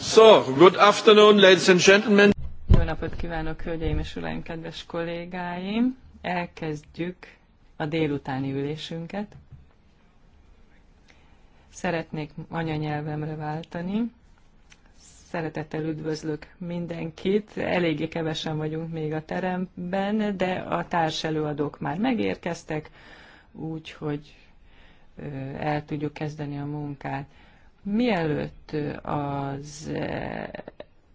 So, good afternoon, ladies and gentlemen. Jó napot kívánok, hölgyeim és uraim, kedves kollégáim! Elkezdjük a délutáni ülésünket. Szeretnék anyanyelvemre váltani. Szeretettel üdvözlök mindenkit. Eléggé kevesen vagyunk még a teremben, de a társelőadók már megérkeztek úgy, hogy el tudjuk kezdeni a munkát. Mielőtt az,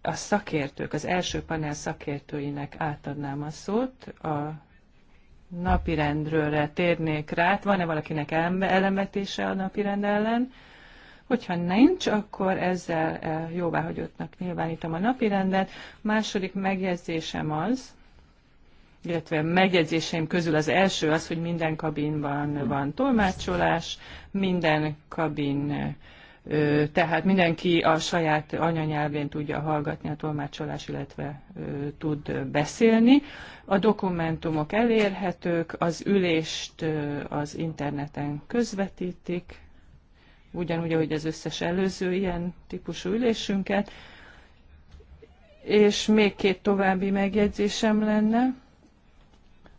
a szakértők, az első panel szakértőinek átadnám a szót, a napirendről térnék rá. Hát van-e valakinek elemetése a napirend ellen? Hogyha nincs, akkor ezzel jóváhagyottnak nyilvánítom a napirendet. Második megjegyzésem az, illetve megjegyzéseim közül az első az, hogy minden kabinban van tolmácsolás, minden kabin, tehát mindenki a saját anyanyelvén tudja hallgatni a tolmácsolás, illetve tud beszélni. A dokumentumok elérhetők, az ülést az interneten közvetítik, ugyanúgy, ahogy az összes előző ilyen típusú ülésünket. És még két további megjegyzésem lenne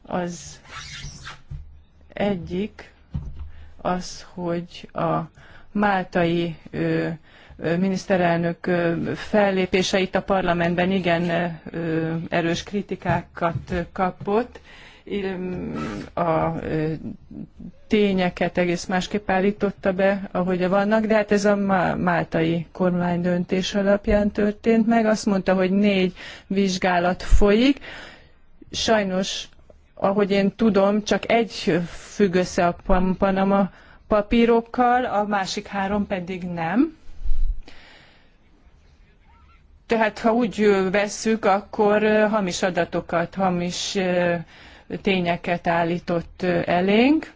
az egyik az, hogy a máltai ö, miniszterelnök fellépése itt a parlamentben igen erős kritikákat kapott. A tényeket egész másképp állította be, ahogy vannak, de hát ez a máltai kormány döntés alapján történt meg. Azt mondta, hogy négy vizsgálat folyik. Sajnos ahogy én tudom, csak egy függ össze a Panama papírokkal, a másik három pedig nem. Tehát ha úgy vesszük, akkor hamis adatokat, hamis tényeket állított elénk.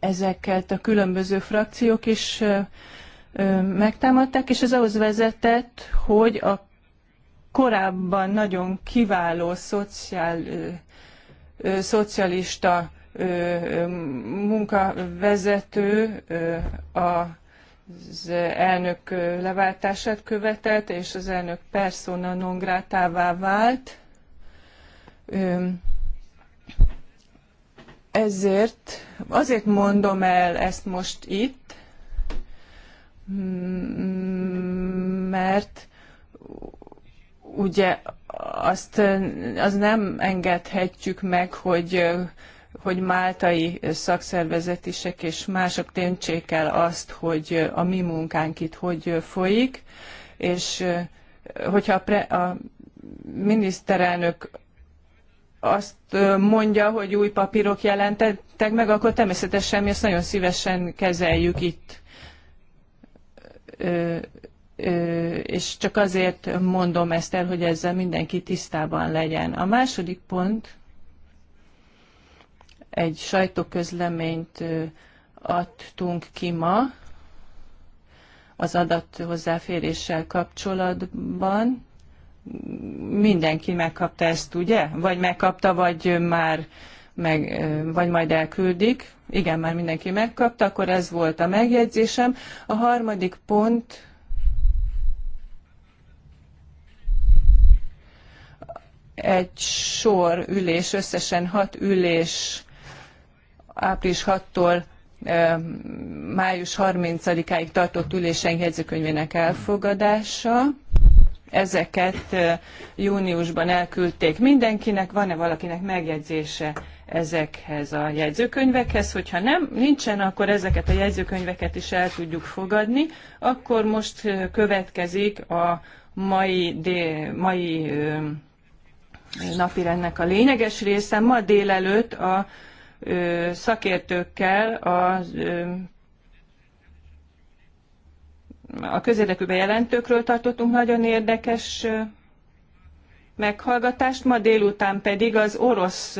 Ezeket a különböző frakciók is megtámadták, és ez ahhoz vezetett, hogy a korábban nagyon kiváló szociál szocialista munkavezető az elnök leváltását követelte, és az elnök persona non grátává vált. Ezért, azért mondom el ezt most itt, mert ugye azt az nem engedhetjük meg, hogy hogy máltai szakszervezetisek és mások döntsék el azt, hogy a mi munkánk itt hogy folyik, és hogyha a, pre, a miniszterelnök azt mondja, hogy új papírok jelentettek meg, akkor természetesen mi ezt nagyon szívesen kezeljük itt és csak azért mondom ezt el, hogy ezzel mindenki tisztában legyen. A második pont egy sajtóközleményt adtunk ki ma az adat hozzáféréssel kapcsolatban. Mindenki megkapta ezt, ugye? Vagy megkapta, vagy már meg, vagy majd elküldik. Igen, már mindenki megkapta, akkor ez volt a megjegyzésem. A harmadik pont egy sor ülés, összesen hat ülés április 6-tól május 30-áig tartott ülésen jegyzőkönyvének elfogadása. Ezeket júniusban elküldték mindenkinek. Van-e valakinek megjegyzése ezekhez a jegyzőkönyvekhez? Hogyha nem, nincsen, akkor ezeket a jegyzőkönyveket is el tudjuk fogadni. Akkor most következik a mai, de, mai napirendnek a lényeges része. Ma délelőtt a szakértőkkel az a közérdekű bejelentőkről tartottunk nagyon érdekes meghallgatást, ma délután pedig az orosz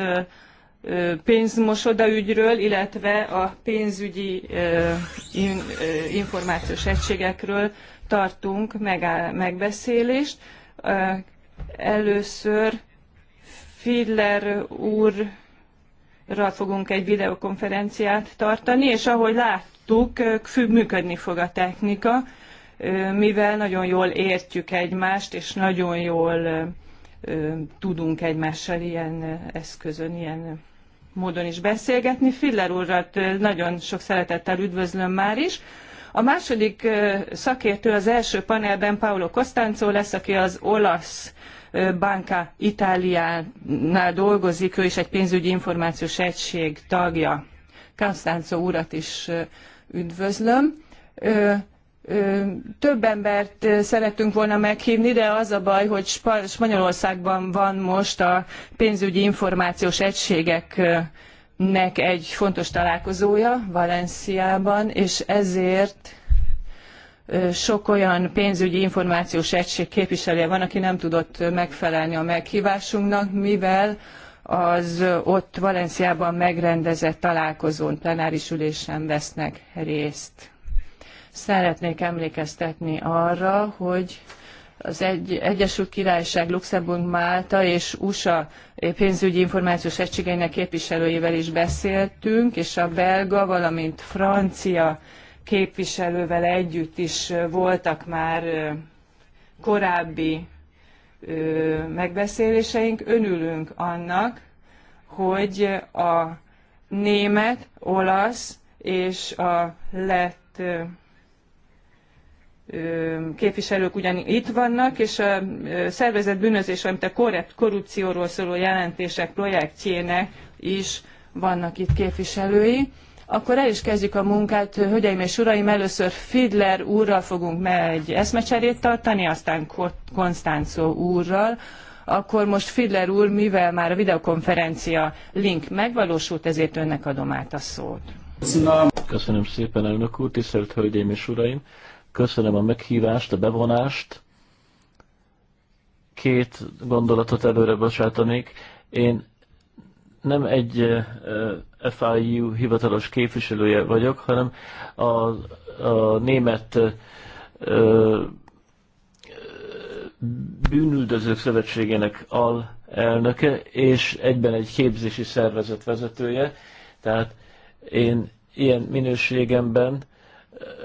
pénzmosoda ügyről, illetve a pénzügyi információs egységekről tartunk megbeszélést. Először Fiedler úrral fogunk egy videokonferenciát tartani, és ahogy láttuk, működni fog a technika, mivel nagyon jól értjük egymást, és nagyon jól tudunk egymással ilyen eszközön, ilyen módon is beszélgetni. Filler úrat nagyon sok szeretettel üdvözlöm már is. A második szakértő az első panelben Paolo Costanzo lesz, aki az olasz Banca Itáliánál dolgozik, ő is egy pénzügyi információs egység tagja. Constanzo urat is üdvözlöm. Több embert szerettünk volna meghívni, de az a baj, hogy Spanyolországban van most a pénzügyi információs egységeknek egy fontos találkozója Valenciában, és ezért sok olyan pénzügyi információs egység képviselője van, aki nem tudott megfelelni a meghívásunknak, mivel az ott Valenciában megrendezett találkozón, plenáris ülésen vesznek részt. Szeretnék emlékeztetni arra, hogy az egy, Egyesült Királyság, Luxemburg, Málta és USA pénzügyi információs egységeinek képviselőivel is beszéltünk, és a belga, valamint francia képviselővel együtt is voltak már korábbi megbeszéléseink. Önülünk annak, hogy a német, olasz és a lett képviselők ugyan itt vannak, és a szervezett bűnözés, amit a korrupcióról szóló jelentések projektjének is vannak itt képviselői. Akkor el is kezdjük a munkát. Hölgyeim és uraim, először Fidler úrral fogunk egy eszmecserét tartani, aztán Konstánzó úrral. Akkor most Fidler úr, mivel már a videokonferencia link megvalósult, ezért önnek adom át a szót. Köszönöm szépen, elnök úr, tisztelt hölgyeim és uraim. Köszönöm a meghívást, a bevonást. Két gondolatot előre bocsátanék. Én nem egy FIU hivatalos képviselője vagyok, hanem a, a német ö, bűnüldözők szövetségének elnöke, és egyben egy képzési szervezet vezetője. Tehát én ilyen minőségemben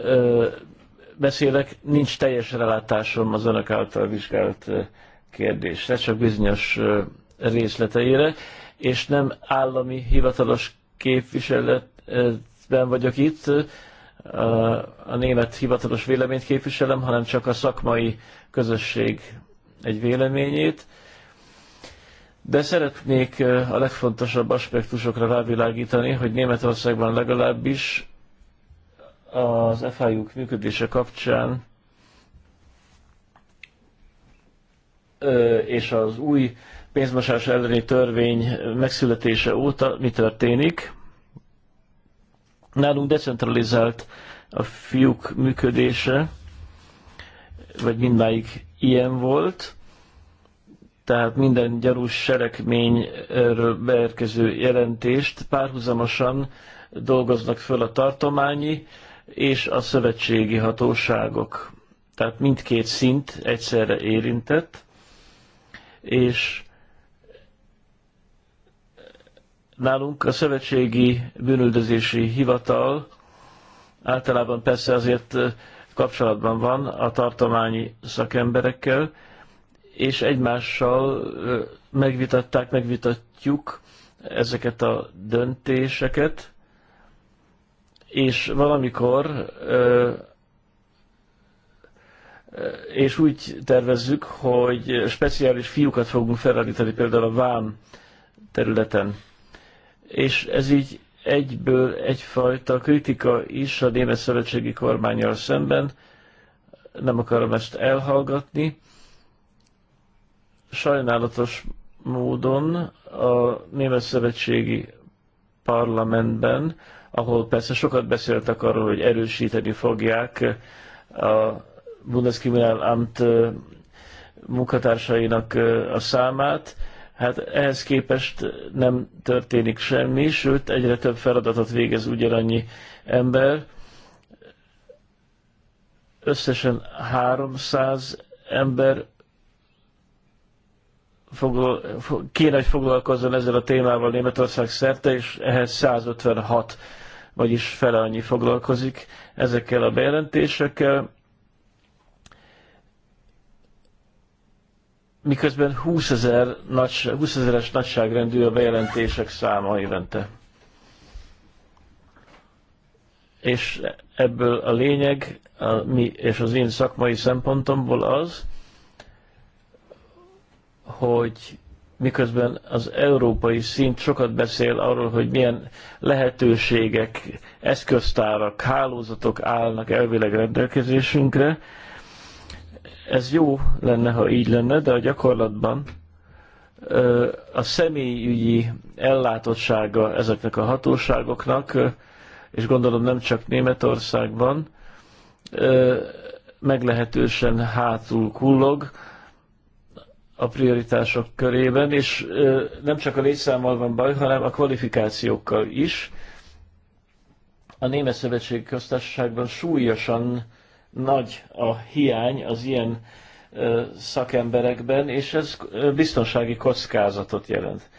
ö, beszélek, nincs teljes relátásom az önök által vizsgált kérdésre, csak bizonyos részleteire és nem állami hivatalos képviseletben vagyok itt, a német hivatalos véleményt képviselem, hanem csak a szakmai közösség egy véleményét. De szeretnék a legfontosabb aspektusokra rávilágítani, hogy Németországban legalábbis az FIU-k működése kapcsán és az új pénzmosás elleni törvény megszületése óta mi történik. Nálunk decentralizált a fiúk működése, vagy mindmáig ilyen volt, tehát minden gyarús seregményről beérkező jelentést párhuzamosan dolgoznak föl a tartományi és a szövetségi hatóságok. Tehát mindkét szint egyszerre érintett, és Nálunk a Szövetségi Bűnüldözési Hivatal általában persze azért kapcsolatban van a tartományi szakemberekkel, és egymással megvitatták, megvitatjuk ezeket a döntéseket, és valamikor és úgy tervezzük, hogy speciális fiúkat fogunk felállítani például a Vám területen és ez így egyből egyfajta kritika is a Német Szövetségi Kormányjal szemben, nem akarom ezt elhallgatni. Sajnálatos módon a Német Szövetségi Parlamentben, ahol persze sokat beszéltek arról, hogy erősíteni fogják a Bundeskriminalamt munkatársainak a számát, Hát ehhez képest nem történik semmi, sőt egyre több feladatot végez ugyanannyi ember. Összesen 300 ember foglal, kéne, hogy foglalkozzon ezzel a témával Németország szerte, és ehhez 156, vagyis fele annyi foglalkozik ezekkel a bejelentésekkel. miközben 20 ezer nagy, 20 ezeres nagyságrendű a bejelentések száma évente. És ebből a lényeg, a mi és az én szakmai szempontomból az, hogy miközben az európai szint sokat beszél arról, hogy milyen lehetőségek, eszköztárak, hálózatok állnak elvileg rendelkezésünkre, ez jó lenne, ha így lenne, de a gyakorlatban a személyügyi ellátottsága ezeknek a hatóságoknak, és gondolom nem csak Németországban, meglehetősen hátul kullog a prioritások körében, és nem csak a létszámmal van baj, hanem a kvalifikációkkal is. A Német Szövetségi Köztársaságban súlyosan nagy a hiány az ilyen szakemberekben, és ez biztonsági kockázatot jelent.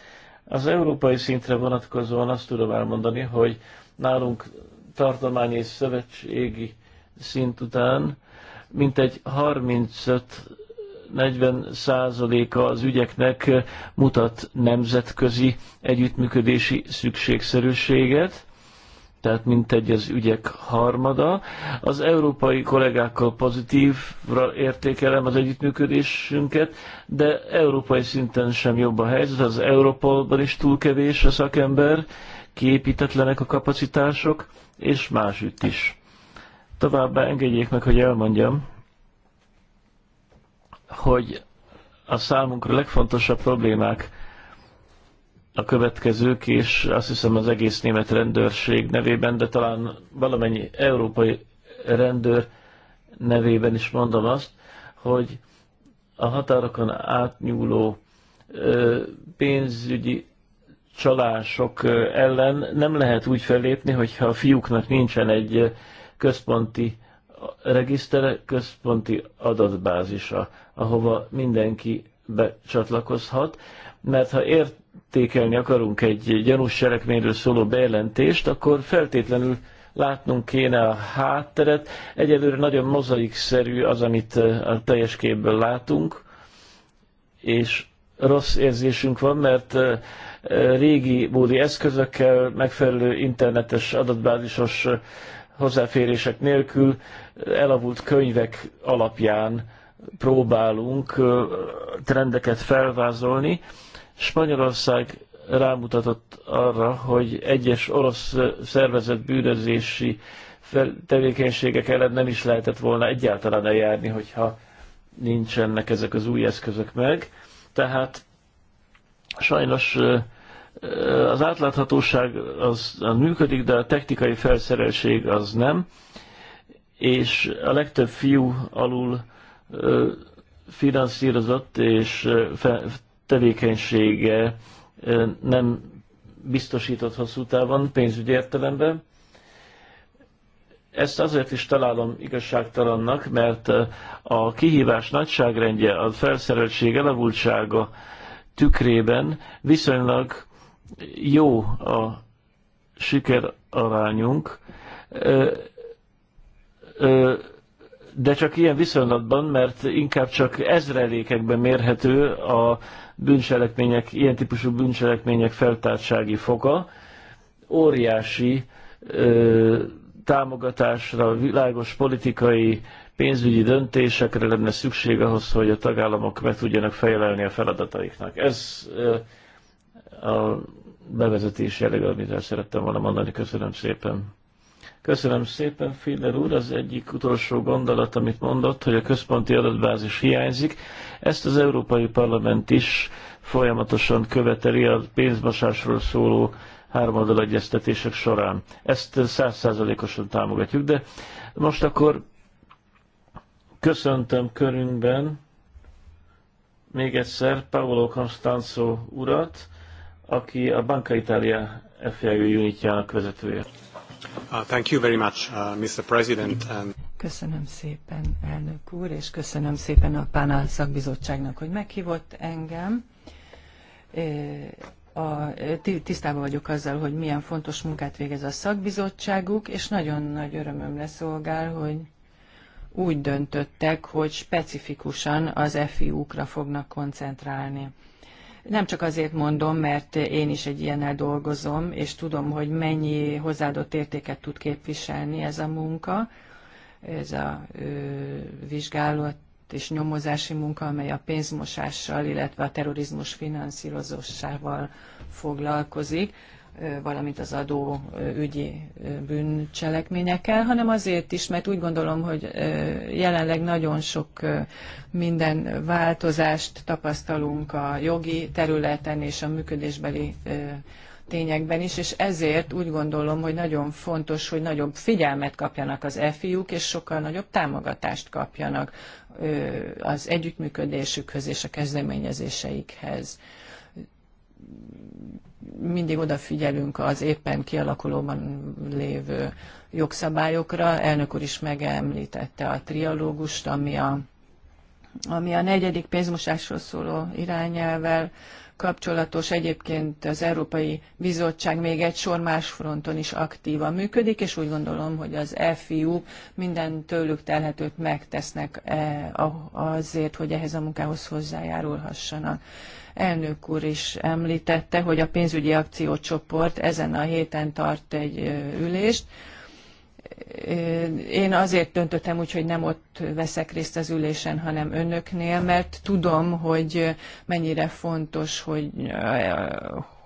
Az európai szintre vonatkozóan azt tudom elmondani, hogy nálunk tartomány és szövetségi szint után mintegy 35-40 százaléka az ügyeknek mutat nemzetközi együttműködési szükségszerűséget, tehát mintegy az ügyek harmada. Az európai kollégákkal pozitívra értékelem az együttműködésünket, de európai szinten sem jobb a helyzet, az Európolban is túl kevés a szakember, kiépítetlenek a kapacitások, és másütt is. Továbbá engedjék meg, hogy elmondjam, hogy a számunkra legfontosabb problémák a következők, és azt hiszem az egész német rendőrség nevében, de talán valamennyi európai rendőr nevében is mondom azt, hogy a határokon átnyúló pénzügyi csalások ellen nem lehet úgy fellépni, hogyha a fiúknak nincsen egy központi regisztere, központi adatbázisa, ahova mindenki becsatlakozhat, mert ha ért értékelni akarunk egy gyanús cselekményről szóló bejelentést, akkor feltétlenül látnunk kéne a hátteret. Egyelőre nagyon mozaikszerű az, amit eh, a teljes képből látunk, és rossz érzésünk van, mert eh, eh, régi módi eszközökkel, megfelelő internetes adatbázisos hozzáférések nélkül elavult könyvek alapján próbálunk trendeket felvázolni, Spanyolország rámutatott arra, hogy egyes orosz szervezet bűnözési tevékenységek ellen nem is lehetett volna egyáltalán eljárni, hogyha nincsenek ezek az új eszközök meg. Tehát sajnos az átláthatóság az, működik, de a technikai felszereltség az nem, és a legtöbb fiú alul finanszírozott és tevékenysége nem biztosított hosszú távon pénzügyi értelemben. Ezt azért is találom igazságtalannak, mert a kihívás nagyságrendje, a felszereltség elavultsága tükrében viszonylag jó a sikerarányunk. arányunk de csak ilyen viszonylatban, mert inkább csak ezrelékekben mérhető a bűncselekmények, ilyen típusú bűncselekmények feltártsági foka. Óriási ö, támogatásra, világos politikai, pénzügyi döntésekre lenne szükség ahhoz, hogy a tagállamok meg tudjanak fejlelni a feladataiknak. Ez ö, a bevezetés jelleg, amit el szerettem volna mondani. Köszönöm szépen. Köszönöm szépen, Féler úr. Az egyik utolsó gondolat, amit mondott, hogy a központi adatbázis hiányzik. Ezt az Európai Parlament is folyamatosan követeli a pénzmosásról szóló háromadal egyeztetések során. Ezt százszázalékosan támogatjuk, de most akkor köszöntöm körünkben még egyszer Paolo Constanzo urat, aki a Banca Italia FIU unitjának vezetője. Uh, thank you very much, uh, Mr. President. And... Köszönöm szépen, elnök úr, és köszönöm szépen a Pánál szakbizottságnak, hogy meghívott engem. A, tisztában vagyok azzal, hogy milyen fontos munkát végez a szakbizottságuk, és nagyon nagy örömömre szolgál, hogy úgy döntöttek, hogy specifikusan az FIU-kra fognak koncentrálni. Nem csak azért mondom, mert én is egy ilyennel dolgozom, és tudom, hogy mennyi hozzáadott értéket tud képviselni ez a munka, ez a ö, vizsgálat és nyomozási munka, amely a pénzmosással, illetve a terrorizmus finanszírozásával foglalkozik valamint az adó ügyi bűncselekményekkel, hanem azért is, mert úgy gondolom, hogy jelenleg nagyon sok minden változást tapasztalunk a jogi területen és a működésbeli tényekben is, és ezért úgy gondolom, hogy nagyon fontos, hogy nagyobb figyelmet kapjanak az e-fiúk, és sokkal nagyobb támogatást kapjanak az együttműködésükhöz és a kezdeményezéseikhez mindig odafigyelünk az éppen kialakulóban lévő jogszabályokra. Elnök úr is megemlítette a trialógust, ami a, ami a negyedik pénzmosásról szóló irányelvel kapcsolatos. Egyébként az Európai Bizottság még egy sor más fronton is aktívan működik, és úgy gondolom, hogy az FIU minden tőlük telhetőt megtesznek eh, azért, hogy ehhez a munkához hozzájárulhassanak elnök úr is említette, hogy a pénzügyi akciócsoport ezen a héten tart egy ülést. Én azért döntöttem úgy, hogy nem ott veszek részt az ülésen, hanem önöknél, mert tudom, hogy mennyire fontos, hogy,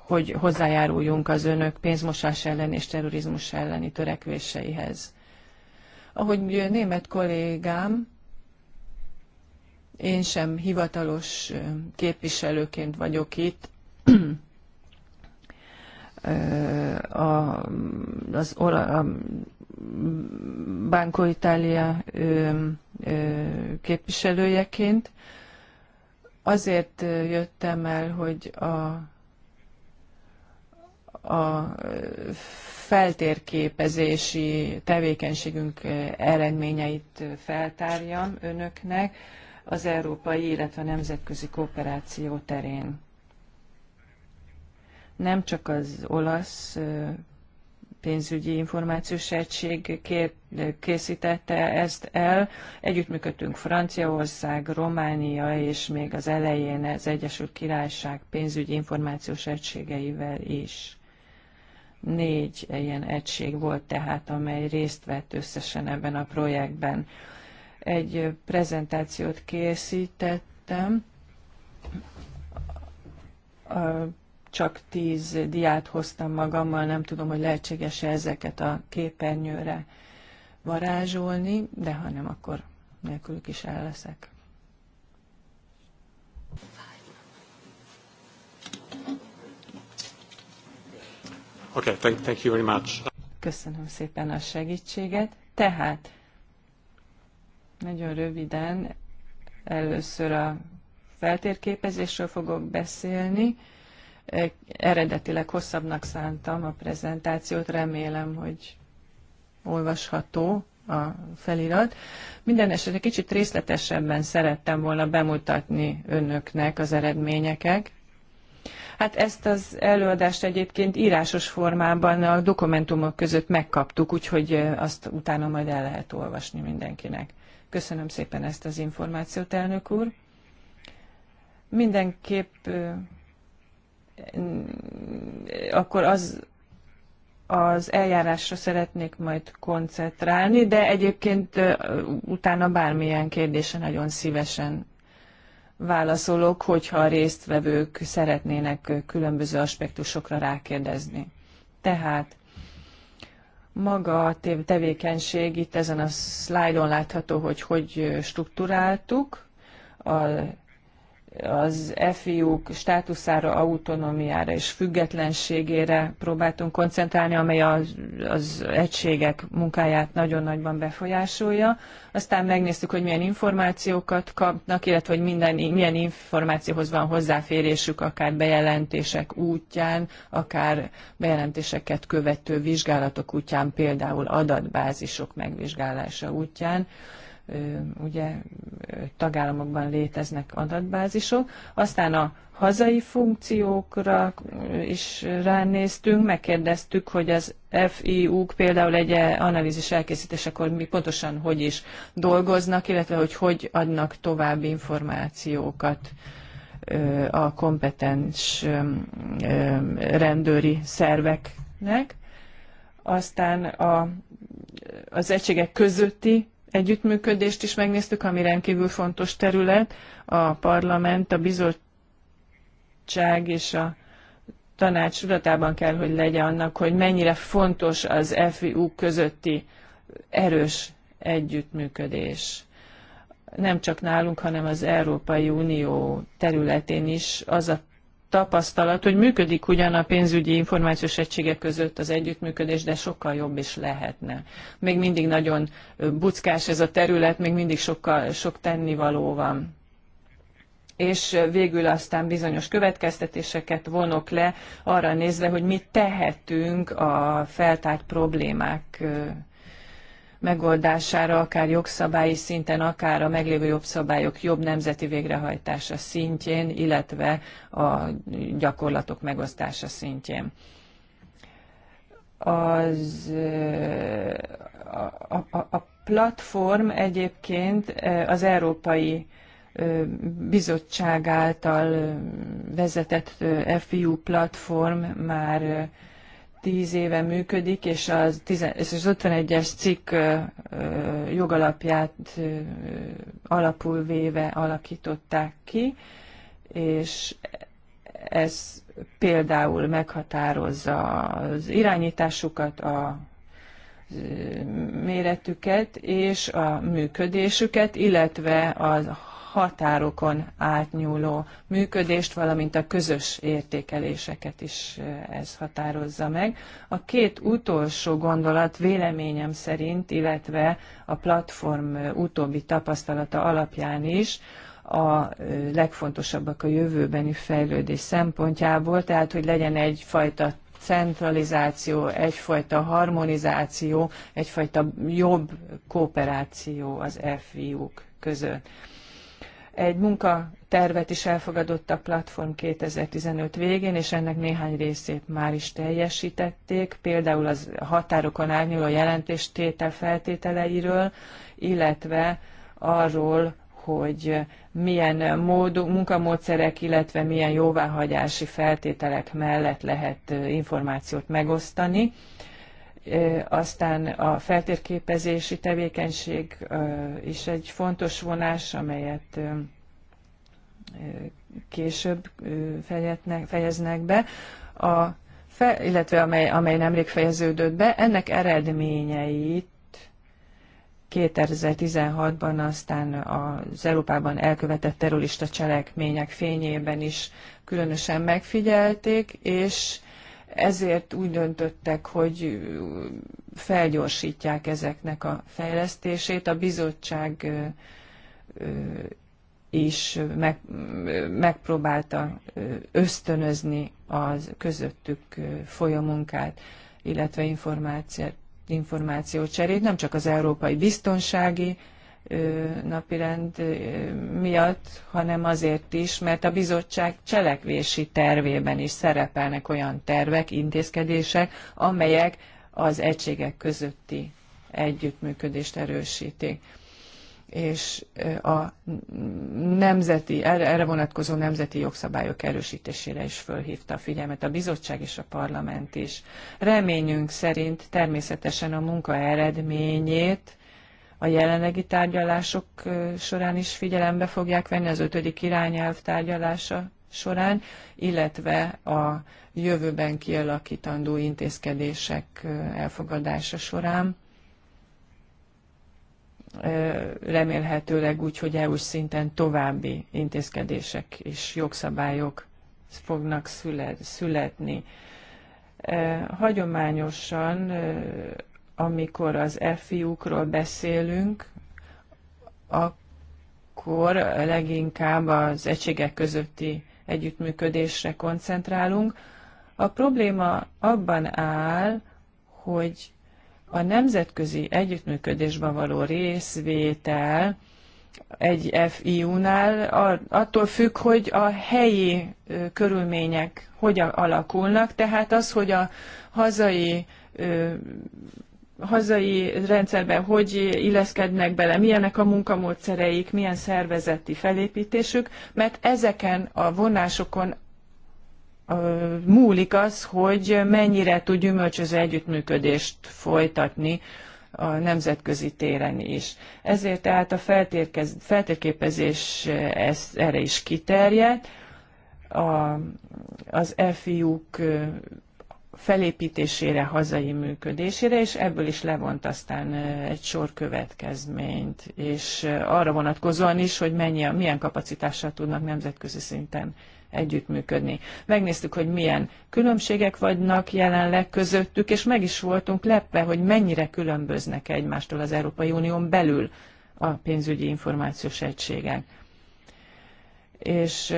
hogy hozzájáruljunk az önök pénzmosás ellen és terrorizmus elleni törekvéseihez. Ahogy német kollégám én sem hivatalos képviselőként vagyok itt. a, az a Banco Italia képviselőjeként. Azért jöttem el, hogy a a feltérképezési tevékenységünk eredményeit feltárjam önöknek az európai, illetve a nemzetközi kooperáció terén. Nem csak az olasz pénzügyi információs egység készítette ezt el. Együttműködtünk Franciaország, Románia és még az elején az Egyesült Királyság pénzügyi információs egységeivel is. Négy ilyen egység volt tehát, amely részt vett összesen ebben a projektben egy prezentációt készítettem, csak tíz diát hoztam magammal, nem tudom, hogy lehetséges-e ezeket a képernyőre varázsolni, de ha nem, akkor nélkülük is el leszek. Okay, thank, thank you very much. Köszönöm szépen a segítséget. Tehát nagyon röviden először a feltérképezésről fogok beszélni. Eredetileg hosszabbnak szántam a prezentációt, remélem, hogy olvasható a felirat. Minden esetre kicsit részletesebben szerettem volna bemutatni önöknek az eredményeket. Hát ezt az előadást egyébként írásos formában a dokumentumok között megkaptuk, úgyhogy azt utána majd el lehet olvasni mindenkinek. Köszönöm szépen ezt az információt, elnök úr. Mindenképp mm, akkor az, az eljárásra szeretnék majd koncentrálni, de egyébként utána bármilyen kérdése nagyon szívesen válaszolok, hogyha a résztvevők szeretnének különböző aspektusokra rákérdezni. Tehát maga a tevékenység itt ezen a szlájdon látható, hogy hogy struktúráltuk. A az FIU-k státuszára, autonómiára és függetlenségére próbáltunk koncentrálni, amely az, az egységek munkáját nagyon nagyban befolyásolja. Aztán megnéztük, hogy milyen információkat kapnak, illetve hogy minden, milyen információhoz van hozzáférésük, akár bejelentések útján, akár bejelentéseket követő vizsgálatok útján, például adatbázisok megvizsgálása útján ugye tagállamokban léteznek adatbázisok. Aztán a hazai funkciókra is ránéztünk, megkérdeztük, hogy az FIU-k például egy e analízis elkészítésekor mi pontosan hogy is dolgoznak, illetve hogy hogy adnak tovább információkat a kompetens rendőri szerveknek. Aztán a, az egységek közötti együttműködést is megnéztük, ami rendkívül fontos terület. A parlament, a bizottság és a tanács tudatában kell, hogy legyen annak, hogy mennyire fontos az FIU közötti erős együttműködés. Nem csak nálunk, hanem az Európai Unió területén is az a tapasztalat, hogy működik ugyan a pénzügyi információs egységek között az együttműködés, de sokkal jobb is lehetne. Még mindig nagyon buckás ez a terület, még mindig sokkal, sok tennivaló van és végül aztán bizonyos következtetéseket vonok le, arra nézve, hogy mit tehetünk a feltárt problémák megoldására, akár jogszabályi szinten, akár a meglévő jogszabályok jobb nemzeti végrehajtása szintjén, illetve a gyakorlatok megosztása szintjén. Az, a, a, a platform egyébként az Európai Bizottság által vezetett FIU platform már tíz éve működik, és az, az 51-es cikk jogalapját alapul véve alakították ki, és ez például meghatározza az irányításukat, a méretüket és a működésüket, illetve a határokon átnyúló működést, valamint a közös értékeléseket is ez határozza meg. A két utolsó gondolat véleményem szerint, illetve a platform utóbbi tapasztalata alapján is, a legfontosabbak a jövőbeni fejlődés szempontjából, tehát hogy legyen egyfajta centralizáció, egyfajta harmonizáció, egyfajta jobb kooperáció az FIU-k között egy munkatervet is elfogadott a platform 2015 végén, és ennek néhány részét már is teljesítették, például az határokon átnyúló jelentéstétel feltételeiről, illetve arról, hogy milyen munkamódszerek, illetve milyen jóváhagyási feltételek mellett lehet információt megosztani. Aztán a feltérképezési tevékenység is egy fontos vonás, amelyet később fejeznek be, a fe, illetve amely, amely nemrég fejeződött be. Ennek eredményeit 2016-ban aztán az Európában elkövetett terrorista cselekmények fényében is különösen megfigyelték, és ezért úgy döntöttek, hogy felgyorsítják ezeknek a fejlesztését. A bizottság is meg, megpróbálta ösztönözni a közöttük folyamunkát, illetve információt cserét, nem csak az európai biztonsági napirend miatt, hanem azért is, mert a bizottság cselekvési tervében is szerepelnek olyan tervek, intézkedések, amelyek az egységek közötti együttműködést erősítik és a nemzeti, erre vonatkozó nemzeti jogszabályok erősítésére is fölhívta a figyelmet a bizottság és a parlament is. Reményünk szerint természetesen a munka eredményét a jelenlegi tárgyalások során is figyelembe fogják venni az ötödik irányelv tárgyalása során, illetve a jövőben kialakítandó intézkedések elfogadása során. Remélhetőleg úgy, hogy EU-s szinten további intézkedések és jogszabályok fognak születni. Hagyományosan amikor az F-fiúkról beszélünk, akkor leginkább az egységek közötti együttműködésre koncentrálunk. A probléma abban áll, hogy a nemzetközi együttműködésben való részvétel egy FIU-nál attól függ, hogy a helyi körülmények hogyan alakulnak, tehát az, hogy a hazai hazai rendszerben hogy illeszkednek bele, milyenek a munkamódszereik, milyen szervezeti felépítésük, mert ezeken a vonásokon múlik az, hogy mennyire tud gyümölcsöző együttműködést folytatni a nemzetközi téren is. Ezért tehát a feltérképezés ezt erre is kiterjed. A, az FIU-k felépítésére, hazai működésére, és ebből is levont aztán egy sor következményt, és arra vonatkozóan is, hogy mennyi, milyen kapacitással tudnak nemzetközi szinten együttműködni. Megnéztük, hogy milyen különbségek vannak jelenleg közöttük, és meg is voltunk lepve, hogy mennyire különböznek egymástól az Európai Unión belül a pénzügyi információs egységek. És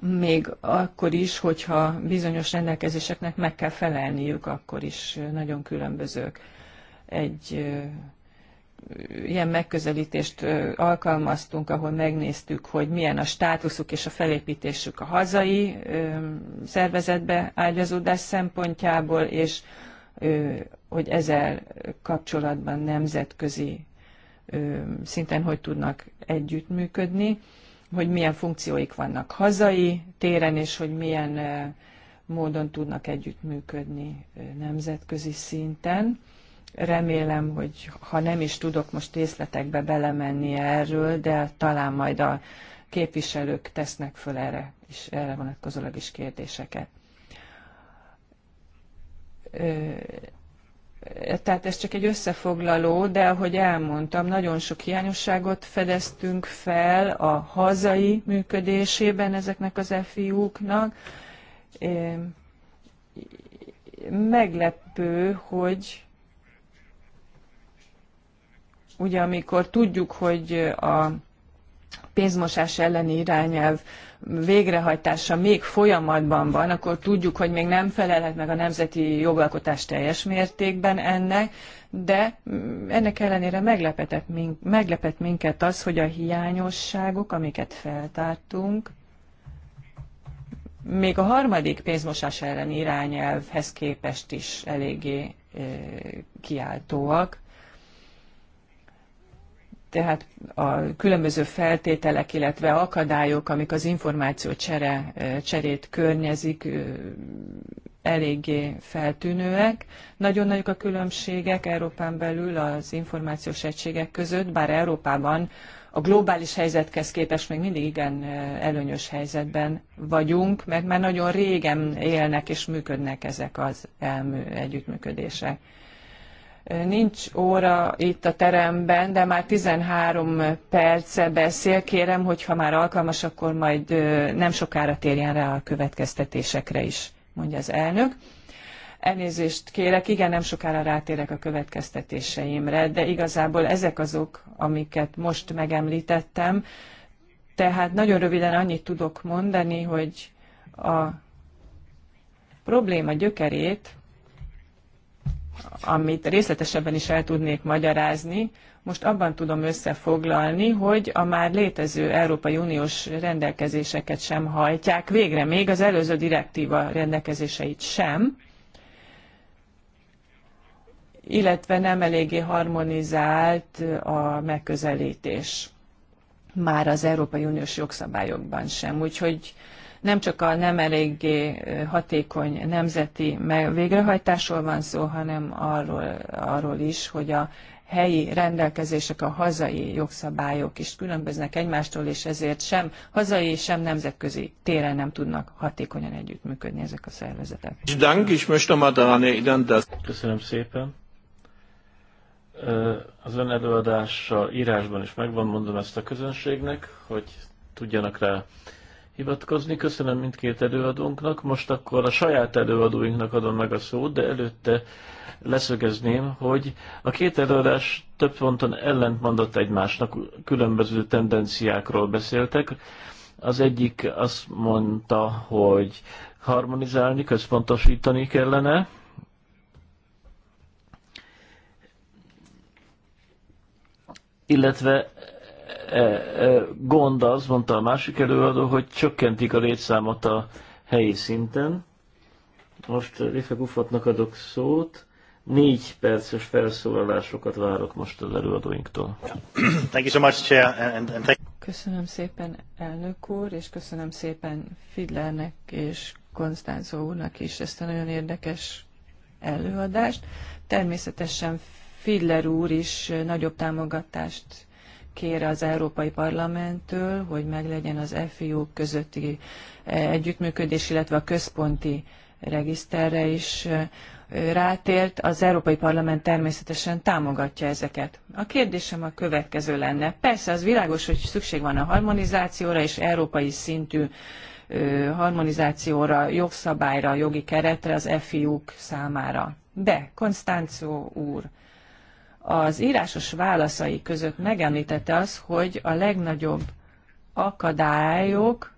még akkor is, hogyha bizonyos rendelkezéseknek meg kell felelniük, akkor is nagyon különbözők. Egy ilyen megközelítést alkalmaztunk, ahol megnéztük, hogy milyen a státuszuk és a felépítésük a hazai szervezetbe ágyazódás szempontjából, és hogy ezzel kapcsolatban nemzetközi szinten hogy tudnak együttműködni hogy milyen funkcióik vannak hazai téren, és hogy milyen módon tudnak együttműködni nemzetközi szinten. Remélem, hogy ha nem is tudok most részletekbe belemenni erről, de talán majd a képviselők tesznek föl erre, és erre vonatkozólag is kérdéseket tehát ez csak egy összefoglaló, de ahogy elmondtam, nagyon sok hiányosságot fedeztünk fel a hazai működésében ezeknek az fiu Meglepő, hogy ugye amikor tudjuk, hogy a pénzmosás elleni irányelv végrehajtása még folyamatban van, akkor tudjuk, hogy még nem felelhet meg a nemzeti jogalkotás teljes mértékben ennek, de ennek ellenére meglepetett, meglepett minket az, hogy a hiányosságok, amiket feltártunk, még a harmadik pénzmosás elleni irányelvhez képest is eléggé kiáltóak tehát a különböző feltételek, illetve akadályok, amik az információ csere, cserét környezik, eléggé feltűnőek. Nagyon nagyok a különbségek Európán belül az információs egységek között, bár Európában a globális helyzethez képest még mindig igen előnyös helyzetben vagyunk, mert már nagyon régen élnek és működnek ezek az elmű együttműködések. Nincs óra itt a teremben, de már 13 perce beszél. Kérem, hogy ha már alkalmas, akkor majd nem sokára térjen rá a következtetésekre is, mondja az elnök. Elnézést kérek, igen, nem sokára rátérek a következtetéseimre, de igazából ezek azok, amiket most megemlítettem. Tehát nagyon röviden annyit tudok mondani, hogy a probléma gyökerét amit részletesebben is el tudnék magyarázni, most abban tudom összefoglalni, hogy a már létező Európai Uniós rendelkezéseket sem hajtják végre, még az előző direktíva rendelkezéseit sem, illetve nem eléggé harmonizált a megközelítés már az Európai Uniós jogszabályokban sem. Úgyhogy nem csak a nem eléggé hatékony nemzeti végrehajtásról van szó, hanem arról, arról is, hogy a helyi rendelkezések, a hazai jogszabályok is különböznek egymástól, és ezért sem hazai, sem nemzetközi téren nem tudnak hatékonyan együttműködni ezek a szervezetek. Köszönöm szépen. Az ön előadása írásban is megvan, mondom ezt a közönségnek, hogy tudjanak rá hivatkozni. Köszönöm mindkét előadónknak. Most akkor a saját előadóinknak adom meg a szót, de előtte leszögezném, hogy a két előadás több ponton ellentmondott egymásnak, különböző tendenciákról beszéltek. Az egyik azt mondta, hogy harmonizálni, központosítani kellene, illetve E, e, gond az, mondta a másik előadó, hogy csökkentik a létszámot a helyi szinten. Most Rife Buffatnak adok szót. Négy perces felszólalásokat várok most az előadóinktól. Thank you so much, Chair, and, and thank Köszönöm szépen elnök úr, és köszönöm szépen Fidlernek és Konstánzó úrnak is ezt a nagyon érdekes előadást. Természetesen Fidler úr is nagyobb támogatást kér az Európai Parlamenttől, hogy meglegyen az FIU közötti eh, együttműködés, illetve a központi regiszterre is eh, rátért. Az Európai Parlament természetesen támogatja ezeket. A kérdésem a következő lenne. Persze az világos, hogy szükség van a harmonizációra és európai szintű eh, harmonizációra, jogszabályra, jogi keretre az FIU-k számára. De, Konstanció úr, az írásos válaszai között megemlítette az, hogy a legnagyobb akadályok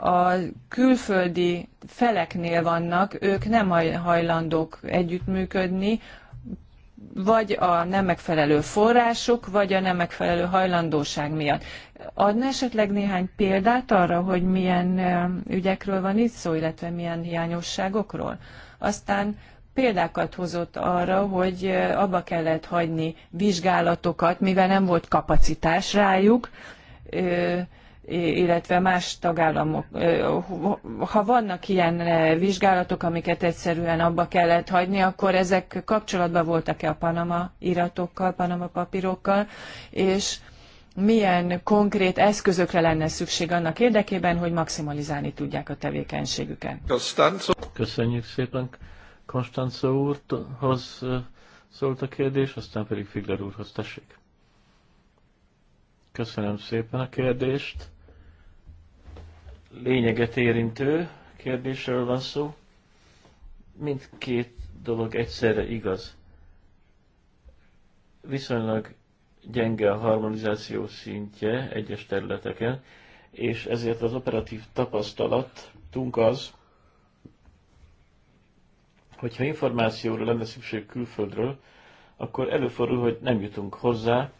a külföldi feleknél vannak, ők nem hajlandók együttműködni, vagy a nem megfelelő források, vagy a nem megfelelő hajlandóság miatt. Adna esetleg néhány példát arra, hogy milyen ügyekről van itt szó, illetve milyen hiányosságokról? Aztán példákat hozott arra, hogy abba kellett hagyni vizsgálatokat, mivel nem volt kapacitás rájuk, illetve más tagállamok. Ha vannak ilyen vizsgálatok, amiket egyszerűen abba kellett hagyni, akkor ezek kapcsolatban voltak-e a Panama iratokkal, Panama papírokkal, és milyen konkrét eszközökre lenne szükség annak érdekében, hogy maximalizálni tudják a tevékenységüket. Köszönjük szépen, Konstanca úrhoz szólt a kérdés, aztán pedig Figler úrhoz tessék. Köszönöm szépen a kérdést. Lényeget érintő kérdésről van szó. Mindkét dolog egyszerre igaz. Viszonylag gyenge a harmonizáció szintje egyes területeken, és ezért az operatív tapasztalatunk az, hogyha információra lenne szükség külföldről, akkor előfordul, hogy nem jutunk hozzá,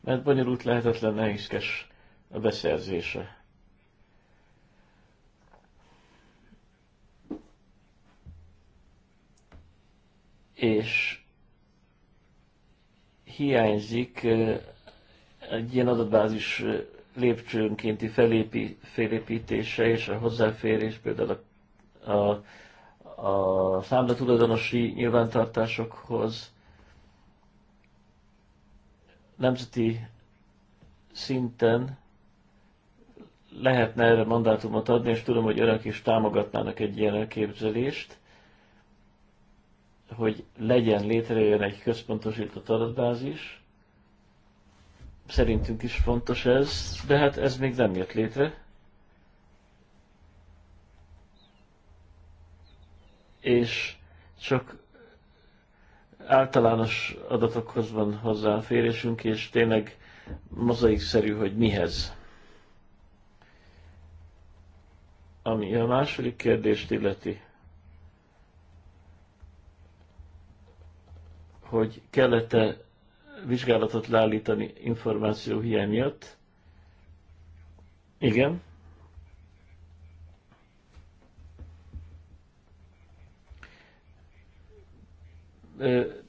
mert bonyolult lehetetlen nehézkes a beszerzése. És hiányzik egy ilyen adatbázis lépcsőnkénti felépítése és a hozzáférés például a a, a tulajdonosi nyilvántartásokhoz, nemzeti szinten lehetne erre mandátumot adni, és tudom, hogy önök is támogatnának egy ilyen elképzelést, hogy legyen, létrejön egy központosított adatbázis. Szerintünk is fontos ez, de hát ez még nem jött létre. és csak általános adatokhoz van hozzáférésünk, és tényleg mozaikszerű, hogy mihez. Ami a második kérdést illeti, hogy kellett-e vizsgálatot leállítani információ hiány miatt? Igen.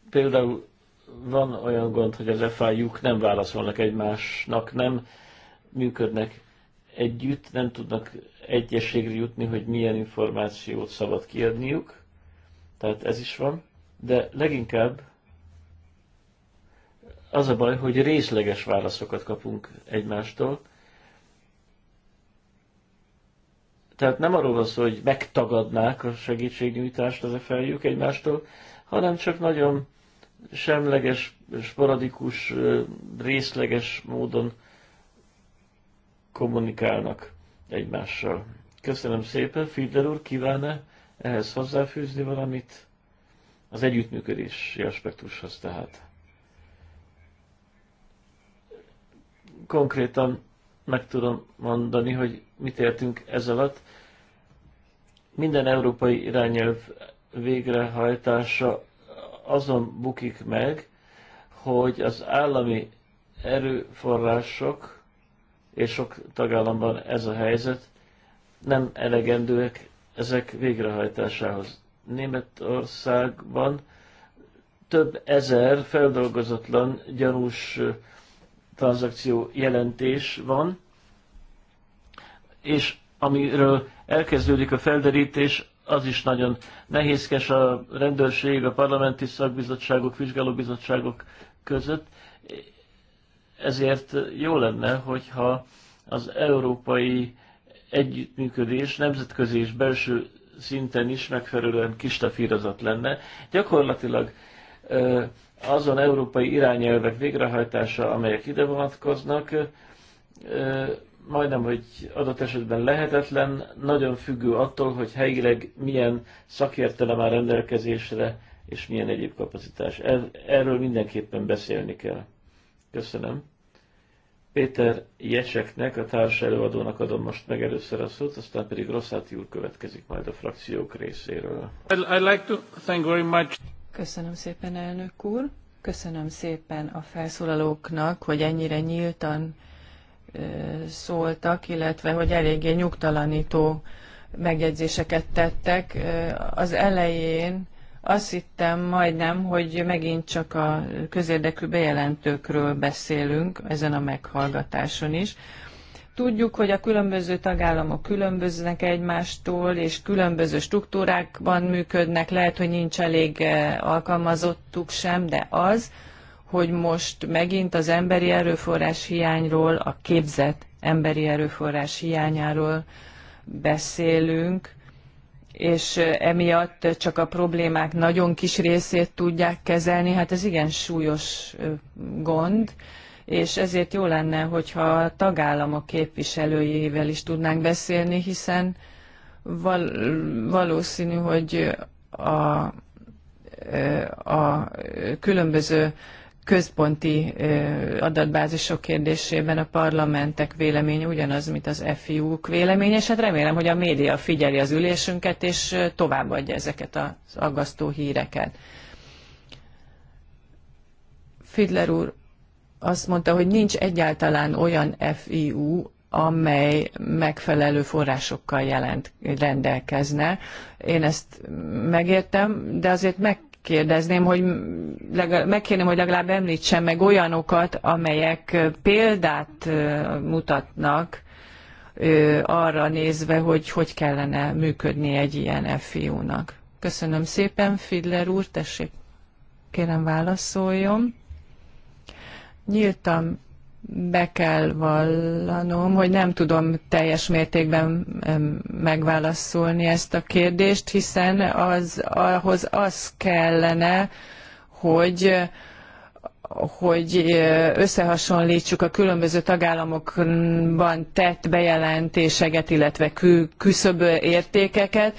Például van olyan gond, hogy az FIU-k nem válaszolnak egymásnak, nem működnek együtt, nem tudnak egyességre jutni, hogy milyen információt szabad kiadniuk. Tehát ez is van. De leginkább az a baj, hogy részleges válaszokat kapunk egymástól. Tehát nem arról van szó, hogy megtagadnák a segítségnyújtást az FIU-k egymástól, hanem csak nagyon semleges, sporadikus, részleges módon kommunikálnak egymással. Köszönöm szépen. Fiedler úr, kíván-e ehhez hozzáfűzni valamit? Az együttműködési aspektushoz tehát. Konkrétan meg tudom mondani, hogy mit értünk ez alatt. Minden európai irányelv végrehajtása azon bukik meg, hogy az állami erőforrások, és sok tagállamban ez a helyzet, nem elegendőek ezek végrehajtásához. Németországban több ezer feldolgozatlan gyanús tranzakció jelentés van, és amiről elkezdődik a felderítés, az is nagyon nehézkes a rendőrség, a parlamenti szakbizottságok, vizsgálóbizottságok között. Ezért jó lenne, hogyha az európai együttműködés nemzetközi és belső szinten is megfelelően kistafírozat lenne. Gyakorlatilag azon európai irányelvek végrehajtása, amelyek ide vonatkoznak, majdnem, hogy adott esetben lehetetlen, nagyon függő attól, hogy helyileg milyen szakértelem áll rendelkezésre, és milyen egyéb kapacitás. Erről mindenképpen beszélni kell. Köszönöm. Péter Jeseknek, a társ előadónak adom most meg először a szót, aztán pedig Rosszáti úr következik majd a frakciók részéről. I'd like to thank very much. Köszönöm szépen, elnök úr. Köszönöm szépen a felszólalóknak, hogy ennyire nyíltan szóltak, illetve hogy eléggé nyugtalanító megjegyzéseket tettek. Az elején azt hittem majdnem, hogy megint csak a közérdekű bejelentőkről beszélünk ezen a meghallgatáson is. Tudjuk, hogy a különböző tagállamok különböznek egymástól, és különböző struktúrákban működnek, lehet, hogy nincs elég alkalmazottuk sem, de az, hogy most megint az emberi erőforrás hiányról, a képzett emberi erőforrás hiányáról beszélünk, és emiatt csak a problémák nagyon kis részét tudják kezelni, hát ez igen súlyos gond, és ezért jó lenne, hogyha a tagállamok képviselőjével is tudnánk beszélni, hiszen val valószínű, hogy a, a különböző központi adatbázisok kérdésében a parlamentek véleménye ugyanaz, mint az FIU-k véleménye, és hát remélem, hogy a média figyeli az ülésünket, és továbbadja ezeket az aggasztó híreket. Fidler úr azt mondta, hogy nincs egyáltalán olyan FIU, amely megfelelő forrásokkal jelent, rendelkezne. Én ezt megértem, de azért meg kérdezném, hogy legalább, megkérném, hogy legalább említsen meg olyanokat, amelyek példát mutatnak arra nézve, hogy hogy kellene működni egy ilyen FIU-nak. Köszönöm szépen, Fidler úr, tessék, kérem válaszoljon. Nyíltam be kell vallanom, hogy nem tudom teljes mértékben megválaszolni ezt a kérdést, hiszen az, ahhoz az kellene, hogy hogy összehasonlítsuk a különböző tagállamokban tett bejelentéseket, illetve kü- értékeket.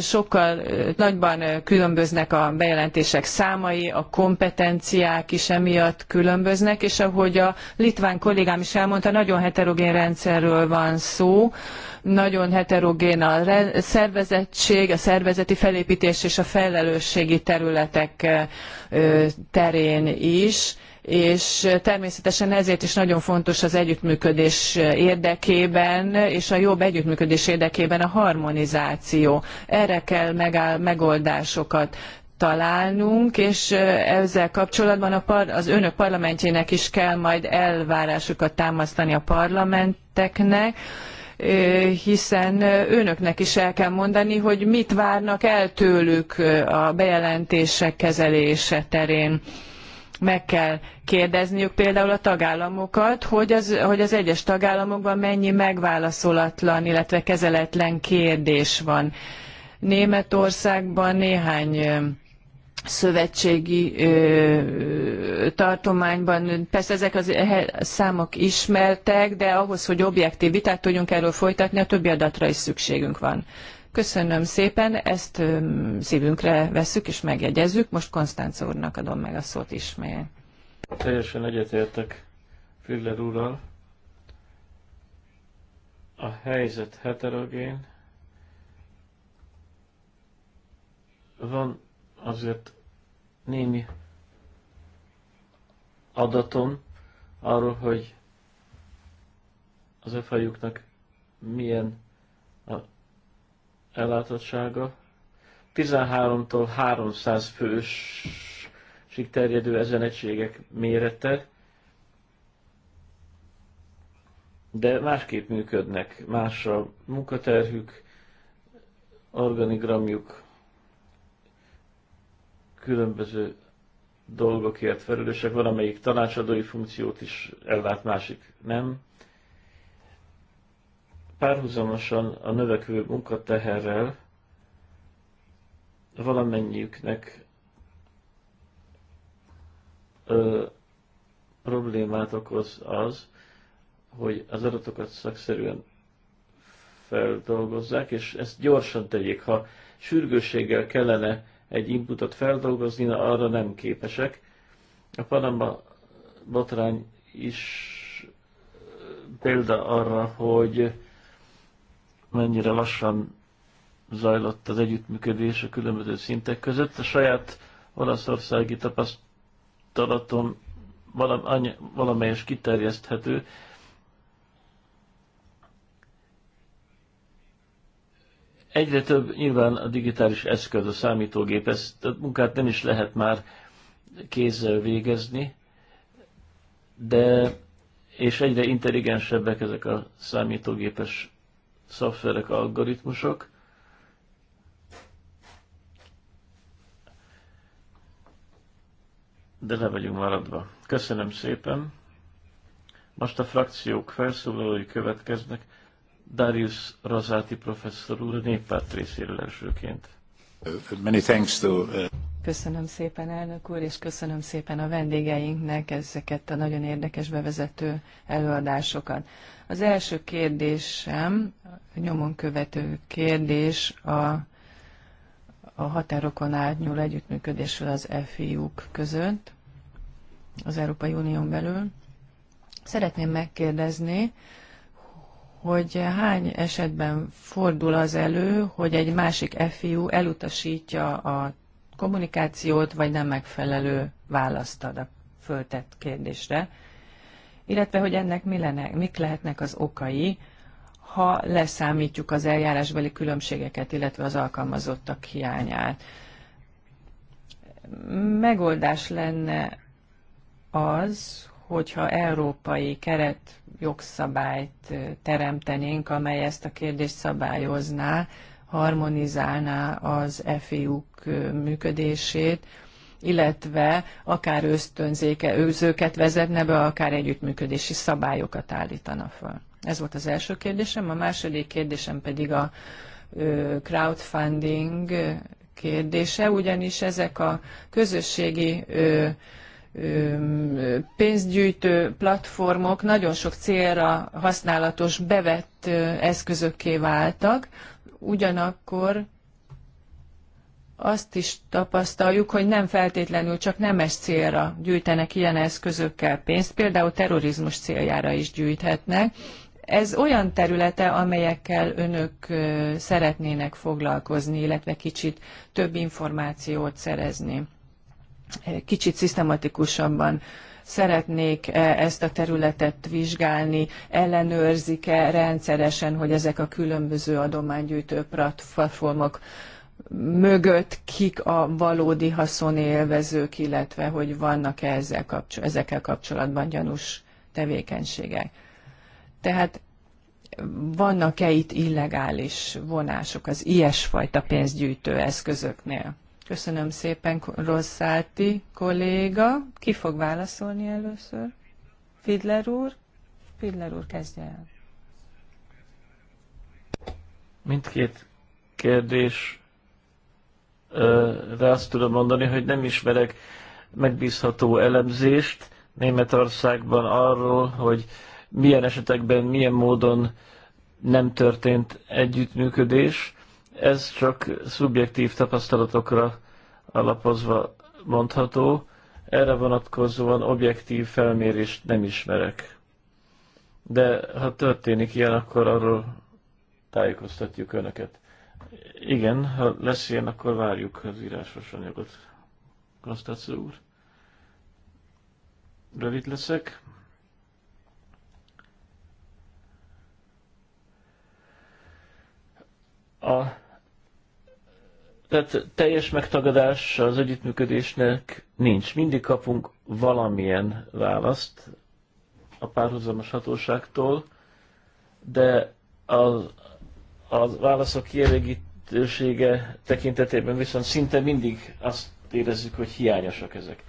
Sokkal nagyban különböznek a bejelentések számai, a kompetenciák is emiatt különböznek, és ahogy a litván kollégám is elmondta, nagyon heterogén rendszerről van szó nagyon heterogén a szervezettség, a szervezeti felépítés és a felelősségi területek terén is és természetesen ezért is nagyon fontos az együttműködés érdekében és a jobb együttműködés érdekében a harmonizáció. Erre kell megáll, megoldásokat találnunk, és ezzel kapcsolatban a par, az önök parlamentjének is kell majd elvárásokat támasztani a parlamenteknek, hiszen önöknek is el kell mondani, hogy mit várnak el tőlük a bejelentések kezelése terén meg kell kérdezniük például a tagállamokat, hogy az, hogy az egyes tagállamokban mennyi megválaszolatlan, illetve kezeletlen kérdés van. Németországban néhány szövetségi ö, tartományban. Persze ezek az számok ismertek, de ahhoz, hogy objektív vitát tudjunk erről folytatni, a többi adatra is szükségünk van. Köszönöm szépen, ezt ö, szívünkre vesszük és megjegyezzük. Most Konstánc úrnak adom meg a szót ismét. Teljesen egyetértek Filler úrral. A helyzet heterogén. Van azért némi adatom arról, hogy az öfajuknak milyen a ellátottsága. 13-tól 300 fősig terjedő ezen egységek mérete, de másképp működnek, más a munkaterhük, organigramjuk, különböző dolgokért felelősek, valamelyik tanácsadói funkciót is ellát, másik nem. Párhuzamosan a növekvő munkateherrel valamennyiüknek ö, problémát okoz az, hogy az adatokat szakszerűen feldolgozzák, és ezt gyorsan tegyék. Ha sürgősséggel kellene egy inputot feldolgozni, na arra nem képesek. A Panama botrány is példa arra, hogy mennyire lassan zajlott az együttműködés a különböző szintek között. A saját olaszországi tapasztalatom valamelyes kiterjeszthető, Egyre több nyilván a digitális eszköz, a számítógép, ezt a munkát nem is lehet már kézzel végezni, de és egyre intelligensebbek ezek a számítógépes szoftverek, algoritmusok. De le vagyunk maradva. Köszönöm szépen. Most a frakciók felszólalói következnek. Darius Razati professzor úr néppárt részéről elsőként. Many thanks to, uh, Köszönöm szépen, elnök úr, és köszönöm szépen a vendégeinknek ezeket a nagyon érdekes bevezető előadásokat. Az első kérdésem, a nyomon követő kérdés a, a határokon átnyúl együttműködésről az FIU-k között, az Európai Unión belül. Szeretném megkérdezni, hogy hány esetben fordul az elő, hogy egy másik FIU elutasítja a kommunikációt, vagy nem megfelelő választ ad a föltett kérdésre, illetve hogy ennek mi lenne, mik lehetnek az okai, ha leszámítjuk az eljárásbeli különbségeket, illetve az alkalmazottak hiányát. Megoldás lenne az, hogyha európai keret jogszabályt teremtenénk, amely ezt a kérdést szabályozná, harmonizálná az fiu működését, illetve akár ösztönzéke, őzőket vezetne be, akár együttműködési szabályokat állítana föl. Ez volt az első kérdésem. A második kérdésem pedig a crowdfunding kérdése, ugyanis ezek a közösségi pénzgyűjtő platformok nagyon sok célra használatos bevett eszközökké váltak, ugyanakkor azt is tapasztaljuk, hogy nem feltétlenül csak nemes célra gyűjtenek ilyen eszközökkel pénzt, például terrorizmus céljára is gyűjthetnek. Ez olyan területe, amelyekkel önök szeretnének foglalkozni, illetve kicsit több információt szerezni kicsit szisztematikusabban szeretnék ezt a területet vizsgálni, ellenőrzik-e rendszeresen, hogy ezek a különböző adománygyűjtő platformok mögött kik a valódi haszonélvezők, illetve hogy vannak-e ezzel kapcsol- ezekkel kapcsolatban gyanús tevékenységek. Tehát vannak-e itt illegális vonások az ilyesfajta pénzgyűjtő eszközöknél? Köszönöm szépen, Rosszáti kolléga. Ki fog válaszolni először? Fidler úr? Fidler úr, kezdje el. Mindkét kérdés de azt tudom mondani, hogy nem ismerek megbízható elemzést Németországban arról, hogy milyen esetekben, milyen módon nem történt együttműködés. Ez csak szubjektív tapasztalatokra alapozva mondható, erre vonatkozóan objektív felmérést nem ismerek. De ha történik ilyen, akkor arról tájékoztatjuk Önöket. Igen, ha lesz ilyen, akkor várjuk az írásos anyagot. Konstance úr. Rövid leszek. A tehát teljes megtagadás az együttműködésnek nincs. Mindig kapunk valamilyen választ a párhuzamos hatóságtól, de az, a válaszok kielégítősége tekintetében viszont szinte mindig azt érezzük, hogy hiányosak ezek.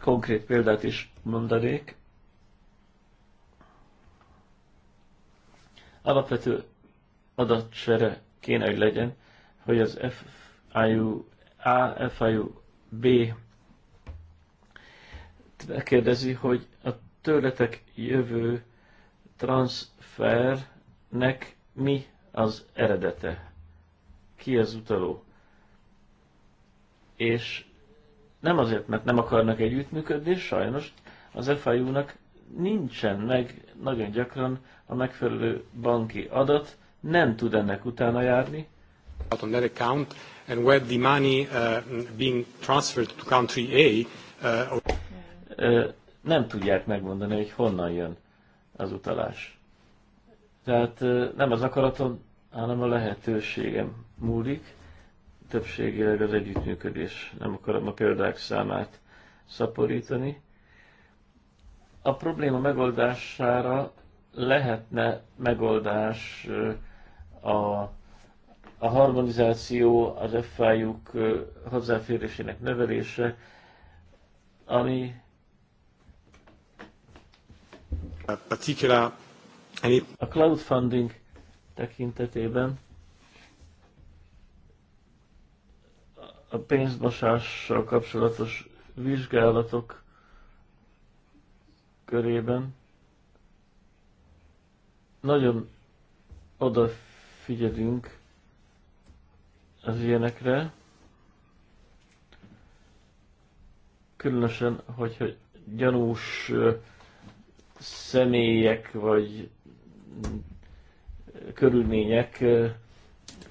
Konkrét példát is mondanék. Alapvető adatsere kéne, hogy legyen hogy az FIU, A, FIU, B kérdezi, hogy a tőletek jövő transfernek mi az eredete? Ki az utaló? És nem azért, mert nem akarnak együttműködni, sajnos az FIU-nak nincsen meg nagyon gyakran a megfelelő banki adat, nem tud ennek utána járni, on that account and where the money uh, being transferred to country A uh, or... nem tudják megmondani, hogy honnan jön az utalás. Tehát nem az akaraton, hanem a lehetőségem múlik. Többségileg az együttműködés. Nem akarom a példák számát szaporítani. A probléma megoldására lehetne megoldás a a harmonizáció, az effájuk hozzáférésének növelése, ami a crowdfunding tekintetében a pénzmosással kapcsolatos vizsgálatok körében nagyon odafigyelünk az ilyenekre. Különösen, hogyha gyanús személyek vagy mm, körülmények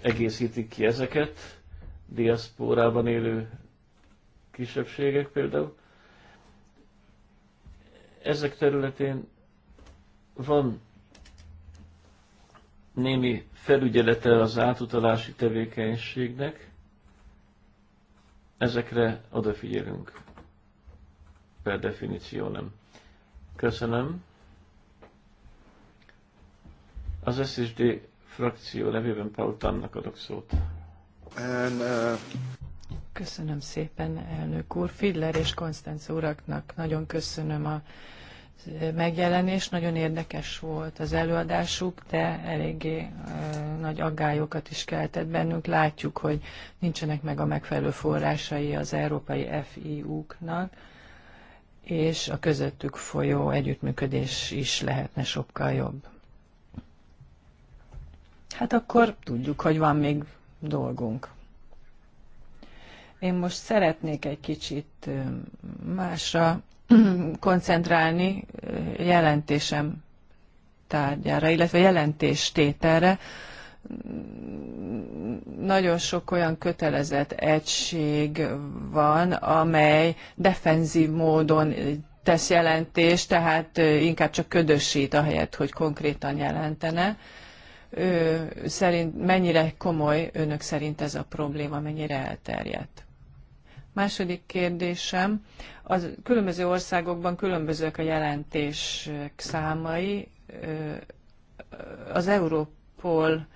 egészítik ki ezeket, diaszpórában élő kisebbségek például. Ezek területén van némi felügyelete az átutalási tevékenységnek. Ezekre odafigyelünk. Per definíció nem. Köszönöm. Az SSD frakció nevében Paul Tannak adok szót. And, uh... Köszönöm szépen, elnök úr. Fidler és Konstanz uraknak nagyon köszönöm a megjelenés. Nagyon érdekes volt az előadásuk, de eléggé nagy aggályokat is keltett bennünk. Látjuk, hogy nincsenek meg a megfelelő forrásai az európai FIU-knak, és a közöttük folyó együttműködés is lehetne sokkal jobb. Hát akkor tudjuk, hogy van még dolgunk. Én most szeretnék egy kicsit másra koncentrálni jelentésem tárgyára, illetve jelentéstételre. Nagyon sok olyan kötelezett egység van, amely defenzív módon tesz jelentést, tehát inkább csak ködösít, ahelyett, hogy konkrétan jelentene. Ő szerint mennyire komoly önök szerint ez a probléma, mennyire elterjedt? Második kérdésem az különböző országokban különbözők a jelentések számai. Az Európol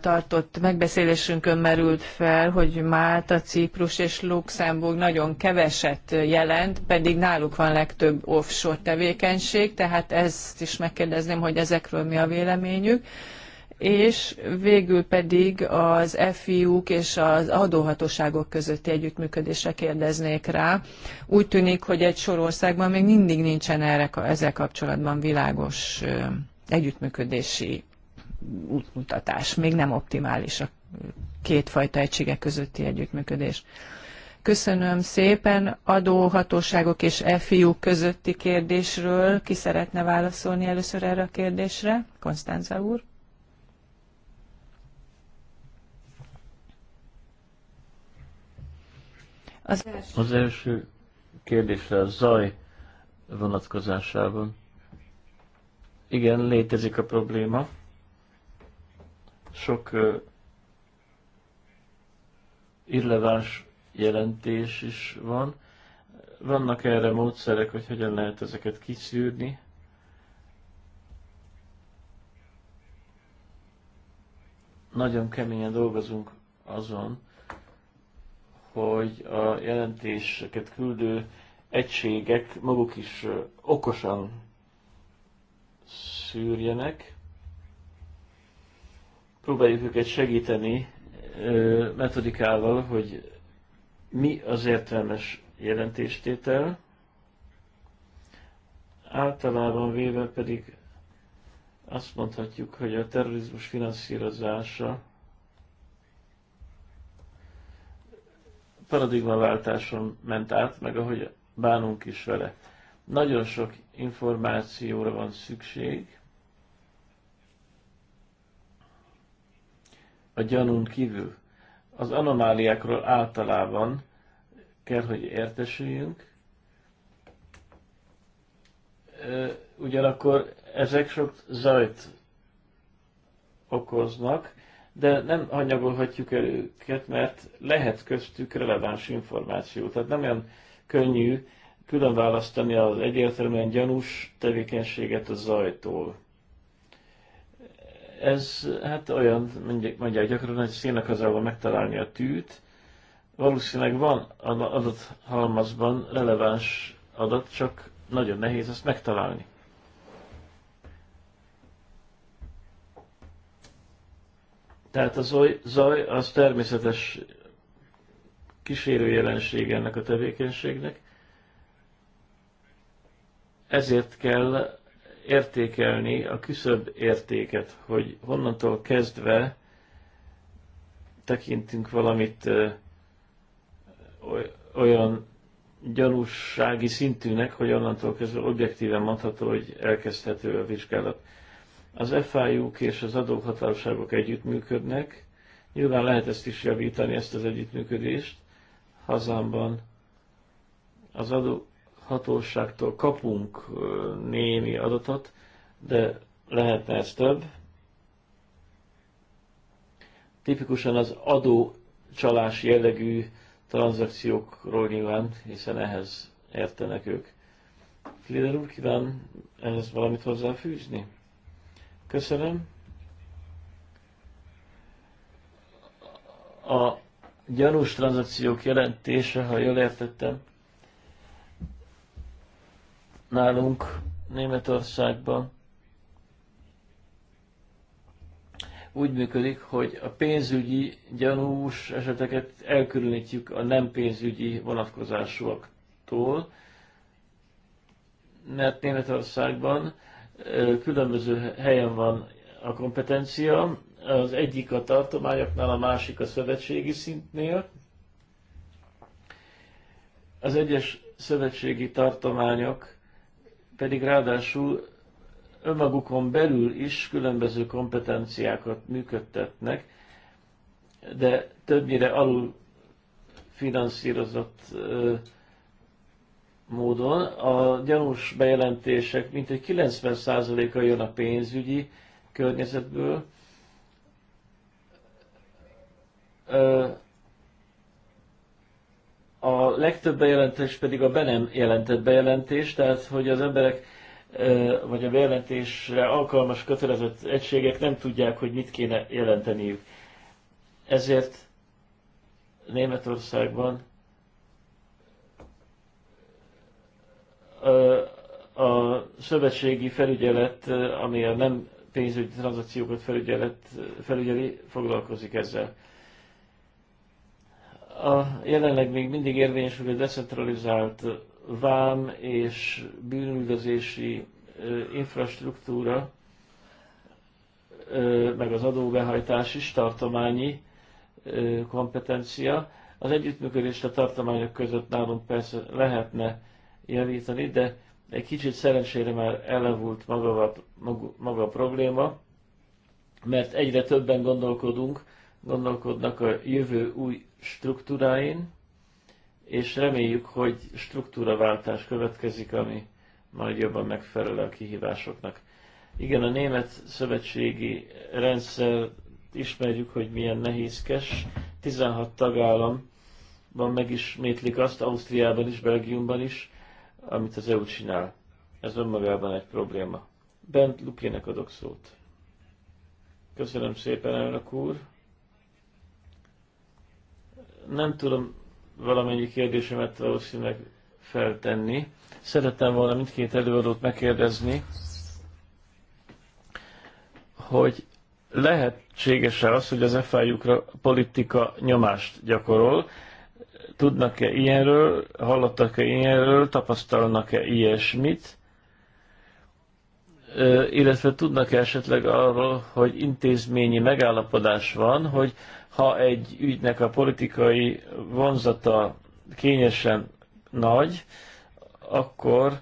tartott megbeszélésünkön merült fel, hogy Málta, Ciprus és Luxemburg nagyon keveset jelent, pedig náluk van legtöbb offshore tevékenység, tehát ezt is megkérdezném, hogy ezekről mi a véleményük és végül pedig az FIU-k és az adóhatóságok közötti együttműködésre kérdeznék rá. Úgy tűnik, hogy egy sor országban még mindig nincsen erre, ezzel kapcsolatban világos együttműködési útmutatás. Még nem optimális a kétfajta egységek közötti együttműködés. Köszönöm szépen. Adóhatóságok és FIU közötti kérdésről ki szeretne válaszolni először erre a kérdésre? Konstanza úr. Az első, az első kérdésre a zaj vonatkozásában. Igen, létezik a probléma. Sok uh, irreleváns jelentés is van. Vannak erre módszerek, hogy hogyan lehet ezeket kiszűrni. Nagyon keményen dolgozunk azon, hogy a jelentéseket küldő egységek maguk is okosan szűrjenek. Próbáljuk őket segíteni metodikával, hogy mi az értelmes jelentéstétel, általában véve pedig azt mondhatjuk, hogy a terrorizmus finanszírozása paradigmaváltáson ment át, meg ahogy bánunk is vele. Nagyon sok információra van szükség, a gyanún kívül. Az anomáliákról általában kell, hogy értesüljünk, ugyanakkor ezek sok zajt okoznak, de nem hanyagolhatjuk el őket, mert lehet köztük releváns információ. Tehát nem olyan könnyű külön választani az egyértelműen gyanús tevékenységet a zajtól. Ez hát olyan, mondják, mondják gyakran, hogy szénakazában megtalálni a tűt. Valószínűleg van adathalmazban releváns adat, csak nagyon nehéz ezt megtalálni. Tehát a zaj az természetes kísérő jelenség ennek a tevékenységnek, ezért kell értékelni a küszöbb értéket, hogy honnantól kezdve tekintünk valamit olyan gyanúsági szintűnek, hogy onnantól kezdve objektíven mondható, hogy elkezdhető a vizsgálat. Az FIU-k és az adóhatóságok együttműködnek. Nyilván lehet ezt is javítani, ezt az együttműködést. Hazámban az adóhatóságtól kapunk némi adatot, de lehetne ez több. Tipikusan az adócsalás jellegű tranzakciókról nyilván, hiszen ehhez értenek ők. Klider úr, kíván ehhez valamit hozzáfűzni? Köszönöm. A gyanús tranzakciók jelentése, ha jól értettem, nálunk Németországban úgy működik, hogy a pénzügyi gyanús eseteket elkülönítjük a nem pénzügyi vonatkozásúaktól, mert Németországban különböző helyen van a kompetencia, az egyik a tartományoknál, a másik a szövetségi szintnél. Az egyes szövetségi tartományok pedig ráadásul önmagukon belül is különböző kompetenciákat működtetnek, de többnyire alul finanszírozott módon a gyanús bejelentések mintegy 90%-a jön a pénzügyi környezetből. A legtöbb bejelentés pedig a be nem jelentett bejelentés, tehát hogy az emberek vagy a bejelentésre alkalmas kötelezett egységek nem tudják, hogy mit kéne jelenteniük. Ezért Németországban a szövetségi felügyelet, ami a nem pénzügyi tranzakciókat felügyelet, felügyeli, foglalkozik ezzel. A, jelenleg még mindig hogy a decentralizált vám és bűnüldözési infrastruktúra, meg az adóbehajtás is tartományi kompetencia. Az együttműködést a tartományok között nálunk persze lehetne javítani, de egy kicsit szerencsére már elavult maga, maga a probléma, mert egyre többen gondolkodunk, gondolkodnak a jövő új struktúráin, és reméljük, hogy struktúraváltás következik, ami majd jobban megfelel a kihívásoknak. Igen, a német szövetségi rendszer ismerjük, hogy milyen nehézkes. 16 tagállamban megismétlik azt, Ausztriában is, Belgiumban is, amit az EU csinál. Ez önmagában egy probléma. Bent Lukének adok szót. Köszönöm szépen, elnök úr. Nem tudom valamennyi kérdésemet valószínűleg feltenni. Szerettem volna mindkét előadót megkérdezni, hogy lehetséges-e az, hogy az FIU-kra politika nyomást gyakorol, Tudnak-e ilyenről, hallottak-e ilyenről, tapasztalnak-e ilyesmit, illetve tudnak-e esetleg arról, hogy intézményi megállapodás van, hogy ha egy ügynek a politikai vonzata kényesen nagy, akkor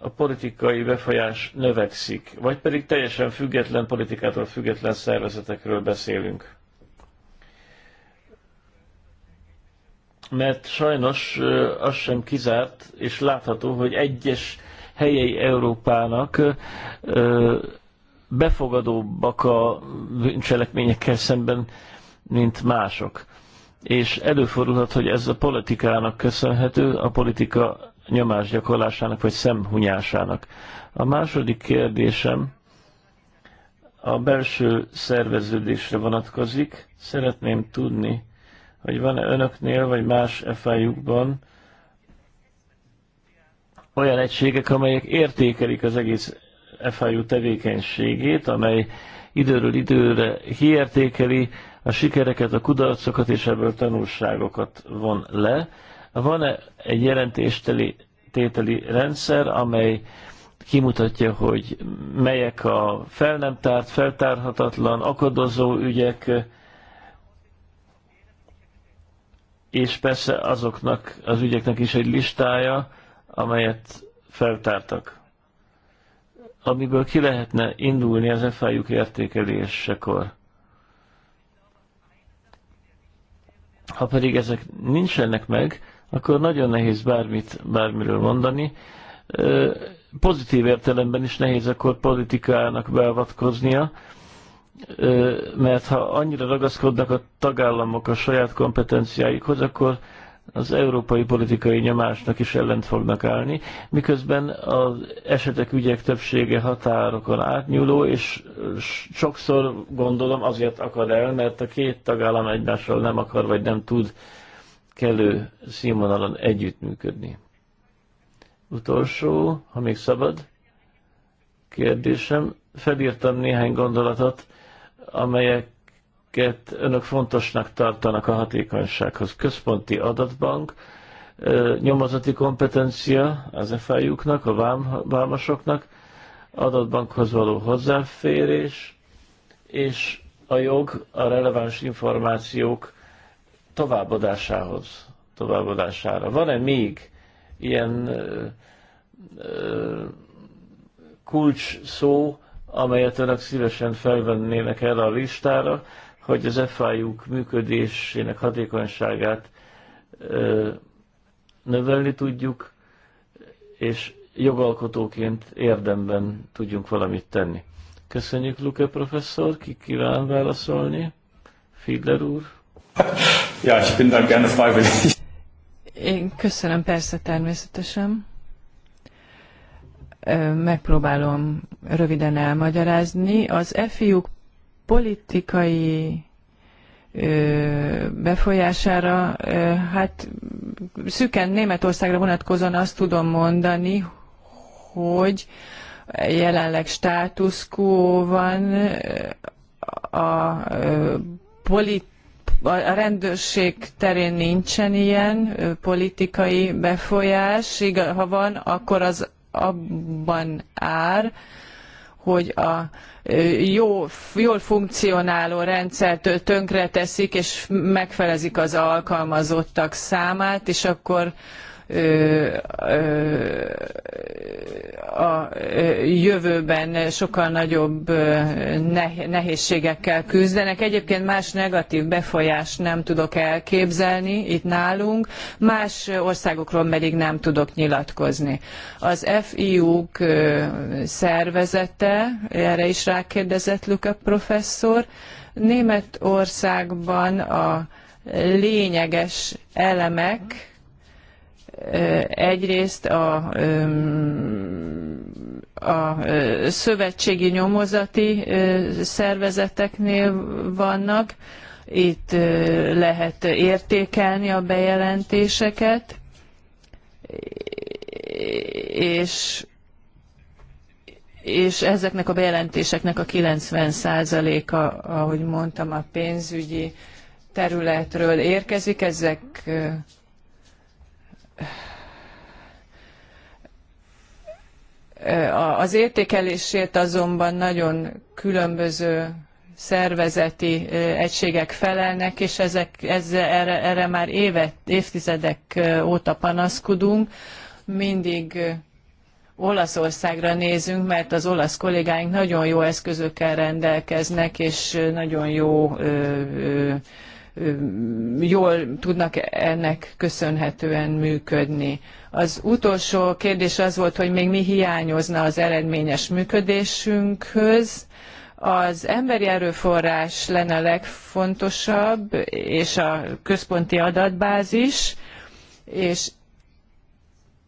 a politikai befolyás növekszik, vagy pedig teljesen független politikától független szervezetekről beszélünk. mert sajnos az sem kizárt, és látható, hogy egyes helyei Európának befogadóbbak a bűncselekményekkel szemben, mint mások. És előfordulhat, hogy ez a politikának köszönhető, a politika nyomásgyakorlásának vagy szemhunyásának. A második kérdésem a belső szerveződésre vonatkozik. Szeretném tudni, hogy van-e önöknél, vagy más FI-jukban olyan egységek, amelyek értékelik az egész FIU tevékenységét, amely időről időre hiértékeli a sikereket, a kudarcokat és ebből tanulságokat von le. Van-e egy jelentésteli tételi rendszer, amely kimutatja, hogy melyek a fel nem tárt, feltárhatatlan, akadozó ügyek, és persze azoknak az ügyeknek is egy listája, amelyet feltártak, amiből ki lehetne indulni az FIU értékelésekor. Ha pedig ezek nincsenek meg, akkor nagyon nehéz bármit, bármiről mondani. Pozitív értelemben is nehéz akkor politikának beavatkoznia, mert ha annyira ragaszkodnak a tagállamok a saját kompetenciáikhoz, akkor az európai politikai nyomásnak is ellent fognak állni, miközben az esetek, ügyek többsége határokon átnyúló, és sokszor gondolom azért akar el, mert a két tagállam egymással nem akar, vagy nem tud kellő színvonalon együttműködni. Utolsó, ha még szabad, kérdésem, felírtam néhány gondolatot amelyeket önök fontosnak tartanak a hatékonysághoz. Központi adatbank, nyomozati kompetencia az FIU-knak, a vám, vámosoknak, adatbankhoz való hozzáférés, és a jog a releváns információk továbbadásához, továbbadására. Van-e még ilyen ö, ö, kulcs szó, amelyet önök szívesen felvennének erre a listára, hogy az FIU-k működésének hatékonyságát ö, növelni tudjuk, és jogalkotóként érdemben tudjunk valamit tenni. Köszönjük, Luke professzor, ki kíván válaszolni? Fiedler úr? Ja, ich bin da gerne freiwillig. Én köszönöm persze természetesen megpróbálom röviden elmagyarázni. Az efiuk politikai befolyására, hát szüken Németországra vonatkozóan azt tudom mondani, hogy jelenleg status quo van a polit a rendőrség terén nincsen ilyen politikai befolyás, ha van, akkor az abban áll, hogy a jó, jól funkcionáló rendszert tönkreteszik, és megfelezik az alkalmazottak számát, és akkor a jövőben sokkal nagyobb nehézségekkel küzdenek. Egyébként más negatív befolyást nem tudok elképzelni itt nálunk, más országokról pedig nem tudok nyilatkozni. Az FIU-k szervezete, erre is rákérdezett Luka professzor, Németországban a lényeges elemek, egyrészt a, a szövetségi nyomozati szervezeteknél vannak, itt lehet értékelni a bejelentéseket, és, és ezeknek a bejelentéseknek a 90%-a, ahogy mondtam, a pénzügyi területről érkezik, ezek az értékelésért azonban nagyon különböző szervezeti egységek felelnek, és ezek, ezzel, erre, erre már évet, évtizedek óta panaszkodunk. Mindig Olaszországra nézünk, mert az olasz kollégáink nagyon jó eszközökkel rendelkeznek, és nagyon jó ö, ö, jól tudnak ennek köszönhetően működni. Az utolsó kérdés az volt, hogy még mi hiányozna az eredményes működésünkhöz. Az emberi erőforrás lenne a legfontosabb, és a központi adatbázis, és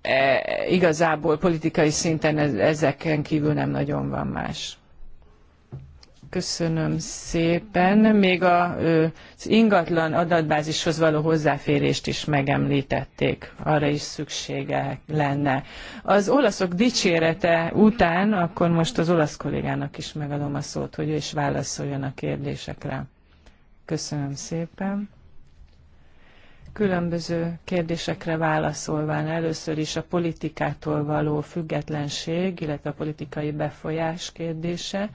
e, igazából politikai szinten ezeken kívül nem nagyon van más. Köszönöm szépen. Még a, az ingatlan adatbázishoz való hozzáférést is megemlítették. Arra is szüksége lenne. Az olaszok dicsérete után, akkor most az olasz kollégának is megadom a szót, hogy ő is válaszoljon a kérdésekre. Köszönöm szépen. Különböző kérdésekre válaszolván először is a politikától való függetlenség, illetve a politikai befolyás kérdése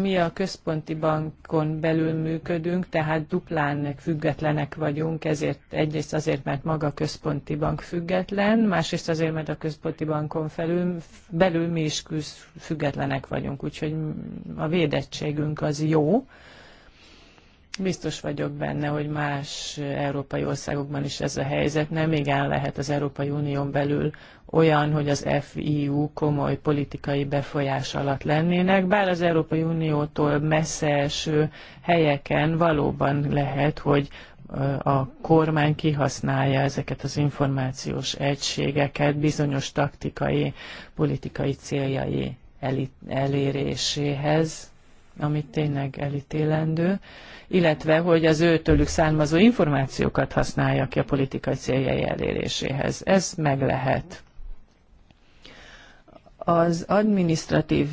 mi a központi bankon belül működünk, tehát duplán függetlenek vagyunk, ezért egyrészt azért, mert maga a központi bank független, másrészt azért, mert a központi bankon felül, belül mi is küzd, függetlenek vagyunk, úgyhogy a védettségünk az jó. Biztos vagyok benne, hogy más európai országokban is ez a helyzet. Nem igen lehet az Európai Unión belül olyan, hogy az FIU komoly politikai befolyás alatt lennének, bár az Európai Uniótól messze első helyeken valóban lehet, hogy a kormány kihasználja ezeket az információs egységeket bizonyos taktikai, politikai céljai eléréséhez amit tényleg elítélendő, illetve hogy az őtőlük származó információkat használja ki a politikai céljai eléréséhez. Ez meg lehet az administratív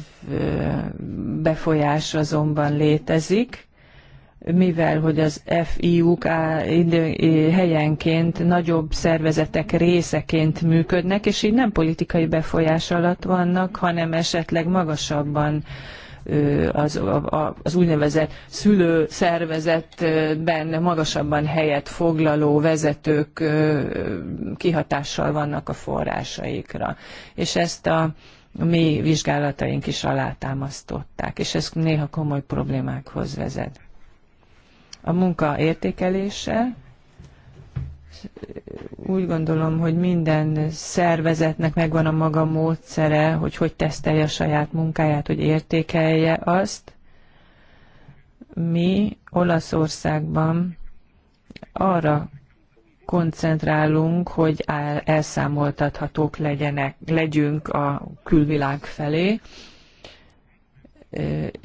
befolyás azonban létezik, mivel hogy az FIU-k helyenként nagyobb szervezetek részeként működnek, és így nem politikai befolyás alatt vannak, hanem esetleg magasabban az, az úgynevezett szülő szervezetben magasabban helyet foglaló vezetők kihatással vannak a forrásaikra. És ezt a mi vizsgálataink is alátámasztották, és ez néha komoly problémákhoz vezet. A munka értékelése, úgy gondolom, hogy minden szervezetnek megvan a maga módszere, hogy hogy tesztelje a saját munkáját, hogy értékelje azt. Mi Olaszországban arra koncentrálunk, hogy elszámoltathatók legyenek, legyünk a külvilág felé.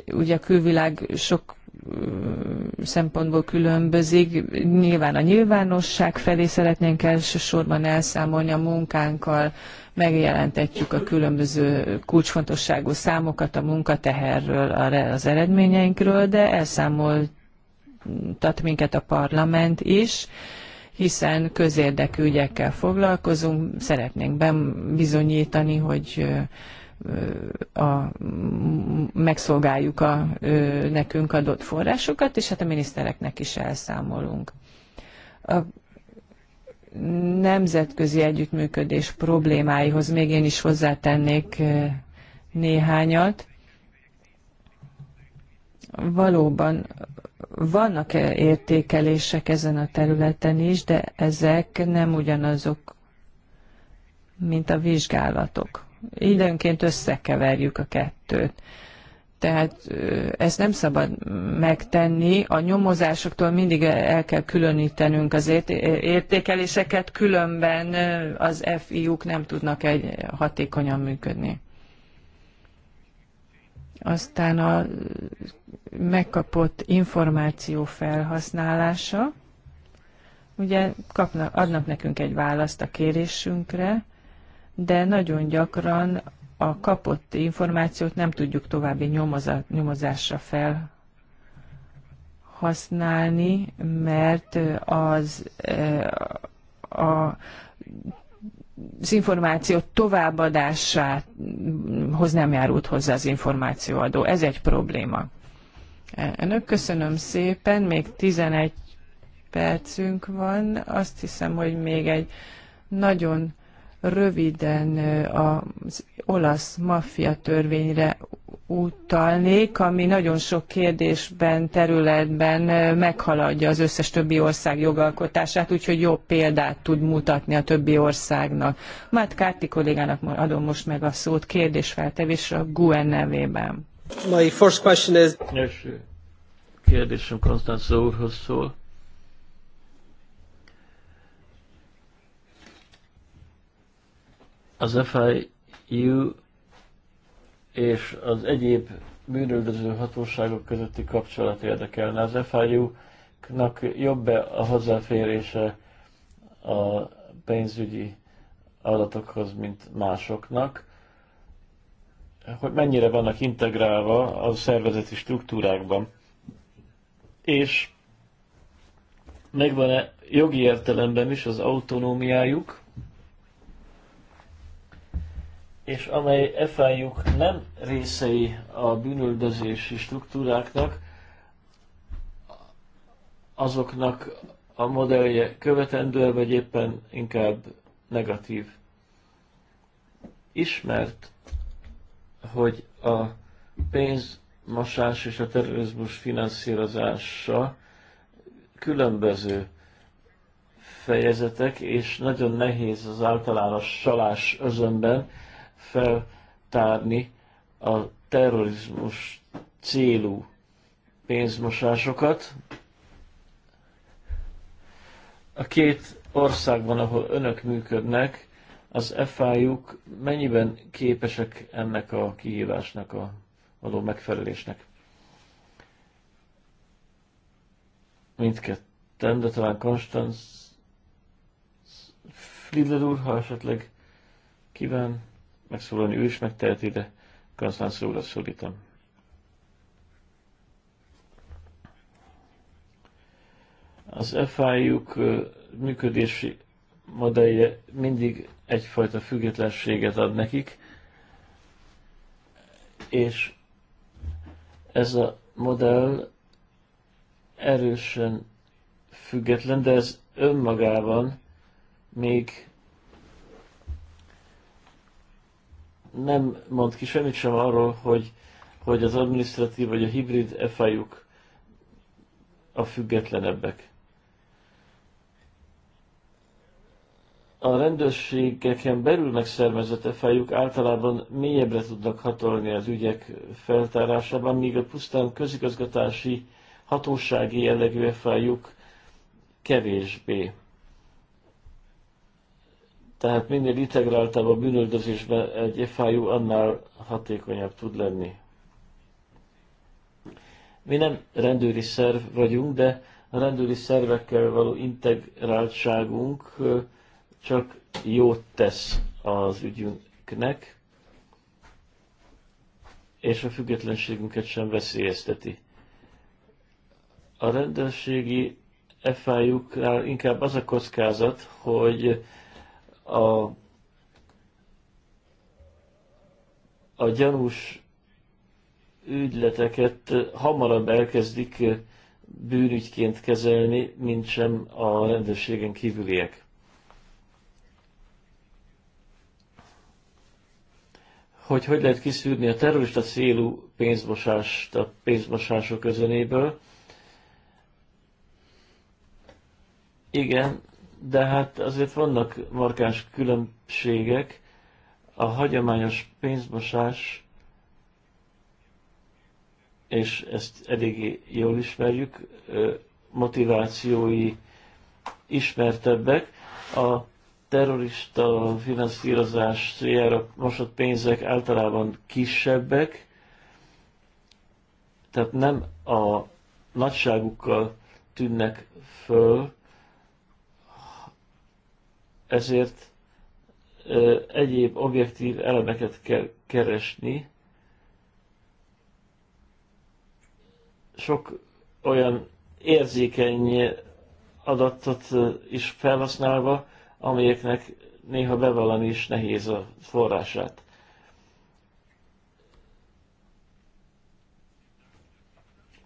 Ugye a külvilág sok szempontból különbözik. Nyilván a nyilvánosság felé szeretnénk elsősorban elszámolni a munkánkkal, megjelentetjük a különböző kulcsfontosságú számokat a munkateherről, az eredményeinkről, de elszámoltat minket a parlament is hiszen közérdekű ügyekkel foglalkozunk, szeretnénk bizonyítani, hogy a, megszolgáljuk a nekünk adott forrásokat, és hát a minisztereknek is elszámolunk. A nemzetközi együttműködés problémáihoz még én is hozzátennék néhányat. Valóban vannak értékelések ezen a területen is, de ezek nem ugyanazok, mint a vizsgálatok időnként összekeverjük a kettőt. Tehát ezt nem szabad megtenni, a nyomozásoktól mindig el kell különítenünk az értékeléseket, különben az FIU-k nem tudnak egy hatékonyan működni. Aztán a megkapott információ felhasználása, ugye kapnak, adnak nekünk egy választ a kérésünkre, de nagyon gyakran a kapott információt nem tudjuk további nyomozásra fel használni, mert az eh, a az információ továbbadásához nem járult hozzá az információadó. Ez egy probléma. Önök köszönöm szépen, még 11 percünk van. Azt hiszem, hogy még egy nagyon röviden az olasz maffia törvényre utalnék, ami nagyon sok kérdésben, területben meghaladja az összes többi ország jogalkotását, úgyhogy jobb példát tud mutatni a többi országnak. Mát Kárti kollégának adom most meg a szót kérdésfeltevésre a GUEN nevében. My first question is... Első kérdésem Konstantin úrhoz szól. Az FIU és az egyéb bűnöldöző hatóságok közötti kapcsolat érdekelne. Az FIU-nak jobb-e a hozzáférése a pénzügyi adatokhoz, mint másoknak? Hogy mennyire vannak integrálva a szervezeti struktúrákban? És megvan-e jogi értelemben is az autonómiájuk, és amely fiu nem részei a bűnöldözési struktúráknak, azoknak a modellje követendő, vagy éppen inkább negatív. Ismert, hogy a pénzmasás és a terrorizmus finanszírozása különböző fejezetek, és nagyon nehéz az általános salás özönben feltárni a terrorizmus célú pénzmosásokat. A két országban, ahol önök működnek, az FIU-k mennyiben képesek ennek a kihívásnak a való megfelelésnek? Mindketten, de talán Konstanz Fridler úr, ha esetleg kíván megszólalni, ő is megteheti, de Kanszlán szóra szólítom. Az fi k működési modellje mindig egyfajta függetlenséget ad nekik, és ez a modell erősen független, de ez önmagában még nem mond ki semmit sem arról, hogy, hogy az administratív vagy a hibrid fiu a függetlenebbek. A rendőrségeken belül megszervezett fiu általában mélyebbre tudnak hatolni az ügyek feltárásában, míg a pusztán közigazgatási hatósági jellegű fiu kevésbé tehát minél integráltabb a bűnöldözésben egy FIU, annál hatékonyabb tud lenni. Mi nem rendőri szerv vagyunk, de a rendőri szervekkel való integráltságunk csak jót tesz az ügyünknek, és a függetlenségünket sem veszélyezteti. A rendőrségi FIU-knál inkább az a kockázat, hogy a, a gyanús ügyleteket hamarabb elkezdik bűnügyként kezelni, mint sem a rendőrségen kívüliek. Hogy hogy lehet kiszűrni a terrorista célú pénzmosást a pénzmosások özönéből? Igen, de hát azért vannak markáns különbségek. A hagyományos pénzmosás, és ezt eddig jól ismerjük, motivációi ismertebbek. A terrorista finanszírozás céljára mosott pénzek általában kisebbek, tehát nem a nagyságukkal tűnnek föl, ezért egyéb objektív elemeket kell keresni. Sok olyan érzékeny adatot is felhasználva, amelyeknek néha bevallani is nehéz a forrását.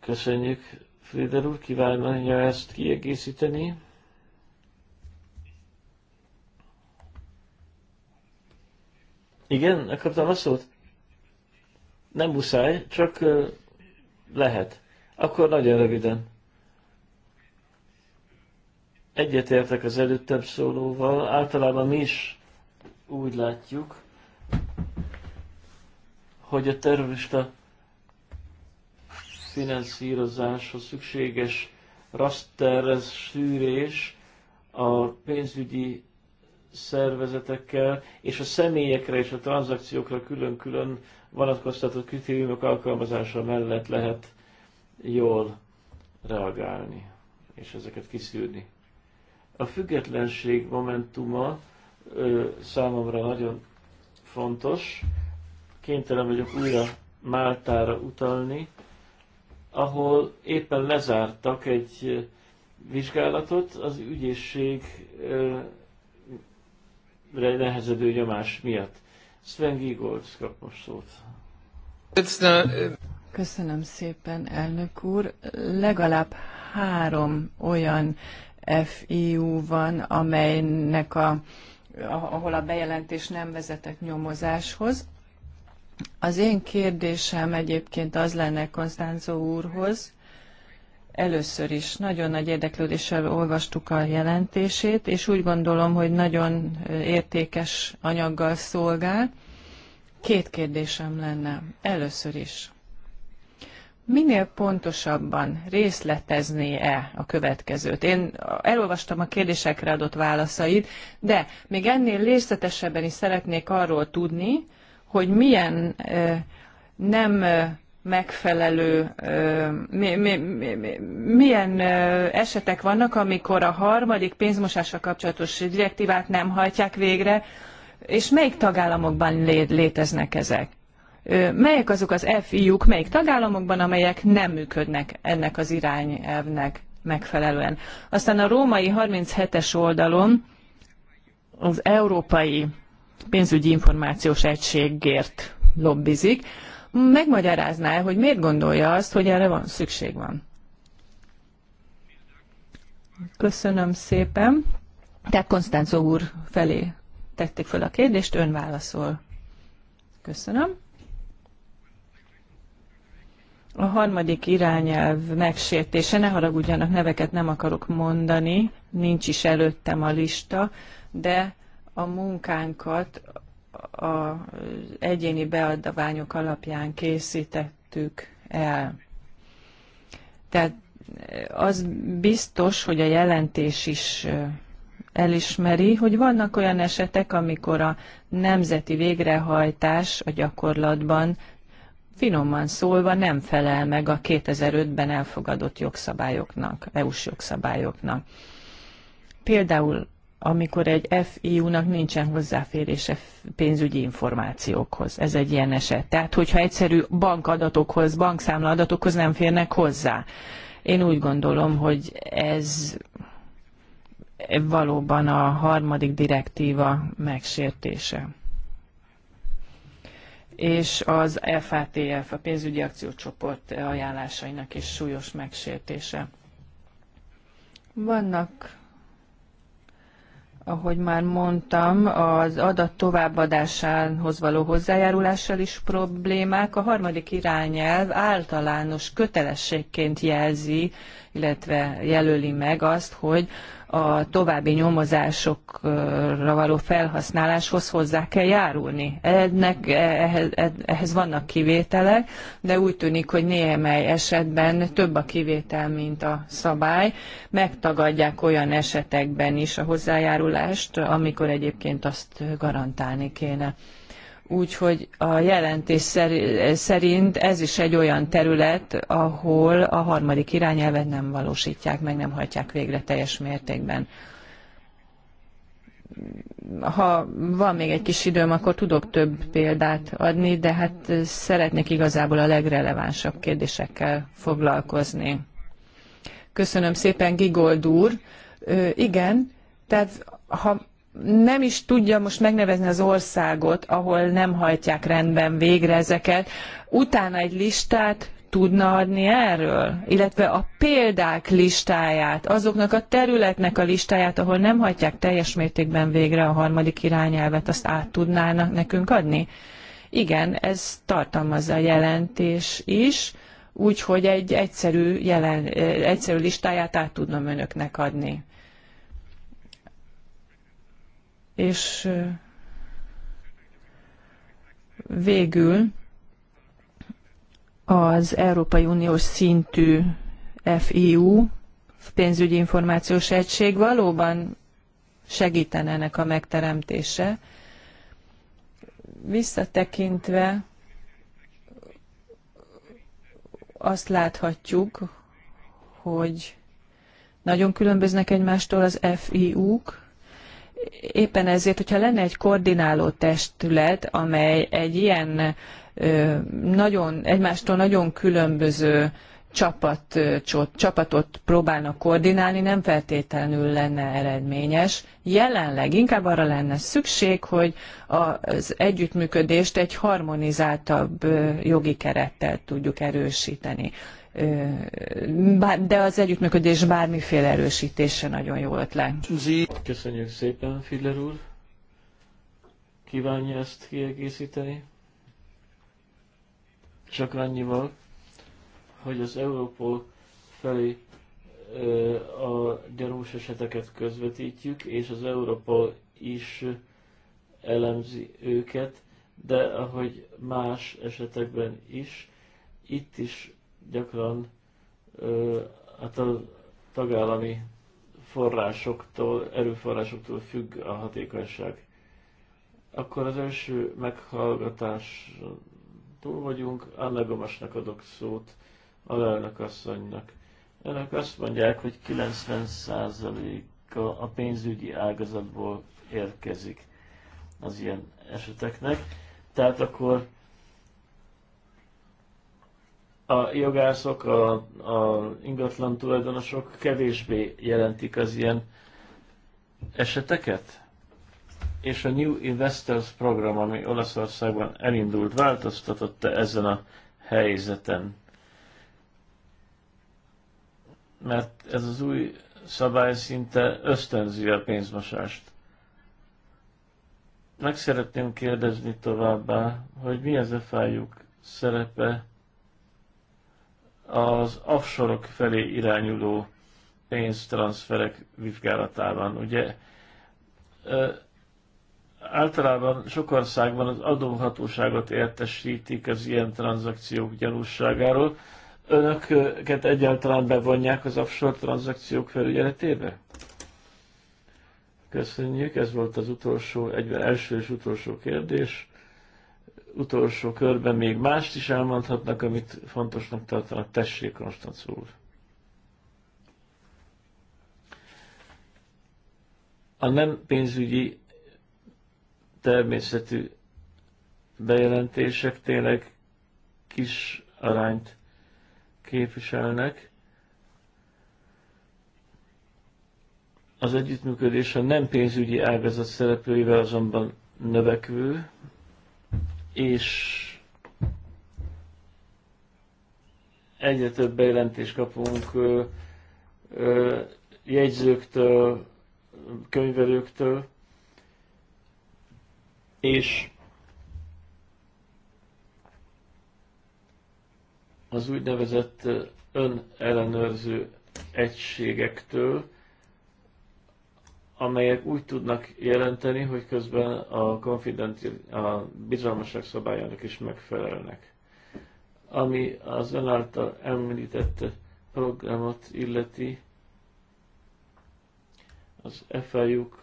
Köszönjük, Frider úr, kívánja ezt kiegészíteni. Igen, megkaptam a szót? Nem muszáj, csak lehet. Akkor nagyon röviden. Egyetértek az előttebb szólóval, általában mi is úgy látjuk, hogy a terrorista finanszírozáshoz szükséges ez szűrés a pénzügyi szervezetekkel, és a személyekre és a tranzakciókra külön-külön vonatkoztató kritériumok alkalmazása mellett lehet jól reagálni, és ezeket kiszűrni. A függetlenség momentuma ö, számomra nagyon fontos. Kénytelen vagyok újra Máltára utalni, ahol éppen lezártak egy vizsgálatot, az ügyészség ö, nehezedő nyomás miatt. Sven Giegold kap most szót. Köszönöm szépen, elnök úr. Legalább három olyan FIU van, amelynek a, ahol a bejelentés nem vezetett nyomozáshoz. Az én kérdésem egyébként az lenne Konstánzó úrhoz, Először is nagyon nagy érdeklődéssel olvastuk a jelentését, és úgy gondolom, hogy nagyon értékes anyaggal szolgál. Két kérdésem lenne. Először is, minél pontosabban részletezné-e a következőt? Én elolvastam a kérdésekre adott válaszait, de még ennél részletesebben is szeretnék arról tudni, hogy milyen nem megfelelő, mi, mi, mi, milyen esetek vannak, amikor a harmadik pénzmosással kapcsolatos direktívát nem hajtják végre, és melyik tagállamokban léteznek ezek? Melyek azok az FIU-k, melyik tagállamokban, amelyek nem működnek ennek az irányelvnek megfelelően? Aztán a római 37-es oldalon az Európai Pénzügyi Információs Egységért lobbizik, megmagyarázná, hogy miért gondolja azt, hogy erre van szükség van. Köszönöm szépen. Tehát Konstanzó úr felé tették fel a kérdést, ön válaszol. Köszönöm. A harmadik irányelv megsértése, ne haragudjanak, neveket nem akarok mondani, nincs is előttem a lista, de a munkánkat az egyéni beadványok alapján készítettük el. Tehát az biztos, hogy a jelentés is elismeri, hogy vannak olyan esetek, amikor a nemzeti végrehajtás a gyakorlatban finoman szólva nem felel meg a 2005-ben elfogadott jogszabályoknak, EU-s jogszabályoknak. Például amikor egy FIU-nak nincsen hozzáférése pénzügyi információkhoz. Ez egy ilyen eset. Tehát, hogyha egyszerű bankadatokhoz, bankszámladatokhoz nem férnek hozzá. Én úgy gondolom, hogy ez valóban a harmadik direktíva megsértése. És az FATF, a pénzügyi akciócsoport ajánlásainak is súlyos megsértése. Vannak ahogy már mondtam, az adat továbbadásához való hozzájárulással is problémák. A harmadik irányelv általános kötelességként jelzi, illetve jelöli meg azt, hogy a további nyomozásokra való felhasználáshoz hozzá kell járulni. Ennek, e, ehhez, e, ehhez vannak kivételek, de úgy tűnik, hogy némely esetben több a kivétel, mint a szabály. Megtagadják olyan esetekben is a hozzájárulást, amikor egyébként azt garantálni kéne úgyhogy a jelentés szerint ez is egy olyan terület, ahol a harmadik irányelvet nem valósítják meg, nem hajtják végre teljes mértékben. Ha van még egy kis időm, akkor tudok több példát adni, de hát szeretnék igazából a legrelevánsabb kérdésekkel foglalkozni. Köszönöm szépen, Gigold úr. Ö, igen, tehát ha nem is tudja most megnevezni az országot, ahol nem hajtják rendben végre ezeket. Utána egy listát tudna adni erről, illetve a példák listáját, azoknak a területnek a listáját, ahol nem hajtják teljes mértékben végre a harmadik irányelvet, azt át tudnának nekünk adni? Igen, ez tartalmazza a jelentés is, úgyhogy egy egyszerű, jelen, egyszerű listáját át tudnom önöknek adni és végül az Európai Uniós szintű FIU, pénzügyi információs egység valóban segítene ennek a megteremtése. Visszatekintve azt láthatjuk, hogy nagyon különböznek egymástól az FIU-k, Éppen ezért, hogyha lenne egy koordináló testület, amely egy ilyen nagyon, egymástól nagyon különböző csapat, csapatot próbálna koordinálni, nem feltétlenül lenne eredményes. Jelenleg inkább arra lenne szükség, hogy az együttműködést egy harmonizáltabb jogi kerettel tudjuk erősíteni de az együttműködés bármiféle erősítése nagyon jó ötlet. Köszönjük szépen, Filler úr. Kívánja ezt kiegészíteni? Csak annyival, hogy az Európol felé a gyanús eseteket közvetítjük, és az Európol is elemzi őket, de ahogy más esetekben is, itt is gyakran hát a tagállami forrásoktól, erőforrásoktól függ a hatékonyság. Akkor az első meghallgatás túl vagyunk, Anna Gomasnak adok szót, lelnök asszonynak. Önök azt mondják, hogy 90%-a a pénzügyi ágazatból érkezik az ilyen eseteknek, tehát akkor a jogászok, a, a ingatlan tulajdonosok kevésbé jelentik az ilyen eseteket? És a New Investors program, ami Olaszországban elindult, változtatotta ezen a helyzeten? Mert ez az új szabály szinte ösztönzi a pénzmosást. Meg szeretném kérdezni továbbá, hogy mi az a fájuk szerepe az offshore felé irányuló pénztranszferek vizsgálatában. Ugye általában sok országban az adóhatóságot értesítik az ilyen tranzakciók gyanúságáról. Önöket egyáltalán bevonják az offshore tranzakciók felügyeletébe? Köszönjük, ez volt az utolsó, egyben első és utolsó kérdés utolsó körben még mást is elmondhatnak, amit fontosnak tartanak. Tessék, Konstanc úr! A nem pénzügyi természetű bejelentések tényleg kis arányt képviselnek. Az együttműködés a nem pénzügyi ágazat szereplőivel azonban növekvő, és egyre több bejelentést kapunk ö, ö, jegyzőktől, könyvelőktől, és az úgynevezett önellenőrző egységektől, amelyek úgy tudnak jelenteni, hogy közben a, a bizalmaság szabályának is megfelelnek. Ami az ön által említett programot illeti, az FIU-k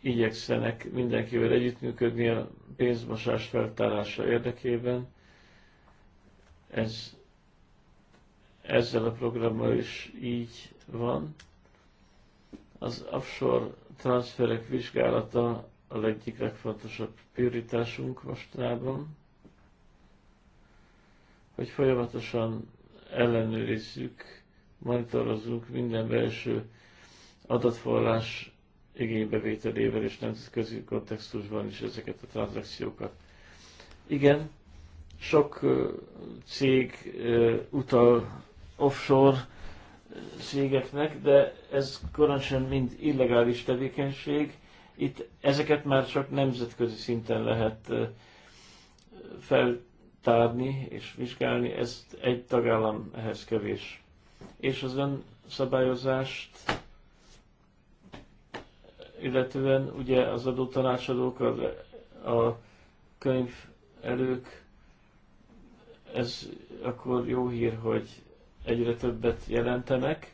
igyekszenek mindenkivel együttműködni a pénzmosás feltárása érdekében. Ez ezzel a programmal is így van. Az offshore transferek vizsgálata a egyik legfontosabb prioritásunk mostanában, hogy folyamatosan ellenőrizzük, monitorozzunk minden belső adatforrás igénybevételével és nemzetközi kontextusban is ezeket a tranzakciókat. Igen, sok cég utal offshore szégeknek, de ez korán sem mind illegális tevékenység. Itt ezeket már csak nemzetközi szinten lehet feltárni és vizsgálni, ezt egy tagállam ehhez kevés. És az önszabályozást illetően ugye az adótanácsadók, az, e- a könyv elők, ez akkor jó hír, hogy egyre többet jelentenek.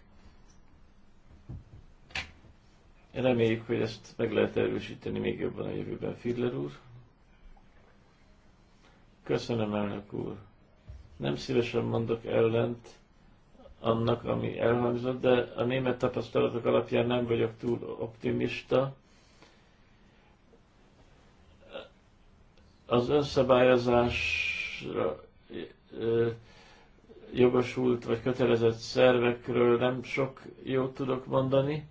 Reméljük, hogy ezt meg lehet erősíteni még jobban a jövőben, Fidler úr. Köszönöm, elnök úr. Nem szívesen mondok ellent annak, ami elhangzott, de a német tapasztalatok alapján nem vagyok túl optimista. Az önszabályozásra jogosult vagy kötelezett szervekről nem sok jót tudok mondani.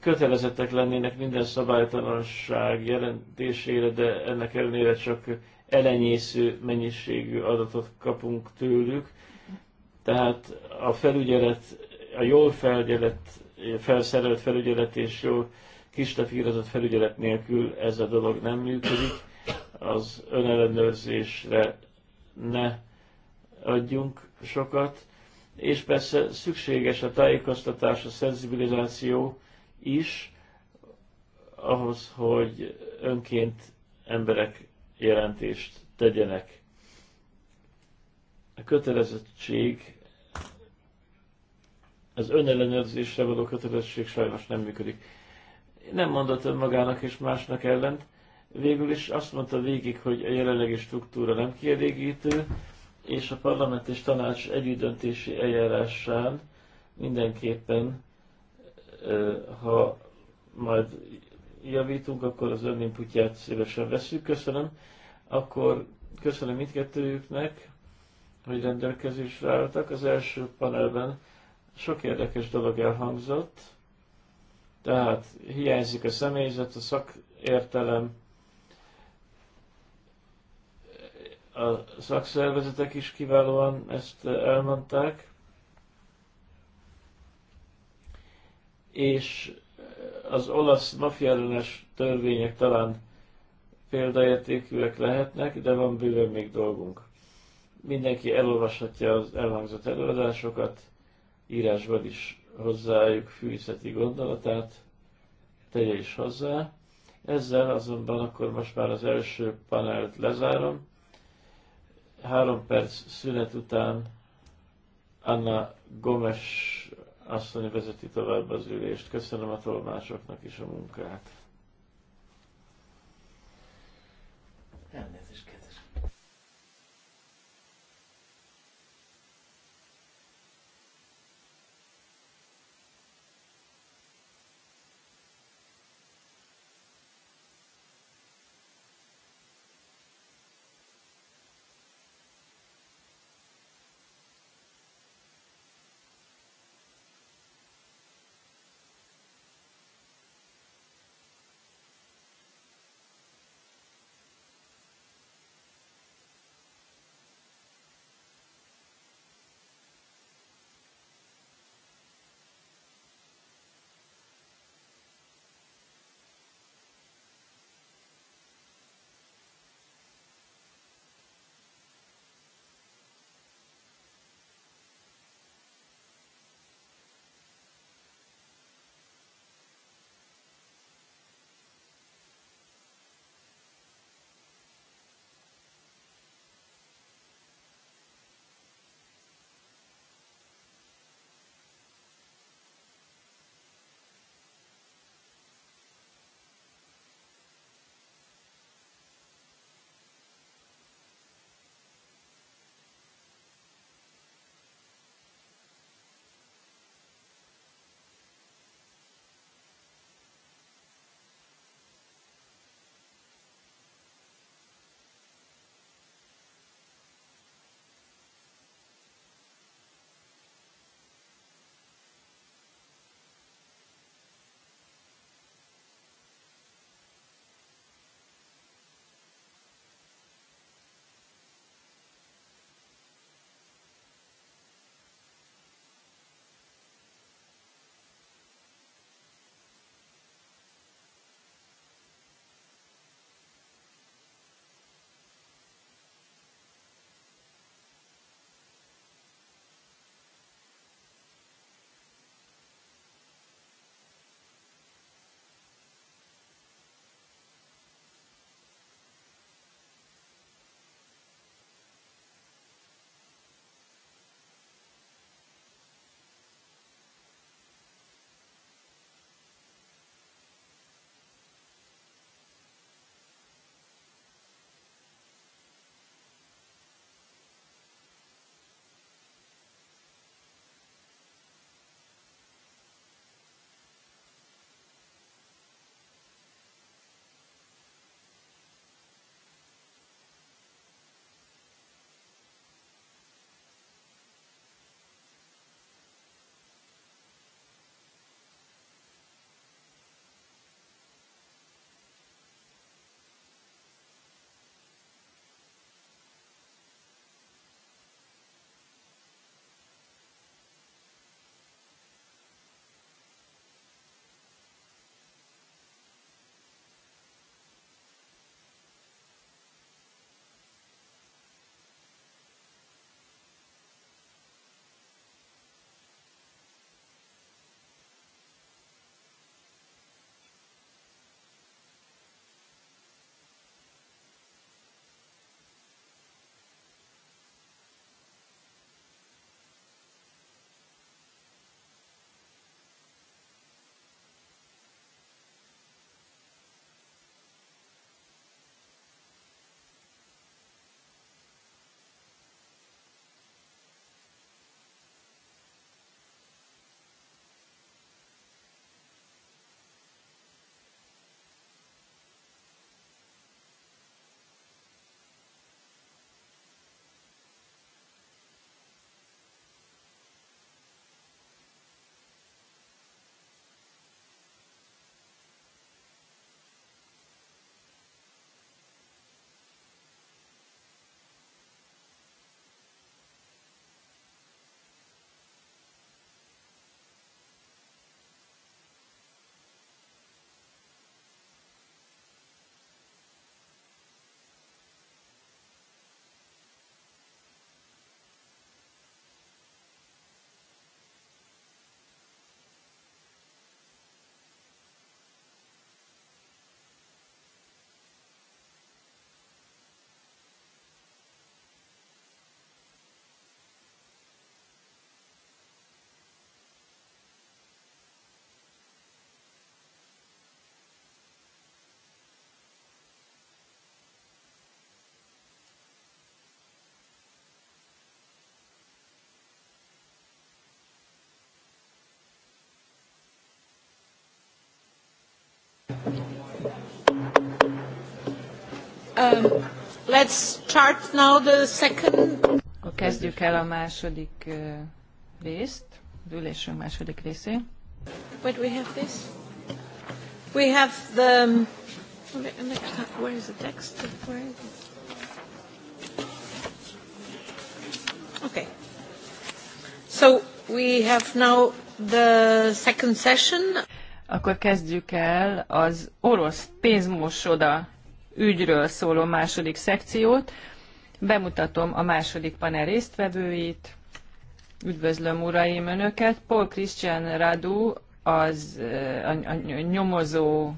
Kötelezettek lennének minden szabálytalanság jelentésére, de ennek ellenére csak elenyésző mennyiségű adatot kapunk tőlük. Tehát a felügyelet, a jól felügyelet, felszerelt felügyelet és jól kistafírozott felügyelet nélkül ez a dolog nem működik. Az önellenőrzésre ne adjunk sokat, és persze szükséges a tájékoztatás, a szenzibilizáció is ahhoz, hogy önként emberek jelentést tegyenek. A kötelezettség, az önellenőrzésre való kötelezettség sajnos nem működik. Nem mondott önmagának és másnak ellent, végül is azt mondta végig, hogy a jelenlegi struktúra nem kielégítő, és a parlament és tanács együttdöntési eljárásán mindenképpen, ha majd javítunk, akkor az ön inputját szívesen veszük. Köszönöm. Akkor köszönöm mindkettőjüknek, hogy rendelkezésre álltak. Az első panelben sok érdekes dolog elhangzott. Tehát hiányzik a személyzet, a szakértelem, a szakszervezetek is kiválóan ezt eh, elmondták, és eh, az olasz mafiellenes törvények talán példaértékűek lehetnek, de van bőven még dolgunk. Mindenki elolvashatja az elhangzott előadásokat, írásban is hozzájuk fűzheti gondolatát, tegye is hozzá. Ezzel azonban akkor most már az első panelt lezárom Három perc szünet után Anna Gomes asszony vezeti tovább az ülést. Köszönöm a tolmásoknak is a munkát. Elnézést. Um, let's start now the second... Kezdjük el a második uh, részt, az ülésünk második részét. What we have this? We have the... Next, um, where is the text? Where is it? Okay. So we have now the second session. Akkor kezdjük el az orosz pénzmosoda ügyről szóló második szekciót. Bemutatom a második panel résztvevőit. Üdvözlöm, uraim, önöket. Paul Christian Radu, az eh, a, a nyomozó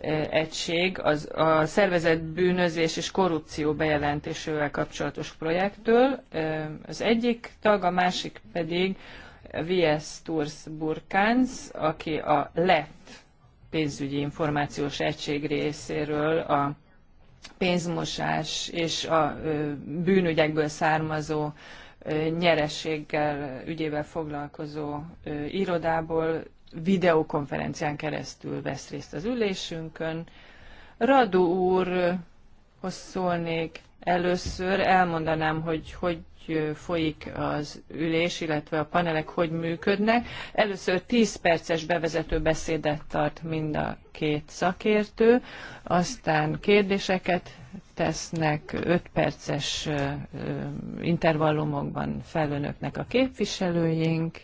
eh, egység, az a szervezett bűnözés és korrupció bejelentésével kapcsolatos projektől. Eh, az egyik tag, a másik pedig VS Tours Burkans, aki a LEFT pénzügyi információs egység részéről a pénzmosás és a bűnügyekből származó nyerességgel ügyével foglalkozó irodából videokonferencián keresztül vesz részt az ülésünkön. Radu úrhoz szólnék először, elmondanám, hogy hogy folyik az ülés, illetve a panelek hogy működnek. Először 10 perces bevezető beszédet tart mind a két szakértő, aztán kérdéseket tesznek 5 perces intervallumokban felönöknek a képviselőink,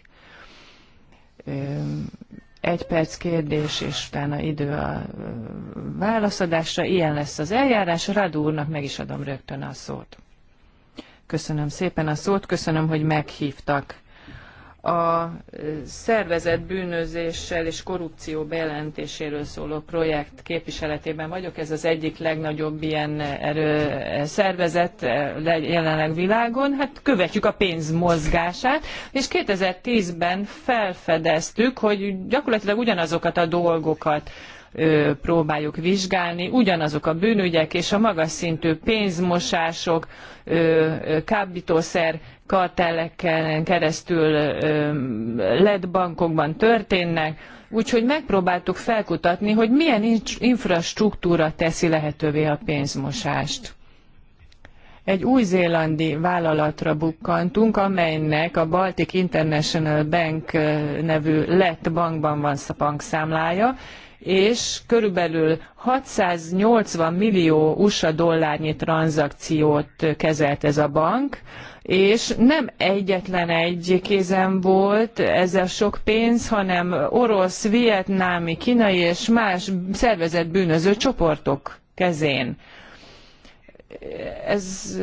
egy perc kérdés, és utána idő a válaszadásra. Ilyen lesz az eljárás. Radu úrnak meg is adom rögtön a szót. Köszönöm szépen a szót, köszönöm, hogy meghívtak. A szervezet bűnözéssel és korrupció bejelentéséről szóló projekt képviseletében vagyok. Ez az egyik legnagyobb ilyen erő, szervezet jelenleg világon. Hát követjük a pénz mozgását, és 2010-ben felfedeztük, hogy gyakorlatilag ugyanazokat a dolgokat próbáljuk vizsgálni. Ugyanazok a bűnügyek és a magas szintű pénzmosások, kábítószer kartelleken keresztül lett bankokban történnek, úgyhogy megpróbáltuk felkutatni, hogy milyen infrastruktúra teszi lehetővé a pénzmosást egy új-zélandi vállalatra bukkantunk, amelynek a Baltic International Bank nevű lett bankban van bankszámlája, és körülbelül 680 millió USA dollárnyi tranzakciót kezelt ez a bank, és nem egyetlen egy kézen volt ez a sok pénz, hanem orosz, vietnámi, kínai és más szervezett bűnöző csoportok kezén ez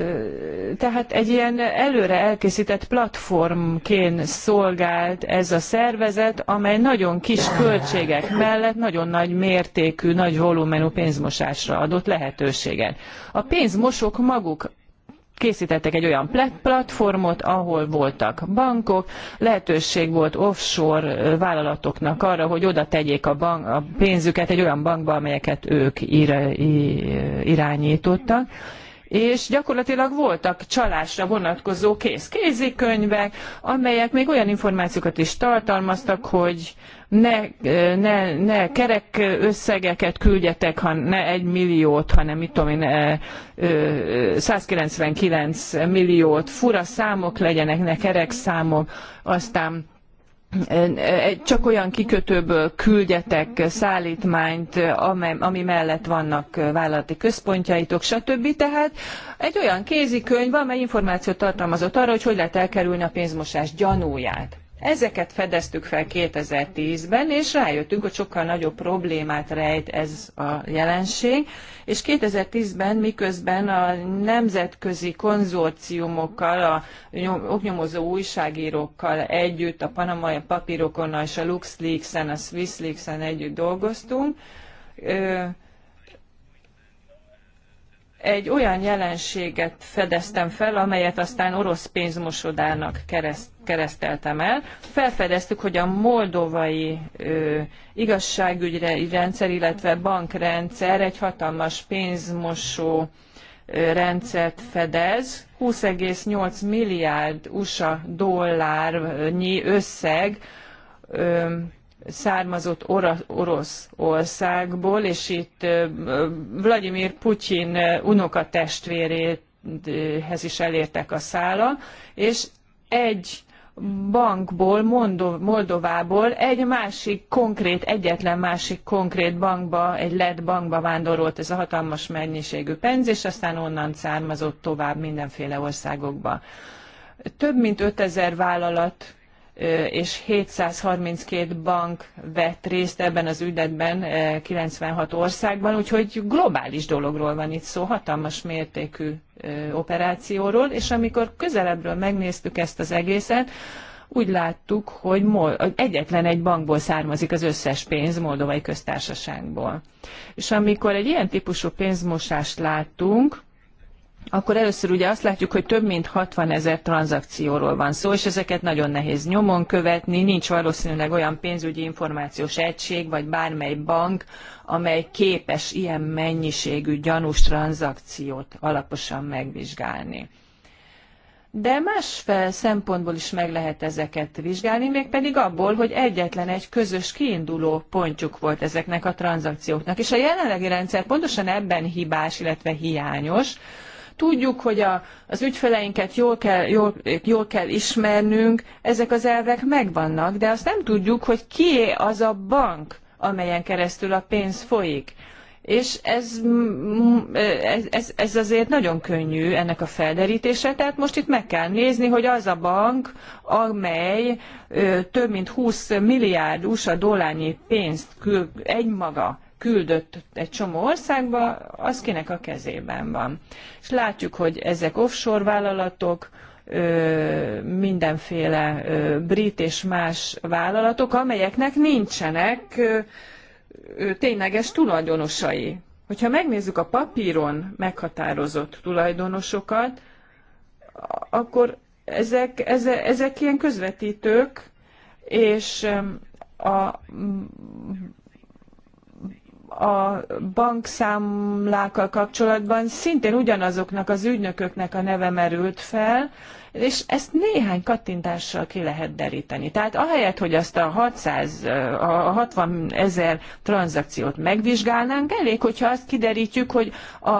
tehát egy ilyen előre elkészített platformként szolgált ez a szervezet, amely nagyon kis költségek mellett nagyon nagy mértékű, nagy volumenű pénzmosásra adott lehetőséget. A pénzmosók maguk készítettek egy olyan platformot, ahol voltak bankok, lehetőség volt offshore vállalatoknak arra, hogy oda tegyék a, bank, a pénzüket egy olyan bankba, amelyeket ők ir, irányítottak és gyakorlatilag voltak csalásra vonatkozó kész kézikönyvek, amelyek még olyan információkat is tartalmaztak, hogy ne, ne, ne kerek összegeket küldjetek, ha ne egy milliót, hanem mit tudom én, 199 milliót, fura számok legyenek, ne kerek számok, aztán csak olyan kikötőből küldjetek szállítmányt, ami mellett vannak vállalati központjaitok, stb. Tehát egy olyan kézikönyv, amely információt tartalmazott arra, hogy hogy lehet elkerülni a pénzmosás gyanúját. Ezeket fedeztük fel 2010-ben, és rájöttünk, hogy sokkal nagyobb problémát rejt ez a jelenség, és 2010-ben miközben a nemzetközi konzorciumokkal, a oknyomozó újságírókkal együtt, a panamai papírokon és a LuxLeaks-en, a SwissLeaks-en együtt dolgoztunk, egy olyan jelenséget fedeztem fel, amelyet aztán orosz pénzmosodának kereszt, kereszteltem el. Felfedeztük, hogy a moldovai ö, igazságügyi rendszer, illetve bankrendszer egy hatalmas pénzmosó ö, rendszert fedez. 20,8 milliárd USA dollárnyi összeg ö, származott orosz országból, és itt Vladimir Putyin unokatestvérhez is elértek a szála, és egy bankból, Moldovából egy másik konkrét, egyetlen másik konkrét bankba, egy lett bankba vándorolt ez a hatalmas mennyiségű pénz, és aztán onnan származott tovább mindenféle országokba. Több mint 5000 vállalat és 732 bank vett részt ebben az ügyletben 96 országban, úgyhogy globális dologról van itt szó, hatalmas mértékű operációról, és amikor közelebbről megnéztük ezt az egészet, úgy láttuk, hogy egyetlen egy bankból származik az összes pénz Moldovai köztársaságból. És amikor egy ilyen típusú pénzmosást látunk akkor először ugye azt látjuk, hogy több mint 60 ezer tranzakcióról van szó, és ezeket nagyon nehéz nyomon követni, nincs valószínűleg olyan pénzügyi információs egység, vagy bármely bank, amely képes ilyen mennyiségű gyanús tranzakciót alaposan megvizsgálni. De más szempontból is meg lehet ezeket vizsgálni, mégpedig abból, hogy egyetlen egy közös kiinduló pontjuk volt ezeknek a tranzakcióknak. És a jelenlegi rendszer pontosan ebben hibás, illetve hiányos, Tudjuk, hogy a, az ügyfeleinket jól kell, jól, jól kell ismernünk, ezek az elvek megvannak, de azt nem tudjuk, hogy kié az a bank, amelyen keresztül a pénz folyik. És ez, mm, ez, ez azért nagyon könnyű ennek a felderítése, tehát most itt meg kell nézni, hogy az a bank, amely több mint 20 milliárd USA dollárnyi pénzt kül egymaga küldött egy csomó országba, az kinek a kezében van. És látjuk, hogy ezek offshore vállalatok, mindenféle brit és más vállalatok, amelyeknek nincsenek tényleges tulajdonosai. Hogyha megnézzük a papíron meghatározott tulajdonosokat, akkor ezek, ezek, ezek ilyen közvetítők, és a a bankszámlákkal kapcsolatban szintén ugyanazoknak az ügynököknek a neve merült fel, és ezt néhány kattintással ki lehet deríteni. Tehát ahelyett, hogy azt a 600, a 60 ezer tranzakciót megvizsgálnánk, elég, hogyha azt kiderítjük, hogy a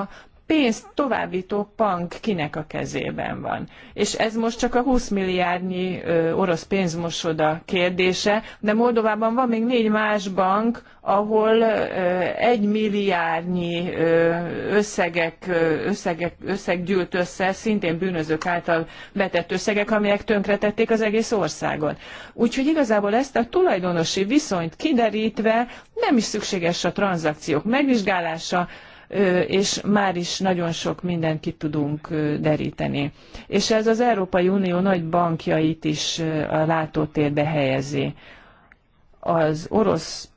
pénzt továbbító bank kinek a kezében van. És ez most csak a 20 milliárdnyi orosz pénzmosoda kérdése, de Moldovában van még négy más bank, ahol egy milliárdnyi összegek, összegek, összeg gyűlt össze, szintén bűnözők által betett összegek, amelyek tönkretették az egész országot. Úgyhogy igazából ezt a tulajdonosi viszonyt kiderítve nem is szükséges a tranzakciók megvizsgálása, és már is nagyon sok mindent ki tudunk deríteni. És ez az Európai Unió nagy bankjait is a látótérbe helyezi. Az orosz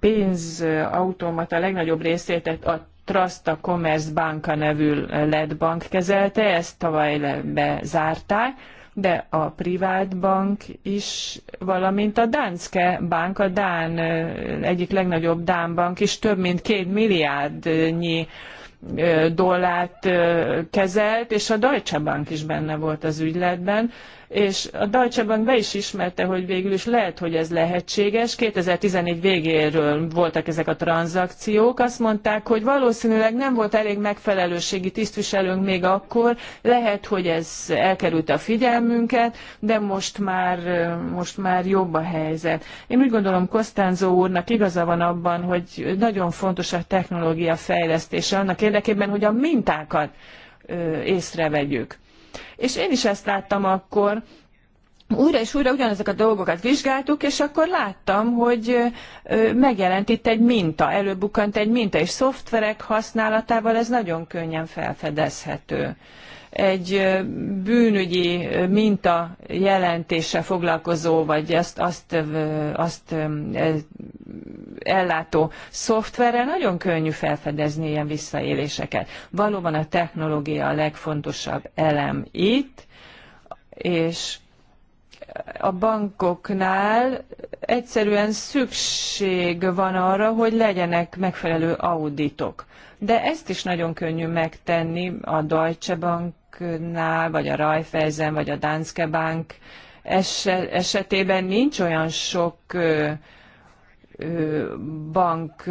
pénzautomata legnagyobb részét a Trasta Commerce Banka nevű lett bank kezelte, ezt tavaly bezárták, de a privát bank is, valamint a Danske Bank, a Dán egyik legnagyobb Dán bank is több mint két milliárdnyi dollárt kezelt, és a Deutsche Bank is benne volt az ügyletben és a Deutsche Bank be is ismerte, hogy végül is lehet, hogy ez lehetséges. 2014 végéről voltak ezek a tranzakciók. Azt mondták, hogy valószínűleg nem volt elég megfelelőségi tisztviselőnk még akkor, lehet, hogy ez elkerült a figyelmünket, de most már, most már jobb a helyzet. Én úgy gondolom, Kostánzó úrnak igaza van abban, hogy nagyon fontos a technológia fejlesztése annak érdekében, hogy a mintákat észrevegyük és én is ezt láttam akkor, újra és újra ugyanezek a dolgokat vizsgáltuk, és akkor láttam, hogy megjelent itt egy minta, előbukkant egy minta, és szoftverek használatával ez nagyon könnyen felfedezhető egy bűnügyi minta jelentéssel foglalkozó, vagy azt, azt, azt ellátó szoftverrel nagyon könnyű felfedezni ilyen visszaéléseket. Valóban a technológia a legfontosabb elem itt, és a bankoknál egyszerűen szükség van arra, hogy legyenek megfelelő auditok. De ezt is nagyon könnyű megtenni a Deutsche Bank banknál, vagy a Raiffeisen, vagy a Danske Bank esetében nincs olyan sok bank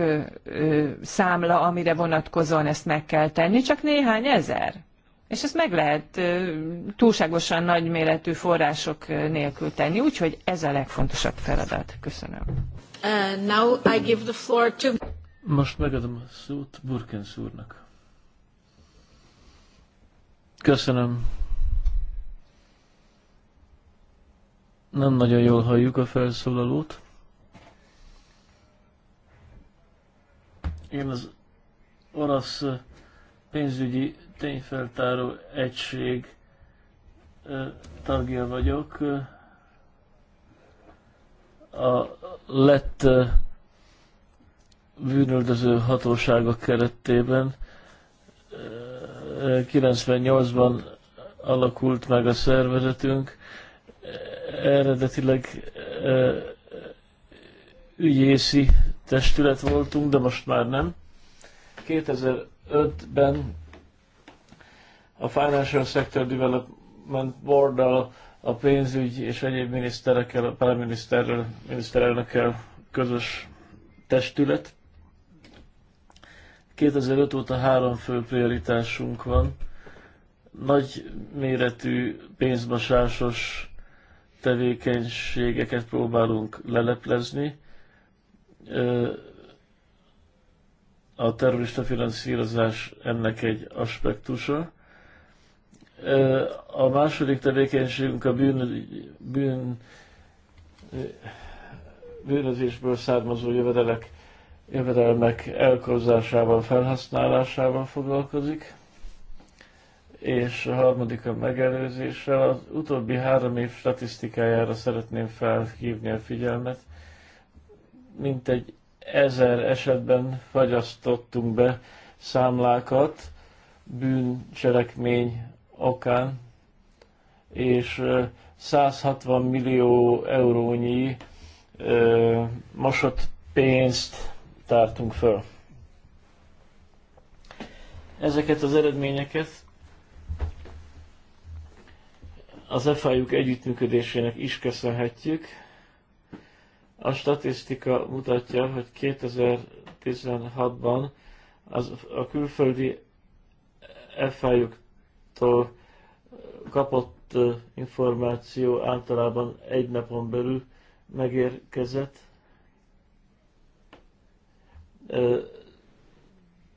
számla, amire vonatkozóan ezt meg kell tenni, csak néhány ezer. És ezt meg lehet túlságosan nagyméretű források nélkül tenni, úgyhogy ez a legfontosabb feladat. Köszönöm. Uh, now I give the floor to... Most megadom a szót Burkens úrnak. Köszönöm. Nem nagyon jól halljuk a felszólalót. Én az orosz pénzügyi tényfeltáró egység tagja vagyok. A lett bűnöldöző hatóságok keretében 98-ban alakult meg a szervezetünk, eredetileg ügyészi testület voltunk, de most már nem. 2005-ben a Financial Sector Development board a pénzügy és egyéb miniszterekkel, a párminiszterrel, miniszterelnökkel közös testület, 2005 óta három fő prioritásunk van. Nagy méretű pénzbasásos tevékenységeket próbálunk leleplezni. A terrorista finanszírozás ennek egy aspektusa. A második tevékenységünk a bűn, bűn bűnözésből származó jövedelek jövedelmek elkozásában, felhasználásában foglalkozik, és a harmadik a megelőzéssel. Az utóbbi három év statisztikájára szeretném felhívni a figyelmet. mint egy ezer esetben fagyasztottunk be számlákat bűncselekmény okán, és 160 millió eurónyi ö, mosott pénzt tártunk föl. Ezeket az eredményeket az FIU-k együttműködésének is köszönhetjük. A statisztika mutatja, hogy 2016-ban az, a külföldi FIU-któl kapott információ általában egy napon belül megérkezett,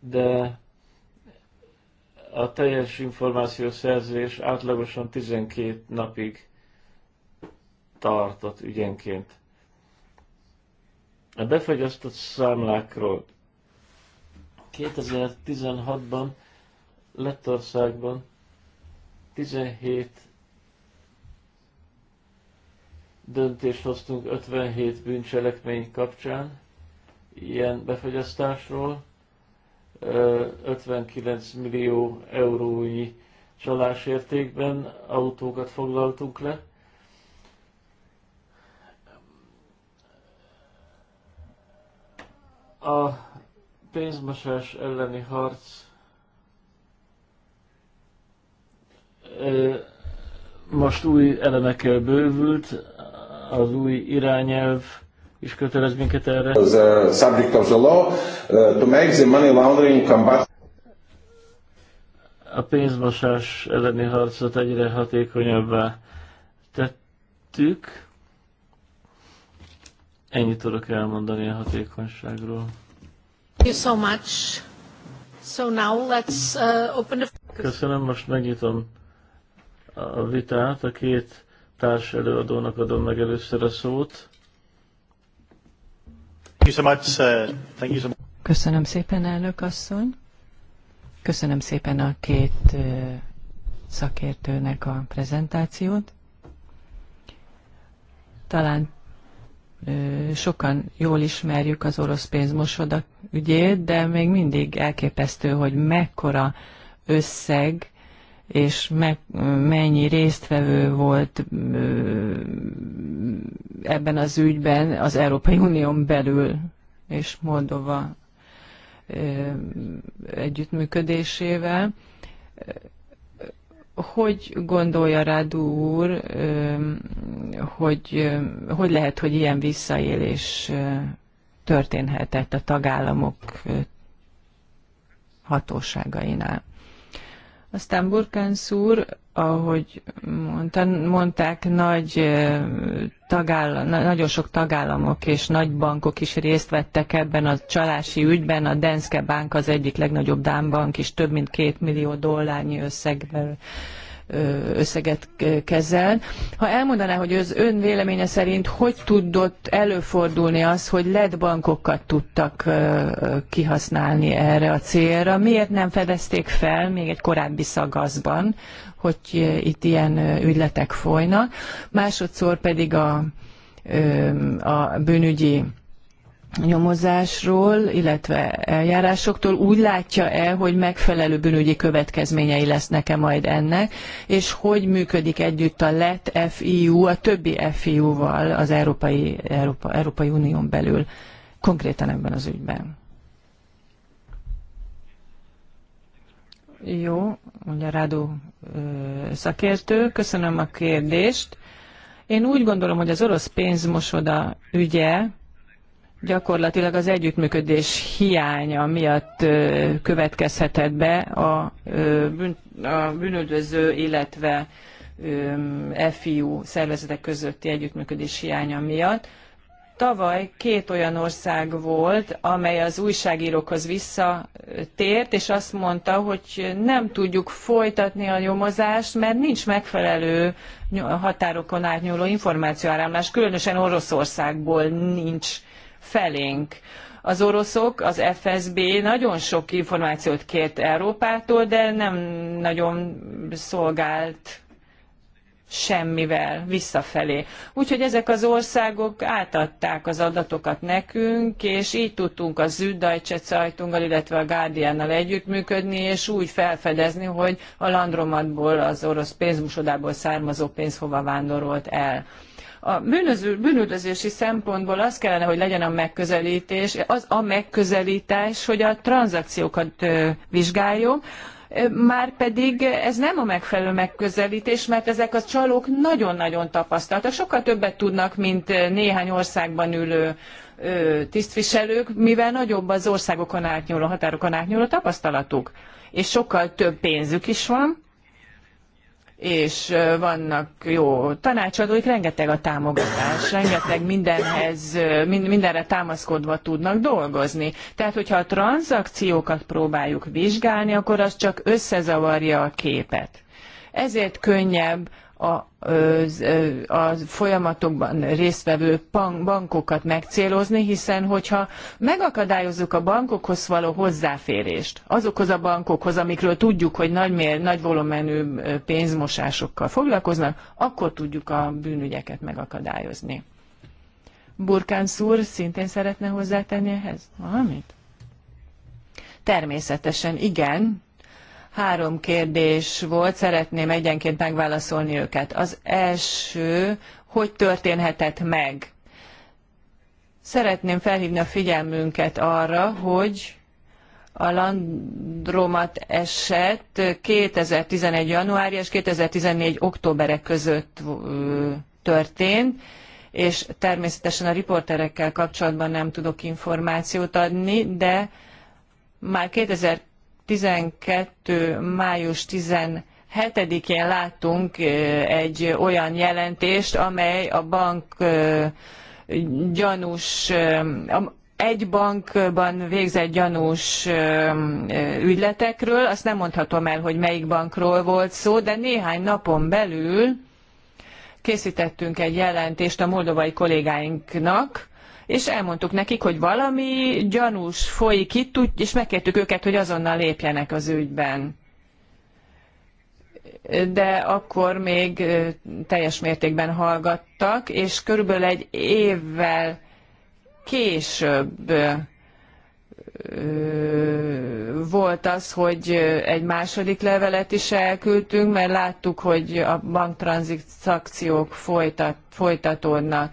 de a teljes információszerzés átlagosan 12 napig tartott ügyenként. A befagyasztott számlákról 2016-ban Lettországban 17 döntést hoztunk 57 bűncselekmény kapcsán, ilyen befogyasztásról. 59 millió eurói csalásértékben autókat foglaltunk le. A pénzmosás elleni harc most új elemekkel bővült, az új irányelv is kötelez minket erre. Uh, a pénzmosás elleni harcot egyre hatékonyabbá tettük. Ennyit tudok elmondani a hatékonyságról. Thank you so much. So now let's uh, open the... Köszönöm, most megnyitom a vitát. A két társ előadónak adom meg először a szót. Köszönöm szépen, elnök asszony. Köszönöm szépen a két szakértőnek a prezentációt. Talán sokan jól ismerjük az orosz pénzmosodat ügyét, de még mindig elképesztő, hogy mekkora összeg és meg, mennyi résztvevő volt ebben az ügyben az Európai Unión belül és Moldova együttműködésével. Hogy gondolja rá úr, hogy hogy lehet, hogy ilyen visszaélés történhetett a tagállamok hatóságainál? Aztán Burkán szúr, ahogy mondta, mondták, nagy tagállam, nagyon sok tagállamok és nagy bankok is részt vettek ebben a csalási ügyben. A Denske Bank az egyik legnagyobb Dán bank is több mint két millió dollárnyi összegben összeget kezel. Ha elmondaná, hogy az ön véleménye szerint hogy tudott előfordulni az, hogy LED bankokat tudtak kihasználni erre a célra, miért nem fedezték fel még egy korábbi szagazban, hogy itt ilyen ügyletek folynak. Másodszor pedig a, a bűnügyi nyomozásról, illetve eljárásoktól úgy látja el, hogy megfelelő bűnügyi következményei lesznek-e majd ennek, és hogy működik együtt a lett FIU a többi FIU-val az Európai, Európa, Európai Unión belül, konkrétan ebben az ügyben. Jó, mondja Rádó szakértő, köszönöm a kérdést. Én úgy gondolom, hogy az orosz pénzmosoda ügye, gyakorlatilag az együttműködés hiánya miatt következhetett be a, bűn, a bűnöldöző, illetve FIU szervezetek közötti együttműködés hiánya miatt. Tavaly két olyan ország volt, amely az újságírókhoz visszatért, és azt mondta, hogy nem tudjuk folytatni a nyomozást, mert nincs megfelelő határokon átnyúló információáramlás, különösen Oroszországból nincs felénk. Az oroszok, az FSB nagyon sok információt kért Európától, de nem nagyon szolgált semmivel visszafelé. Úgyhogy ezek az országok átadták az adatokat nekünk, és így tudtunk a Süddeutsche Zeitunggal, illetve a Guardiannal együttműködni, és úgy felfedezni, hogy a landromatból, az orosz pénzmusodából származó pénz hova vándorolt el. A bűnöző, bűnüldözési szempontból az kellene, hogy legyen a megközelítés, az a megközelítés, hogy a tranzakciókat vizsgáljon, már pedig ez nem a megfelelő megközelítés, mert ezek a csalók nagyon-nagyon tapasztaltak, sokkal többet tudnak, mint néhány országban ülő tisztviselők, mivel nagyobb az országokon átnyúló, határokon átnyúló tapasztalatuk, és sokkal több pénzük is van, és vannak jó tanácsadóik, rengeteg a támogatás, rengeteg mindenhez, mindenre támaszkodva tudnak dolgozni. Tehát, hogyha a tranzakciókat próbáljuk vizsgálni, akkor az csak összezavarja a képet. Ezért könnyebb a, a folyamatokban résztvevő bankokat megcélozni, hiszen hogyha megakadályozzuk a bankokhoz való hozzáférést, azokhoz a bankokhoz, amikről tudjuk, hogy nagy, nagy volumenű pénzmosásokkal foglalkoznak, akkor tudjuk a bűnügyeket megakadályozni. Burkán szúr szintén szeretne hozzátenni ehhez valamit? Természetesen igen, Három kérdés volt, szeretném egyenként megválaszolni őket. Az első, hogy történhetett meg? Szeretném felhívni a figyelmünket arra, hogy a Landromat eset 2011. januárja és 2014. októbere között történt, és természetesen a riporterekkel kapcsolatban nem tudok információt adni, de már 2000 12. május 17-én láttunk egy olyan jelentést, amely a bank gyanús, egy bankban végzett gyanús ügyletekről, azt nem mondhatom el, hogy melyik bankról volt szó, de néhány napon belül készítettünk egy jelentést a moldovai kollégáinknak, és elmondtuk nekik, hogy valami gyanús folyik itt, és megkértük őket, hogy azonnal lépjenek az ügyben de akkor még teljes mértékben hallgattak, és körülbelül egy évvel később volt az, hogy egy második levelet is elküldtünk, mert láttuk, hogy a banktranzakciók folytat, folytatódnak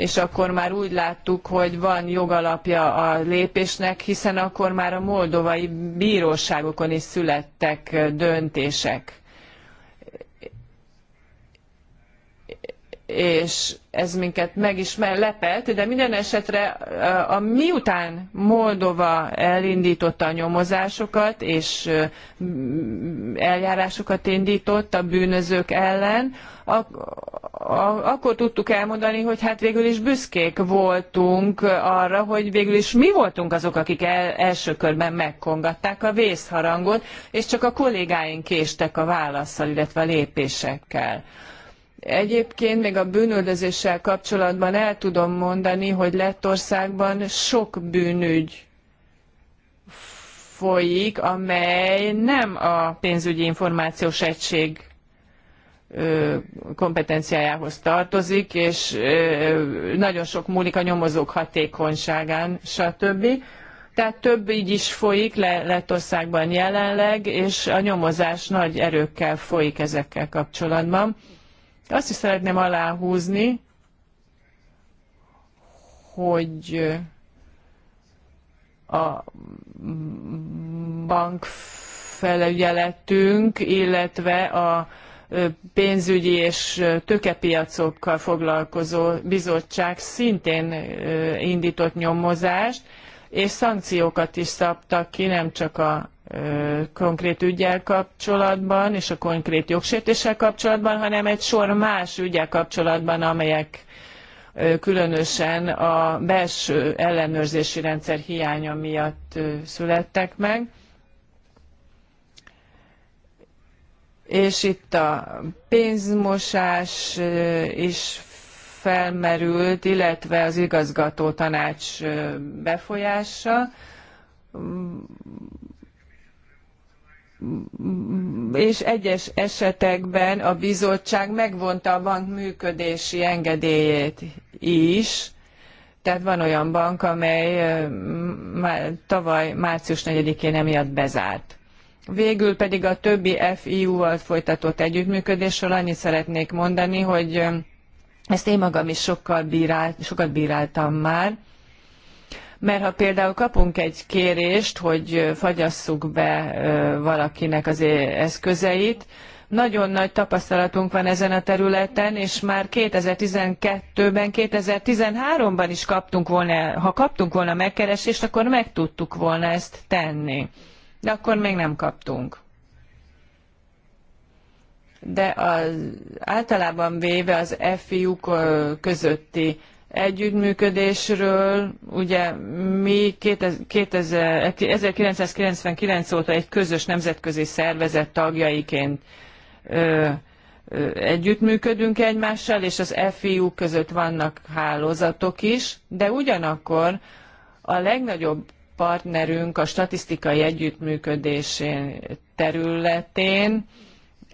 és akkor már úgy láttuk, hogy van jogalapja a lépésnek, hiszen akkor már a moldovai bíróságokon is születtek döntések. és ez minket meg is lepelt, de minden esetre a, a miután Moldova elindította a nyomozásokat és eljárásokat indított a bűnözők ellen, a, a, akkor tudtuk elmondani, hogy hát végül is büszkék voltunk arra, hogy végül is mi voltunk azok, akik el, első körben megkongatták a vészharangot, és csak a kollégáink késtek a válaszsal, illetve a lépésekkel. Egyébként még a bűnöldözéssel kapcsolatban el tudom mondani, hogy Lettországban sok bűnügy folyik, amely nem a pénzügyi információs egység kompetenciájához tartozik, és nagyon sok múlik a nyomozók hatékonyságán, stb. Tehát több így is folyik Lettországban jelenleg, és a nyomozás nagy erőkkel folyik ezekkel kapcsolatban. Azt is szeretném aláhúzni, hogy a bankfelügyeletünk, illetve a pénzügyi és tökepiacokkal foglalkozó bizottság szintén indított nyomozást, és szankciókat is szabtak ki, nem csak a konkrét ügyel kapcsolatban és a konkrét jogsértéssel kapcsolatban, hanem egy sor más ügyel kapcsolatban, amelyek különösen a belső ellenőrzési rendszer hiánya miatt születtek meg. És itt a pénzmosás is felmerült, illetve az igazgató tanács befolyása és egyes esetekben a bizottság megvonta a bank működési engedélyét is, tehát van olyan bank, amely tavaly március 4-én emiatt bezárt. Végül pedig a többi FIU-val folytatott együttműködésről annyit szeretnék mondani, hogy ezt én magam is sokkal bírált, sokat bíráltam már, mert ha például kapunk egy kérést, hogy fagyasszuk be valakinek az eszközeit, nagyon nagy tapasztalatunk van ezen a területen, és már 2012-ben, 2013-ban is kaptunk volna, ha kaptunk volna megkeresést, akkor meg tudtuk volna ezt tenni. De akkor még nem kaptunk. De az, általában véve az fiúk közötti együttműködésről. Ugye mi 2000, 1999 óta egy közös nemzetközi szervezet tagjaiként együttműködünk egymással, és az FIU között vannak hálózatok is, de ugyanakkor a legnagyobb partnerünk a statisztikai együttműködés területén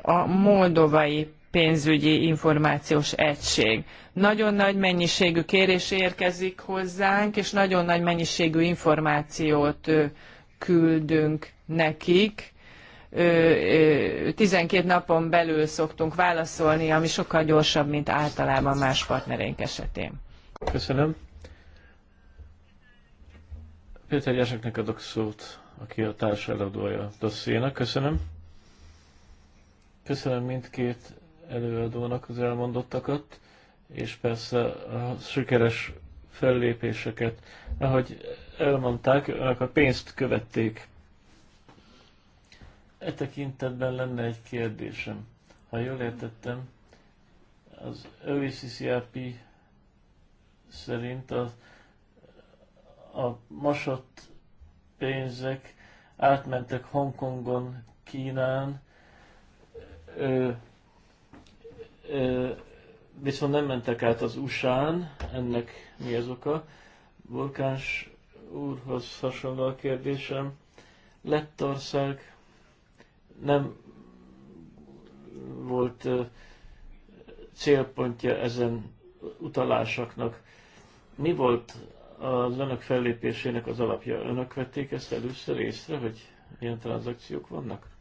a moldovai pénzügyi információs egység. Nagyon nagy mennyiségű kérés érkezik hozzánk, és nagyon nagy mennyiségű információt küldünk nekik. 12 napon belül szoktunk válaszolni, ami sokkal gyorsabb, mint általában más partnereink esetén. Köszönöm. Péter Jászaknak adok szót, aki a társadalmadója dossziénak. Köszönöm. Köszönöm mindkét előadónak az elmondottakat, és persze a sikeres fellépéseket. Ahogy elmondták, önök a pénzt követték. E tekintetben lenne egy kérdésem. Ha jól értettem, az OECCRP szerint a, a masott pénzek átmentek Hongkongon, Kínán, viszont nem mentek át az USA-n, ennek mi az oka? Burkáns úrhoz hasonló a kérdésem. Lettország nem volt célpontja ezen utalásoknak. Mi volt az önök fellépésének az alapja? Önök vették ezt először észre, hogy ilyen tranzakciók vannak?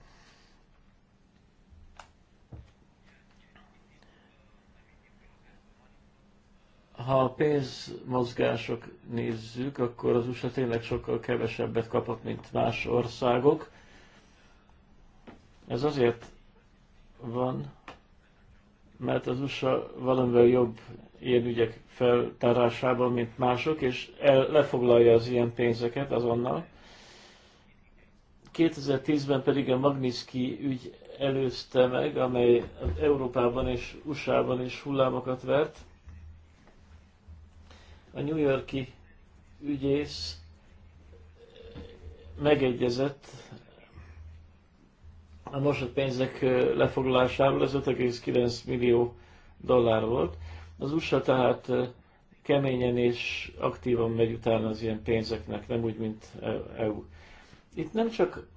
Ha a pénzmozgások nézzük, akkor az USA tényleg sokkal kevesebbet kapott, mint más országok. Ez azért van, mert az USA valamivel jobb ilyen ügyek feltárásában, mint mások, és el, lefoglalja az ilyen pénzeket azonnal. 2010-ben pedig a Magnitsky ügy előzte meg, amely Európában és USA-ban is hullámokat vert. A New Yorki ügyész megegyezett a mosott pénzek lefoglalásával ez 5,9 millió dollár volt. Az USA tehát keményen és aktívan megy utána az ilyen pénzeknek, nem úgy, mint EU. Itt nem csak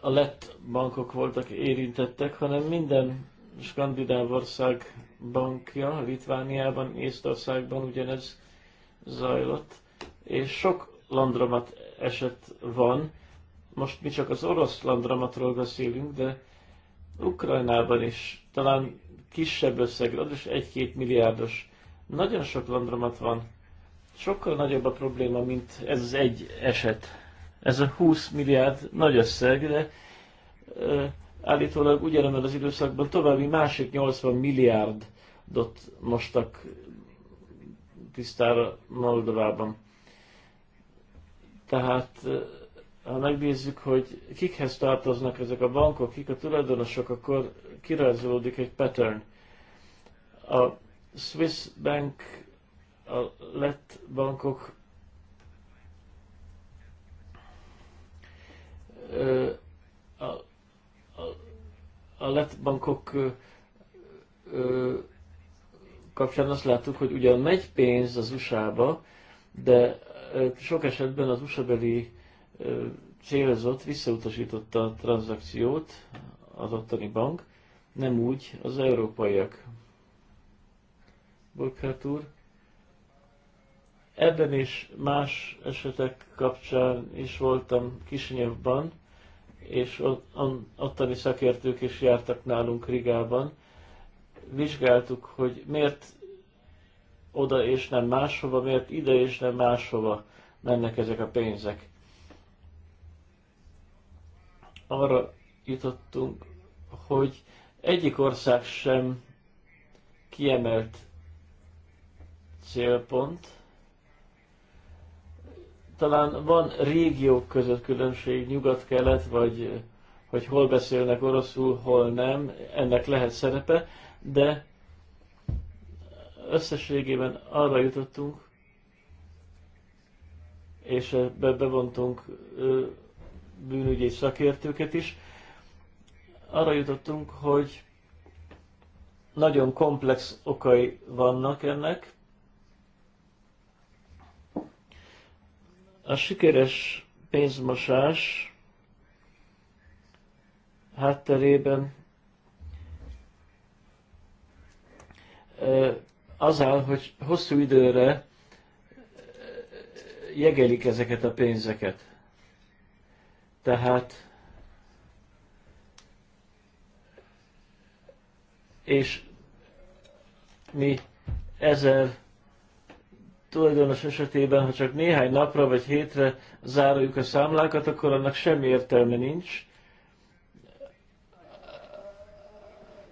a lett bankok voltak érintettek, hanem minden skandináv ország bankja Litvániában, Észtországban ugyanez zajlott, és sok landramat eset van. Most mi csak az orosz landramatról beszélünk, de Ukrajnában is talán kisebb összegről, és egy-két milliárdos. Nagyon sok landramat van. Sokkal nagyobb a probléma, mint ez az egy eset. Ez a 20 milliárd nagy összeg, de ö, állítólag ugyanebben az időszakban további másik 80 milliárd ott mostak tisztára Moldovában. Tehát eh, ha megnézzük, hogy kikhez tartoznak ezek a bankok, kik a tulajdonosok, akkor kirajzolódik egy pattern. A Swiss Bank, a lett bankok eh, a, a, a lett bankok ö, eh, ö, kapcsán azt láttuk, hogy ugyan megy pénz az USA-ba, de sok esetben az USA-beli célzott visszautasította a tranzakciót az ottani bank, nem úgy az európaiak. Burkhardt úr, ebben is más esetek kapcsán is voltam Kisinyevban, és ottani szakértők is jártak nálunk Rigában, vizsgáltuk, hogy miért oda és nem máshova, miért ide és nem máshova mennek ezek a pénzek. Arra jutottunk, hogy egyik ország sem kiemelt célpont. Talán van régiók között különbség, nyugat-kelet, vagy hogy hol beszélnek oroszul, hol nem, ennek lehet szerepe, de összességében arra jutottunk, és be bevontunk bűnügyi szakértőket is, arra jutottunk, hogy nagyon komplex okai vannak ennek. A sikeres pénzmosás hátterében azál, hogy hosszú időre jegelik ezeket a pénzeket. Tehát és mi ezer tulajdonos esetében, ha csak néhány napra vagy hétre záruljuk a számlákat, akkor annak semmi értelme nincs.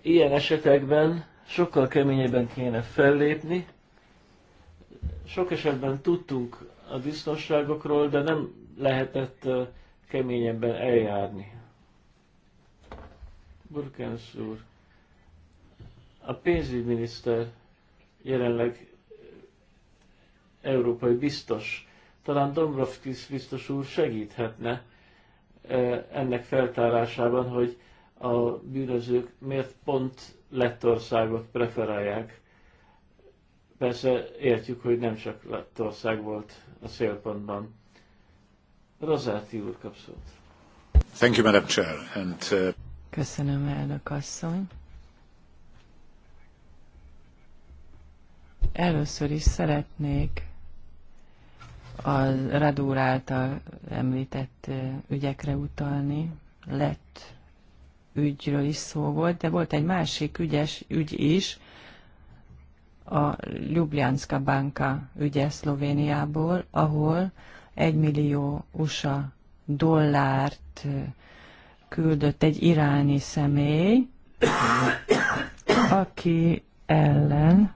Ilyen esetekben sokkal keményebben kéne fellépni. Sok esetben tudtunk a biztonságokról, de nem lehetett keményebben eljárni. Burkens úr, a pénzügyminiszter jelenleg európai biztos. Talán Dombrovskis biztos úr segíthetne ennek feltárásában, hogy a bűnözők miért pont Lettországot preferálják. Persze értjük, hogy nem csak Lettország volt a célpontban. Rozáti úr kap szót. Thank you, Madam Chair. And, uh... Köszönöm, elnök asszony. Először is szeretnék a Radúr által említett uh, ügyekre utalni, lett ügyről is szó volt, de volt egy másik ügyes ügy is, a Ljubljanska banka ügye Szlovéniából, ahol egy millió USA dollárt küldött egy iráni személy, aki ellen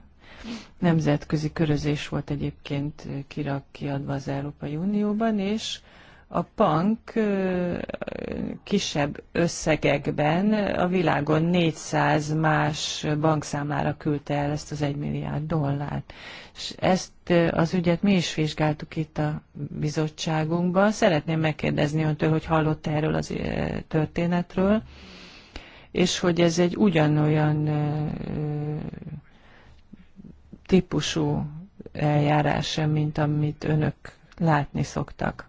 nemzetközi körözés volt egyébként kirak kiadva az Európai Unióban, és a bank kisebb összegekben a világon 400 más bankszámlára küldte el ezt az 1 milliárd dollárt. És ezt az ügyet mi is vizsgáltuk itt a bizottságunkban. Szeretném megkérdezni öntől, hogy hallott -e erről az történetről, és hogy ez egy ugyanolyan típusú eljárás, mint amit önök látni szoktak.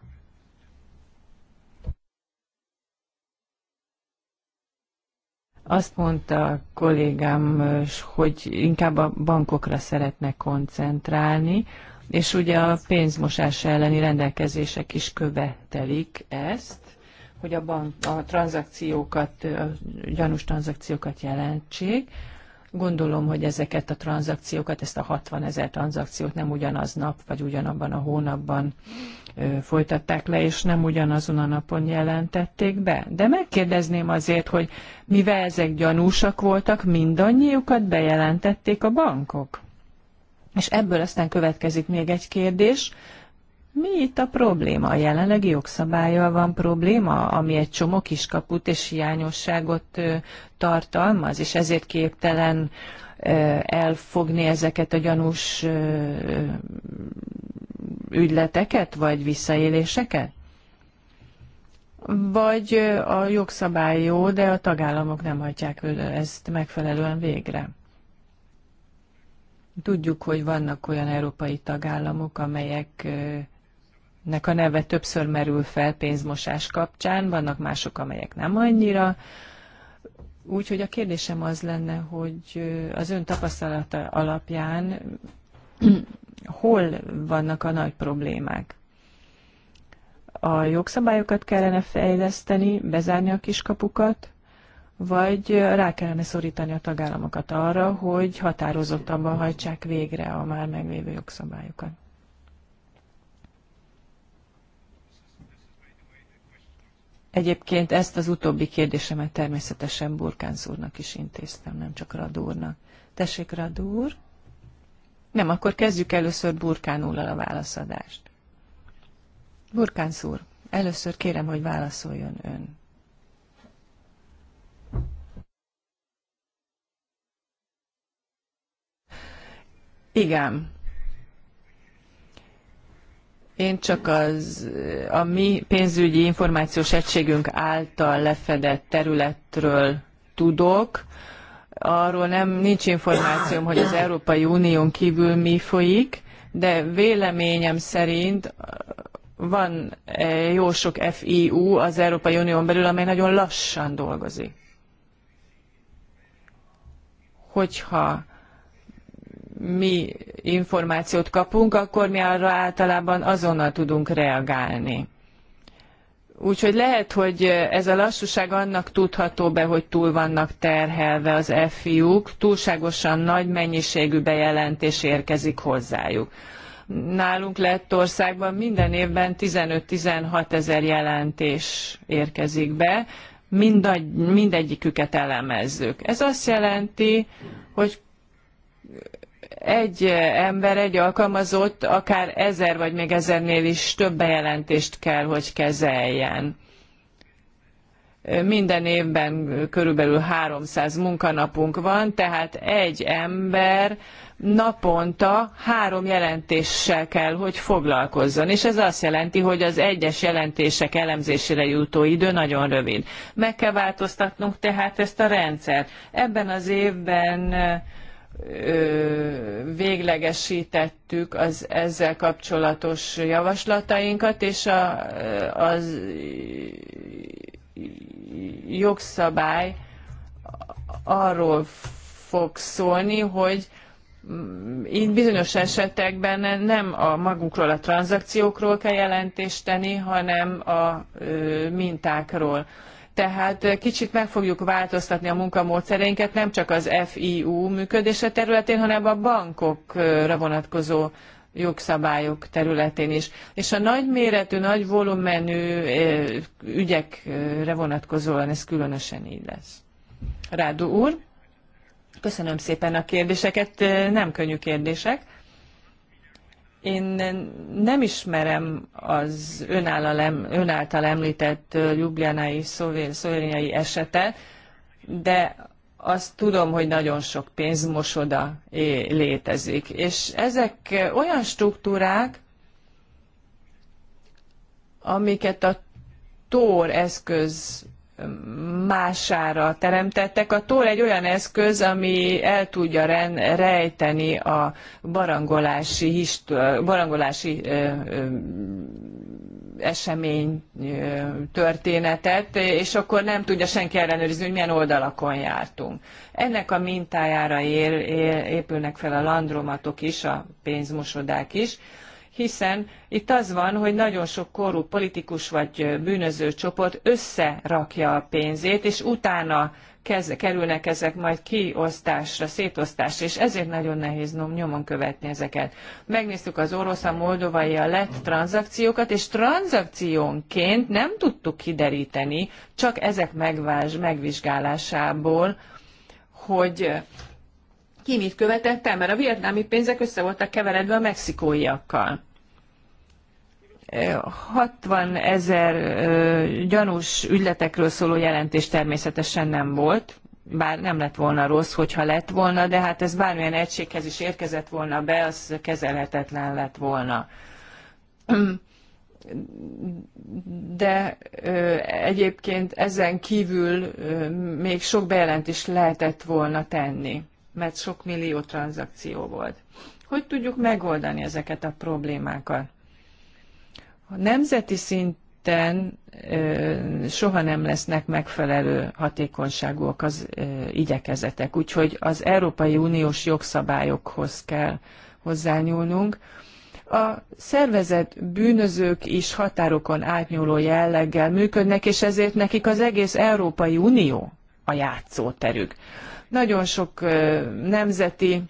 Azt mondta kollégám, hogy inkább a bankokra szeretne koncentrálni, és ugye a pénzmosás elleni rendelkezések is követelik ezt, hogy a, bank, a tranzakciókat, a gyanús tranzakciókat jelentsék. Gondolom, hogy ezeket a tranzakciókat, ezt a 60 ezer tranzakciót nem ugyanaz nap, vagy ugyanabban a hónapban folytatták le, és nem ugyanazon a napon jelentették be. De megkérdezném azért, hogy mivel ezek gyanúsak voltak, mindannyiukat bejelentették a bankok. És ebből aztán következik még egy kérdés, mi itt a probléma? A jelenlegi jogszabályjal van probléma, ami egy csomó kiskaput és hiányosságot tartalmaz, és ezért képtelen elfogni ezeket a gyanús ügyleteket, vagy visszaéléseket? Vagy a jogszabály jó, de a tagállamok nem hagyják ezt megfelelően végre? Tudjuk, hogy vannak olyan európai tagállamok, amelyeknek a neve többször merül fel pénzmosás kapcsán, vannak mások, amelyek nem annyira. Úgyhogy a kérdésem az lenne, hogy az ön tapasztalata alapján hol vannak a nagy problémák? A jogszabályokat kellene fejleszteni, bezárni a kiskapukat, vagy rá kellene szorítani a tagállamokat arra, hogy határozottabban hajtsák végre a már meglévő jogszabályokat? Egyébként ezt az utóbbi kérdésemet természetesen Burkánz úrnak is intéztem, nem csak Radúrnak. Tessék, Radúr! Nem, akkor kezdjük először Burkán úrral a válaszadást. Burkánz úr, először kérem, hogy válaszoljon ön. Igen, én csak az, a mi pénzügyi információs egységünk által lefedett területről tudok. Arról nem nincs információm, hogy az Európai Unión kívül mi folyik, de véleményem szerint van eh, jó sok FIU az Európai Unión belül, amely nagyon lassan dolgozik. Hogyha mi információt kapunk, akkor mi arra általában azonnal tudunk reagálni. Úgyhogy lehet, hogy ez a lassúság annak tudható be, hogy túl vannak terhelve az FIU-k, túlságosan nagy mennyiségű bejelentés érkezik hozzájuk. Nálunk Lettországban minden évben 15-16 ezer jelentés érkezik be, mindegyiküket elemezzük. Ez azt jelenti, hogy egy ember, egy alkalmazott akár ezer vagy még ezernél is több bejelentést kell, hogy kezeljen. Minden évben körülbelül 300 munkanapunk van, tehát egy ember naponta három jelentéssel kell, hogy foglalkozzon. És ez azt jelenti, hogy az egyes jelentések elemzésére jutó idő nagyon rövid. Meg kell változtatnunk tehát ezt a rendszert. Ebben az évben véglegesítettük az ezzel kapcsolatos javaslatainkat, és a, az jogszabály arról fog szólni, hogy mm, így bizonyos esetekben nem a magunkról, a tranzakciókról kell jelentést tenni, hanem a mintákról tehát eh, kicsit meg fogjuk változtatni a munkamódszereinket, nem csak az FIU működése területén, hanem a bankokra vonatkozó jogszabályok területén is. És a nagyméretű, nagy volumenű eh, ügyekre vonatkozóan ez különösen így lesz. Rádu úr, köszönöm szépen a kérdéseket, eh, nem könnyű kérdések. Én nem ismerem az ön által említett Ljubljánai szovérnyai esetet, de azt tudom, hogy nagyon sok pénzmosoda létezik. És ezek olyan struktúrák, amiket a TOR eszköz mására teremtettek. A toll egy olyan eszköz, ami el tudja rejteni a barangolási, hist, barangolási esemény történetet, és akkor nem tudja senki ellenőrizni, hogy milyen oldalakon jártunk. Ennek a mintájára épülnek fel a landromatok is, a pénzmosodák is hiszen itt az van, hogy nagyon sok korú politikus vagy bűnöző csoport összerakja a pénzét, és utána kez, kerülnek ezek majd kiosztásra, szétosztásra, és ezért nagyon nehéz nyomon követni ezeket. Megnéztük az orosz, a moldovai, a lett tranzakciókat, és tranzakciónként nem tudtuk kideríteni, csak ezek megvás, megvizsgálásából, hogy ki mit követett el, mert a vietnámi pénzek össze voltak keveredve a mexikóiakkal. 60 ezer gyanús ügyletekről szóló jelentés természetesen nem volt, bár nem lett volna rossz, hogyha lett volna, de hát ez bármilyen egységhez is érkezett volna be, az kezelhetetlen lett volna. De ö, egyébként ezen kívül ö, még sok bejelentést lehetett volna tenni, mert sok millió tranzakció volt. Hogy tudjuk megoldani ezeket a problémákat? A nemzeti szinten soha nem lesznek megfelelő hatékonyságúak az igyekezetek, úgyhogy az Európai Uniós jogszabályokhoz kell hozzányúlnunk. A szervezet bűnözők is határokon átnyúló jelleggel működnek, és ezért nekik az egész Európai Unió a játszóterük. Nagyon sok nemzeti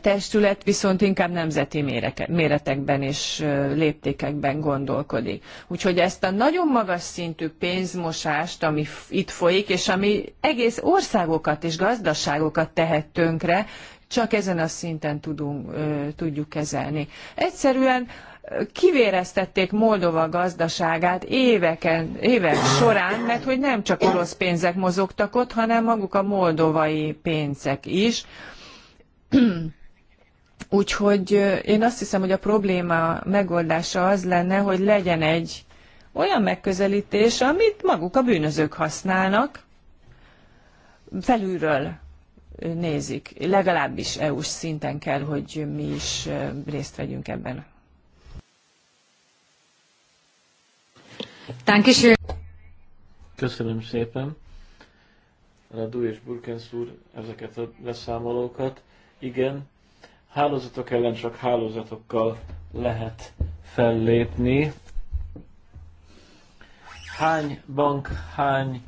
testület viszont inkább nemzeti méretekben és léptékekben gondolkodik. Úgyhogy ezt a nagyon magas szintű pénzmosást, ami itt folyik, és ami egész országokat és gazdaságokat tehet tönkre, csak ezen a szinten tudunk, tudjuk kezelni. Egyszerűen kivéreztették Moldova gazdaságát éveken, évek során, mert hogy nem csak orosz pénzek mozogtak ott, hanem maguk a moldovai pénzek is Úgyhogy én azt hiszem, hogy a probléma megoldása az lenne, hogy legyen egy olyan megközelítés, amit maguk a bűnözők használnak, felülről nézik. Legalábbis EU-s szinten kell, hogy mi is részt vegyünk ebben. Köszönöm szépen. Radu és Burkens úr ezeket a leszámolókat. Igen, hálózatok ellen csak hálózatokkal lehet fellépni. Hány bank, hány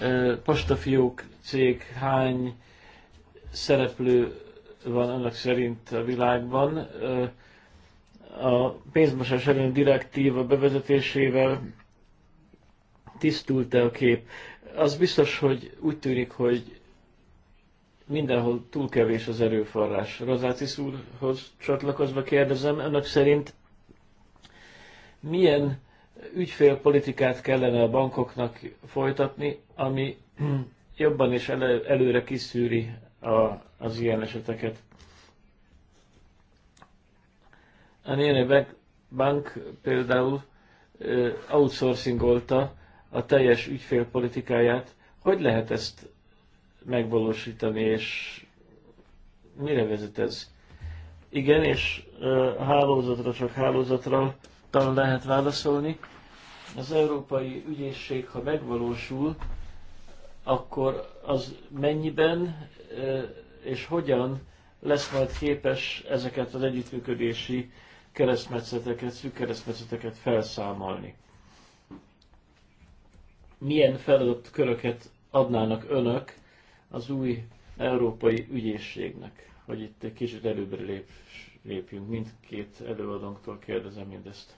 ö, postafiók cég, hány szereplő van önök szerint a világban? Ö, a pénzmosás ellen direktíva bevezetésével tisztult -e a kép? Az biztos, hogy úgy tűnik, hogy mindenhol túl kevés az erőforrás. Rozácis úrhoz csatlakozva kérdezem, önök szerint milyen ügyfélpolitikát kellene a bankoknak folytatni, ami jobban és előre kiszűri a, az ilyen eseteket. A Néne Bank például outsourcingolta a teljes ügyfélpolitikáját. Hogy lehet ezt megvalósítani, és mire vezet ez? Igen, és hálózatra csak hálózatra talán lehet válaszolni. Az Európai Ügyészség, ha megvalósul, akkor az mennyiben és hogyan lesz majd képes ezeket az együttműködési keresztmetszeteket, szűk keresztmetszeteket felszámolni. Milyen feladatköröket adnának önök az új európai ügyészségnek, hogy itt egy kicsit előbbre lép, lépjünk. Mindkét előadónktól kérdezem mindezt.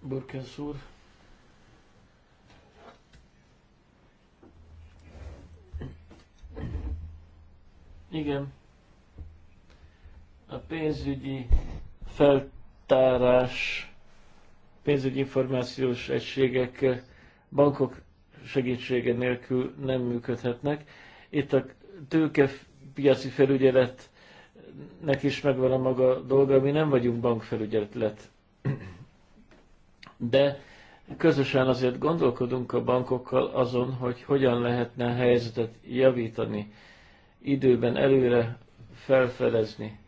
Burkens úr. Igen. A pénzügyi feltárás, pénzügyi információs egységek, bankok segítsége nélkül nem működhetnek. Itt a tőkepiaci felügyeletnek is megvan a maga dolga, mi nem vagyunk bankfelügyelet. De közösen azért gondolkodunk a bankokkal azon, hogy hogyan lehetne a helyzetet javítani, időben előre felfelezni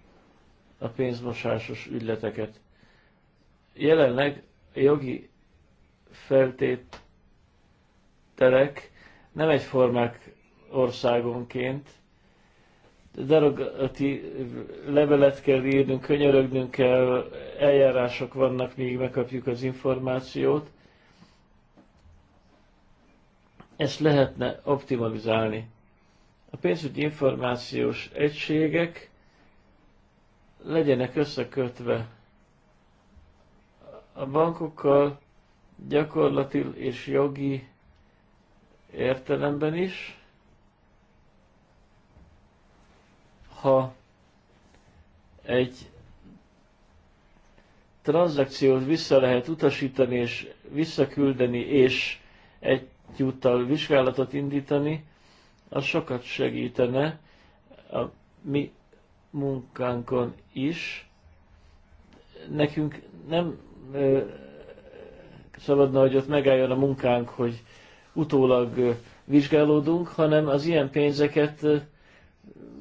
a pénzmosásos ügyleteket. Jelenleg jogi feltét terek nem egyformák országonként. Derogatív levelet kell írnunk, könyörögnünk kell, eljárások vannak, míg megkapjuk az információt. Ezt lehetne optimalizálni. A pénzügyi információs egységek legyenek összekötve a bankokkal gyakorlati és jogi értelemben is. Ha egy tranzakciót vissza lehet utasítani és visszaküldeni, és egyúttal vizsgálatot indítani, az sokat segítene a mi munkánkon is. Nekünk nem ö, szabadna, hogy ott megálljon a munkánk, hogy utólag vizsgálódunk, hanem az ilyen pénzeket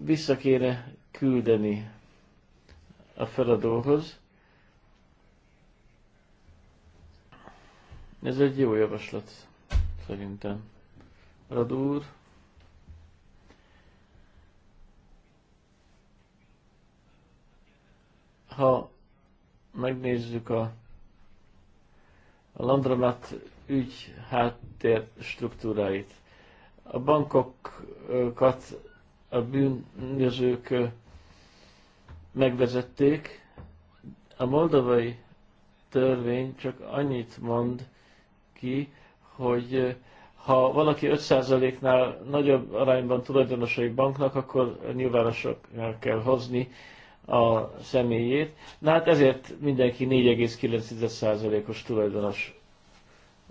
vissza kéne küldeni a feladóhoz. Ez egy jó javaslat, szerintem. Radúr. Ha megnézzük a, a Landramat ügy háttér struktúráit. A bankokat a bűnözők megvezették, a moldovai törvény csak annyit mond ki, hogy ha valaki 5%-nál nagyobb arányban tulajdonos egy banknak, akkor nyilvánosra kell hozni a személyét. Na hát ezért mindenki 4,9%-os tulajdonos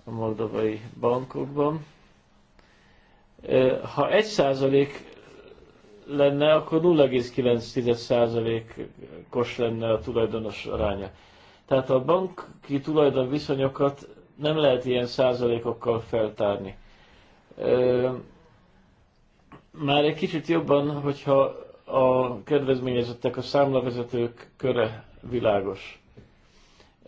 a moldovai bankokban. Ha 1% lenne, akkor 0,9%-os lenne a tulajdonos aránya. Tehát a banki tulajdon viszonyokat nem lehet ilyen százalékokkal feltárni. Már egy kicsit jobban, hogyha a kedvezményezettek, a számlavezetők köre világos.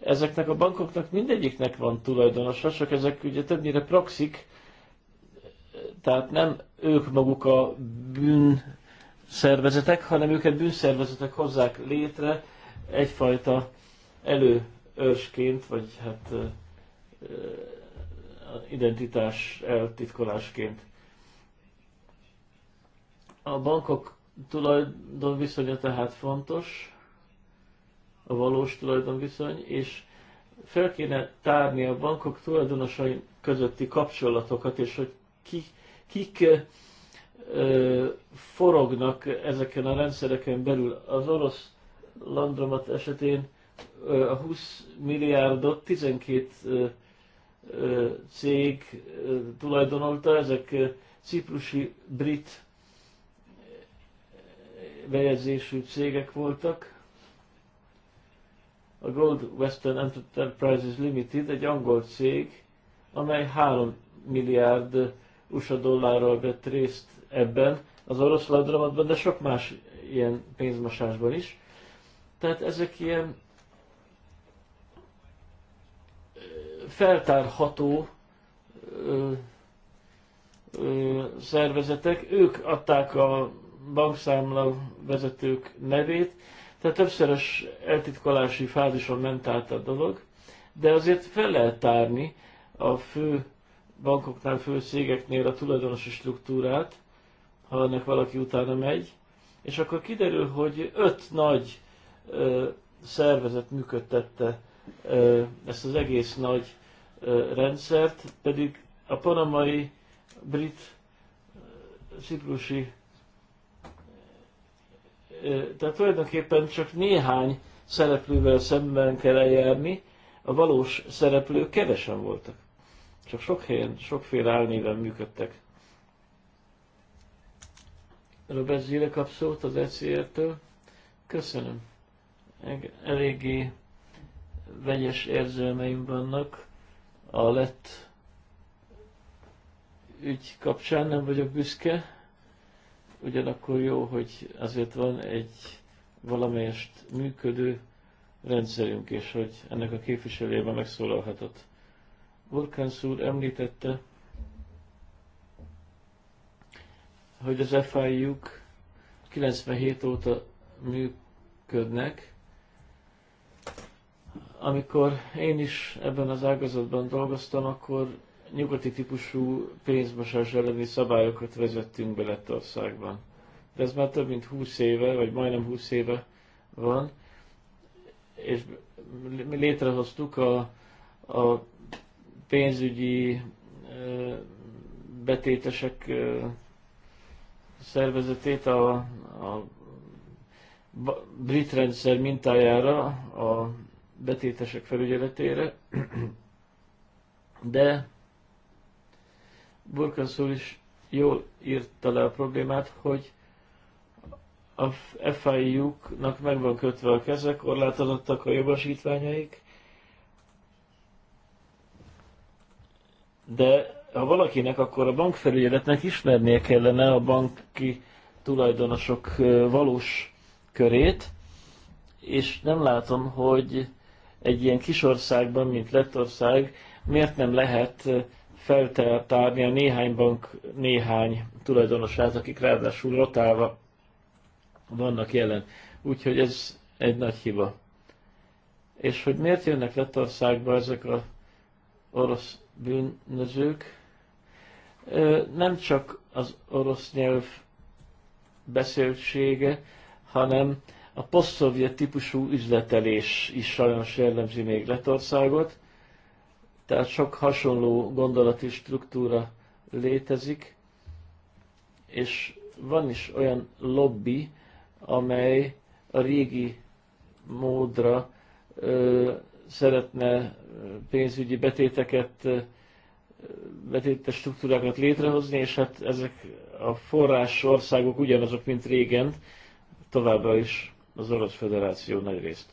Ezeknek a bankoknak mindegyiknek van tulajdonosa, csak ezek ugye többnyire proxik, tehát nem ők maguk a bűnszervezetek, hanem őket bűnszervezetek hozzák létre egyfajta előörsként, vagy hát identitás eltitkolásként. A bankok tulajdon viszonya tehát fontos, a valós tulajdonviszony, és fel kéne tárni a bankok tulajdonosai közötti kapcsolatokat, és hogy ki, kik ö, forognak ezeken a rendszereken belül. Az orosz landromat esetén ö, a 20 milliárdot 12 ö, ö, cég ö, tulajdonolta, ezek ö, ciprusi brit bejegyzésű cégek voltak, a Gold Western Enterprises Limited egy angol cég, amely 3 milliárd USA dollárral vett részt ebben az orosz ladramatban, de sok más ilyen pénzmosásban is. Tehát ezek ilyen feltárható szervezetek, ők adták a bankszámla vezetők nevét, tehát többszörös eltitkolási fázison ment át a dolog, de azért fel lehet tárni a fő bankoknál, fő cégeknél a tulajdonosi struktúrát, ha ennek valaki utána megy, és akkor kiderül, hogy öt nagy ö, szervezet működtette ö, ezt az egész nagy ö, rendszert, pedig a panamai, brit, ciprusi tehát tulajdonképpen csak néhány szereplővel szemben kell eljárni, a valós szereplők kevesen voltak. Csak sok helyen, sokféle álnéven működtek. Robert Zile kap szót az ECR-től. Köszönöm. Eléggé vegyes érzelmeim vannak a lett ügy kapcsán, nem vagyok büszke ugyanakkor jó, hogy azért van egy valamelyest működő rendszerünk, és hogy ennek a képviselőjében megszólalhatott. Burkánsz úr említette, hogy az FIU-k 97 óta működnek, amikor én is ebben az ágazatban dolgoztam, akkor nyugati típusú pénzmosás elleni szabályokat vezettünk be Lettországban. De ez már több mint 20 éve, vagy majdnem 20 éve van, és mi létrehoztuk a, a pénzügyi betétesek szervezetét a, a brit rendszer mintájára, a betétesek felügyeletére, de Burkanszúr is jól írta le a problémát, hogy a FIU-knak meg van kötve a keze, korlátozottak a jogosítványaik, de ha valakinek, akkor a bankfelügyeletnek ismernie kellene a banki tulajdonosok valós körét, és nem látom, hogy egy ilyen kis országban, mint Lettország, miért nem lehet feltárni a néhány bank néhány tulajdonosát, akik ráadásul rotálva vannak jelen. Úgyhogy ez egy nagy hiba. És hogy miért jönnek Lettországba ezek a orosz bűnözők? Nem csak az orosz nyelv beszéltsége, hanem a posztszovjet típusú üzletelés is sajnos jellemzi még Letországot. Tehát sok hasonló gondolati struktúra létezik, és van is olyan lobby, amely a régi módra ö, szeretne pénzügyi betéteket, betéte struktúrákat létrehozni, és hát ezek a forrás országok ugyanazok, mint régen, továbbra is az Orosz federáció nagy részt.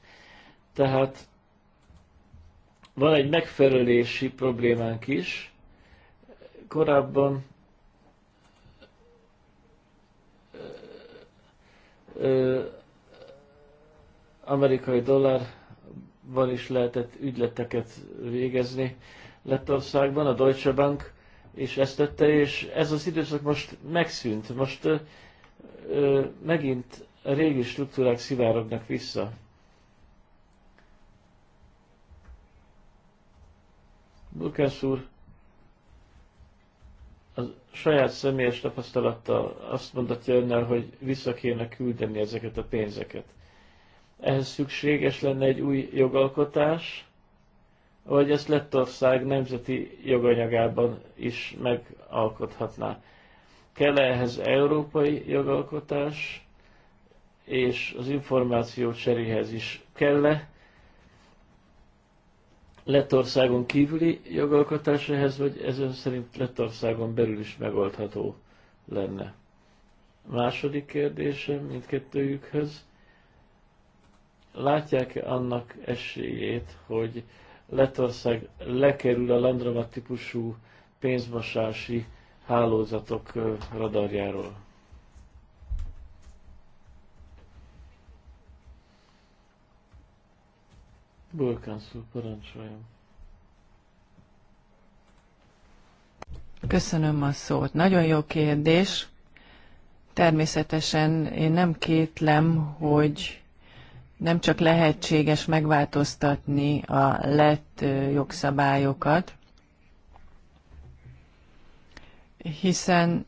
Tehát van egy megfelelési problémánk is. Korábban amerikai dollárban is lehetett ügyleteket végezni Lettországban, a Deutsche Bank és ezt tette, és ez az időszak most megszűnt. Most ö, megint a régi struktúrák szivárognak vissza. Lukács úr a saját személyes tapasztalattal azt mondatja önnel, hogy vissza kéne küldeni ezeket a pénzeket. Ehhez szükséges lenne egy új jogalkotás, vagy ezt Lettország nemzeti joganyagában is megalkothatná. Kell -e ehhez európai jogalkotás, és az információ cseréhez is kell -e Lettországon kívüli jogalkotás ehhez, vagy ez ön szerint Lettországon belül is megoldható lenne? Második kérdésem mindkettőjükhöz. Látják-e annak esélyét, hogy Lettország lekerül a Landramat típusú pénzmosási hálózatok radarjáról? Bölkánszul parancsoljon. Köszönöm a szót. Nagyon jó kérdés. Természetesen én nem kétlem, hogy nem csak lehetséges megváltoztatni a lett jogszabályokat, hiszen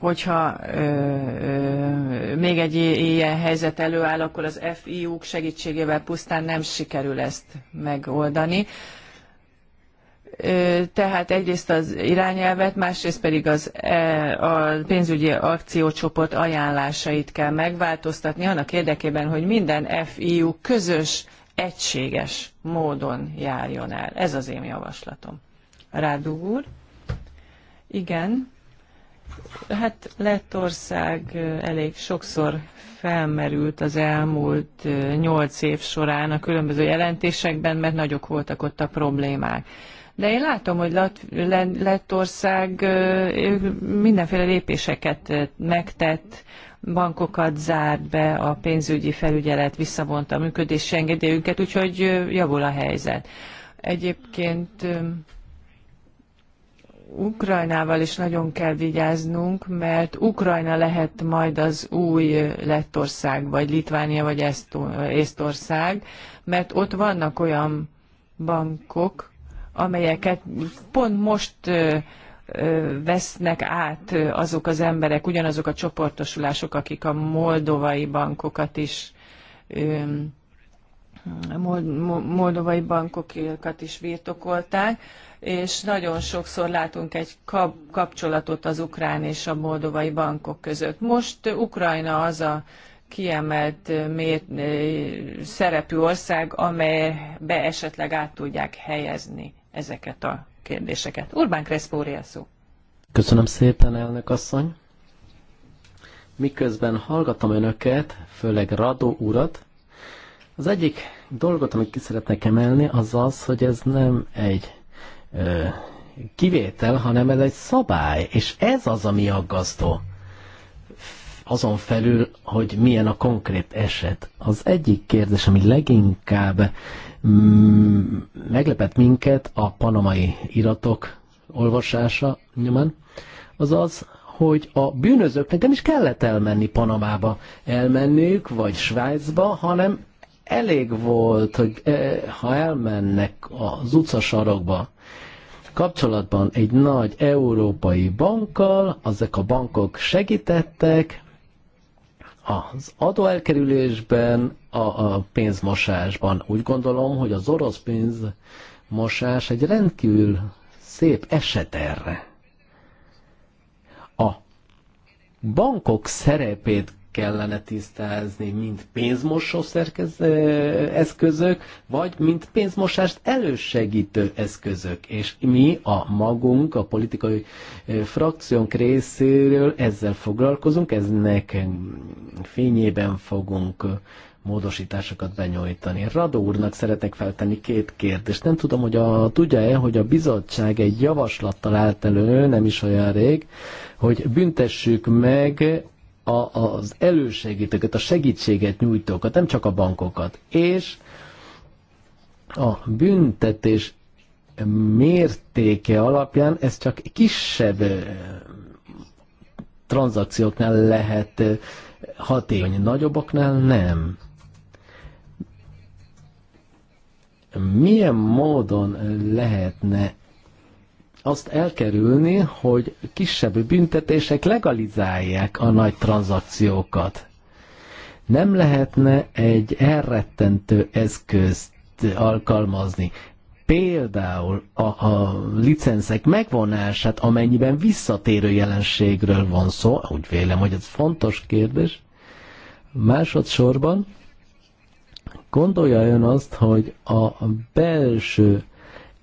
hogyha ö, ö, még egy ilyen helyzet előáll, akkor az FIU-k segítségével pusztán nem sikerül ezt megoldani. tehát egyrészt az irányelvet, másrészt pedig az, e, a pénzügyi akciócsoport ajánlásait kell megváltoztatni annak érdekében, hogy minden FIU közös, egységes módon járjon el. Ez az én javaslatom. Rádug Igen. Hát Lettország elég sokszor felmerült az elmúlt nyolc év során a különböző jelentésekben, mert nagyok voltak ott a problémák. De én látom, hogy Lettország mindenféle lépéseket megtett, bankokat zárt be, a pénzügyi felügyelet visszavonta a működési engedélyünket, úgyhogy javul a helyzet. Egyébként Ukrajnával is nagyon kell vigyáznunk, mert Ukrajna lehet majd az új Lettország, vagy Litvánia, vagy Észtország, mert ott vannak olyan bankok, amelyeket pont most vesznek át azok az emberek, ugyanazok a csoportosulások, akik a moldovai bankokat is moldovai bankokat is birtokolták és nagyon sokszor látunk egy kapcsolatot az ukrán és a moldovai bankok között. Most Ukrajna az a kiemelt mér, szerepű ország, amelybe esetleg át tudják helyezni ezeket a kérdéseket. Urbán Kreszpó szó. Köszönöm szépen, elnök asszony. Miközben hallgatom önöket, főleg Radó urat, az egyik dolgot, amit ki szeretnék emelni, az az, hogy ez nem egy kivétel, hanem ez egy szabály, és ez az, ami aggasztó. Azon felül, hogy milyen a konkrét eset. Az egyik kérdés, ami leginkább mm, meglepett minket a panamai iratok olvasása nyomán, az az, hogy a bűnözőknek nem is kellett elmenni Panamába, elmennük, vagy Svájcba, hanem elég volt, hogy eh, ha elmennek az utcasarokba, kapcsolatban egy nagy európai bankkal, ezek a bankok segítettek az adóelkerülésben, a, a pénzmosásban. Úgy gondolom, hogy az orosz pénzmosás egy rendkívül szép eset erre. A bankok szerepét kellene tisztázni, mint pénzmosó szerkez, eszközök, vagy mint pénzmosást elősegítő eszközök. És mi a magunk, a politikai frakciónk részéről ezzel foglalkozunk, ez nekem fényében fogunk módosításokat benyújtani. Radó úrnak szeretek feltenni két kérdést. Nem tudom, hogy a, tudja-e, hogy a bizottság egy javaslattal állt elő, nem is olyan rég, hogy büntessük meg a, az elősegítőket, a segítséget nyújtókat, nem csak a bankokat. És a büntetés mértéke alapján ez csak kisebb tranzakcióknál lehet hatékony, nagyobbaknál nem. Milyen módon lehetne azt elkerülni, hogy kisebb büntetések legalizálják a nagy tranzakciókat. Nem lehetne egy elrettentő eszközt alkalmazni. Például a, a licenszek megvonását, amennyiben visszatérő jelenségről van szó, úgy vélem, hogy ez fontos kérdés. Másodszorban gondolja ön azt, hogy a belső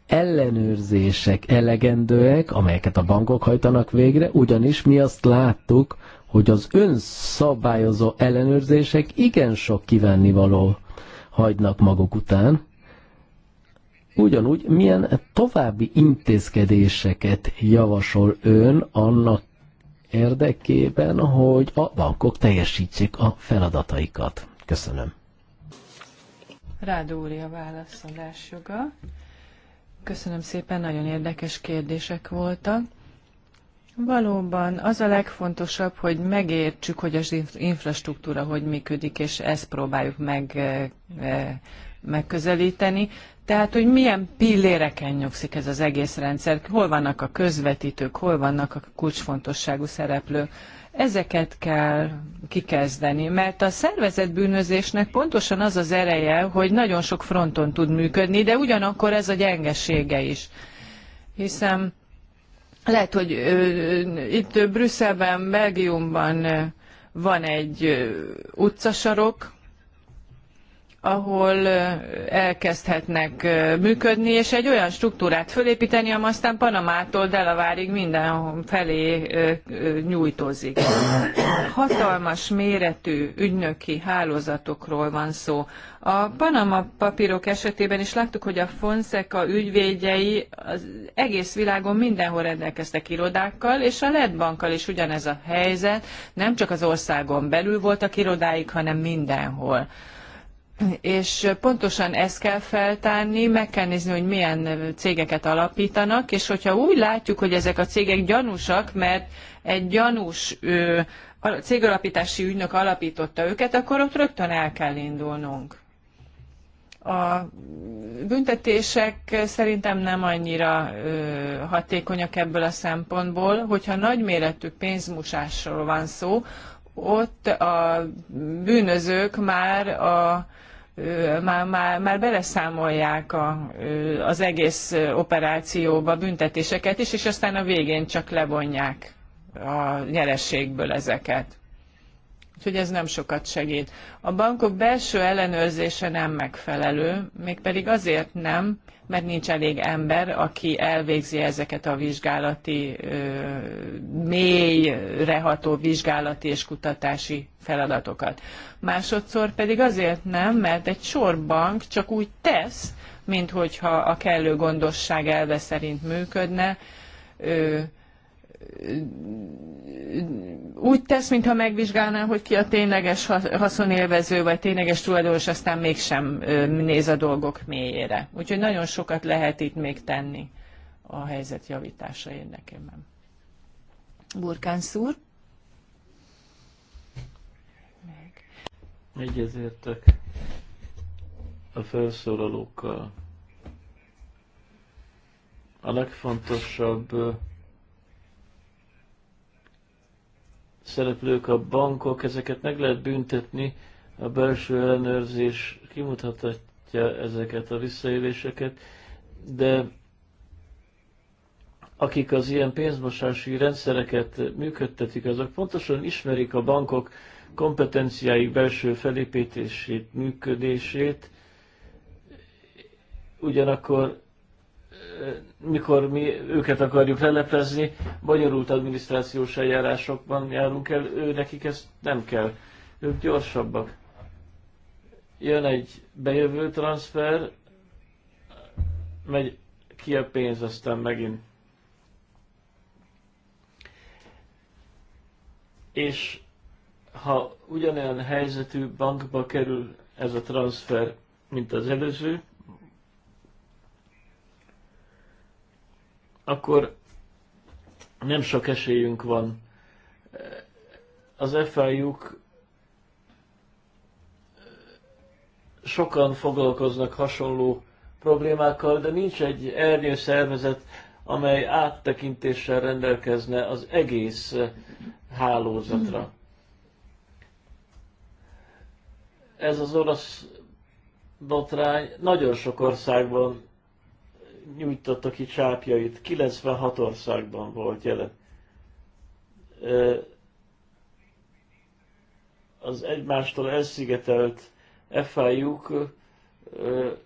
ellenőrzések elegendőek, amelyeket a bankok hajtanak végre, ugyanis mi azt láttuk, hogy az önszabályozó ellenőrzések igen sok kivennivaló hagynak maguk után. Ugyanúgy milyen további intézkedéseket javasol ön annak érdekében, hogy a bankok teljesítsék a feladataikat? Köszönöm. Rád a válaszadás joga. Köszönöm szépen, nagyon érdekes kérdések voltak. Valóban az a legfontosabb, hogy megértsük, hogy az infrastruktúra hogy működik, és ezt próbáljuk meg, eh, megközelíteni. Tehát, hogy milyen pilléreken nyugszik ez az egész rendszer, hol vannak a közvetítők, hol vannak a kulcsfontosságú szereplők ezeket kell kikezdeni, mert a szervezett bűnözésnek pontosan az az ereje, hogy nagyon sok fronton tud működni, de ugyanakkor ez a gyengesége is. Hiszen lehet, hogy itt Brüsszelben, Belgiumban van egy utcasarok, ahol elkezdhetnek működni, és egy olyan struktúrát fölépíteni, ami aztán Panamától Delavárig minden felé nyújtózik. Hatalmas méretű ügynöki hálózatokról van szó. A Panama papírok esetében is láttuk, hogy a Fonseca ügyvédjei az egész világon mindenhol rendelkeztek irodákkal, és a LED bankkal is ugyanez a helyzet, nem csak az országon belül voltak irodáik, hanem mindenhol és pontosan ezt kell feltárni, meg kell nézni, hogy milyen cégeket alapítanak, és hogyha úgy látjuk, hogy ezek a cégek gyanúsak, mert egy gyanús ö, cégalapítási ügynök alapította őket, akkor ott rögtön el kell indulnunk. A büntetések szerintem nem annyira ö, hatékonyak ebből a szempontból, hogyha nagyméretű pénzmusásról van szó, ott a bűnözők már a már, már, már beleszámolják a, az egész operációba büntetéseket is, és aztán a végén csak levonják a nyerességből ezeket. Úgyhogy ez nem sokat segít. A bankok belső ellenőrzése nem megfelelő, mégpedig azért nem, mert nincs elég ember, aki elvégzi ezeket a vizsgálati, mélyreható vizsgálati és kutatási feladatokat. Másodszor pedig azért nem, mert egy sor bank csak úgy tesz, mint hogyha a kellő gondosság elve szerint működne, úgy tesz, mintha megvizsgálná, hogy ki a tényleges haszonélvező, vagy tényleges tulajdonos, aztán mégsem néz a dolgok mélyére. Úgyhogy nagyon sokat lehet itt még tenni a helyzet javítása érdekében. Burkán szúr. Egyezértek a felszólalókkal. A legfontosabb szereplők, a bankok, ezeket meg lehet büntetni, a belső ellenőrzés kimutathatja ezeket a visszaéléseket, de akik az ilyen pénzmosási rendszereket működtetik, azok pontosan ismerik a bankok kompetenciáik belső felépítését, működését, ugyanakkor mikor mi őket akarjuk leleplezni, bonyolult adminisztrációs eljárásokban járunk el, ő nekik ezt nem kell. Ők gyorsabbak. Jön egy bejövő transfer, megy ki a pénz, aztán megint. És ha ugyanolyan helyzetű bankba kerül ez a transfer, mint az előző, akkor nem sok esélyünk van. Az FIU-k sokan foglalkoznak hasonló problémákkal, de nincs egy ernyő szervezet, amely áttekintéssel rendelkezne az egész hálózatra. Ez az orosz botrány nagyon sok országban nyújtotta ki csápjait, 96 országban volt jelen. Az egymástól elszigetelt FIU-k,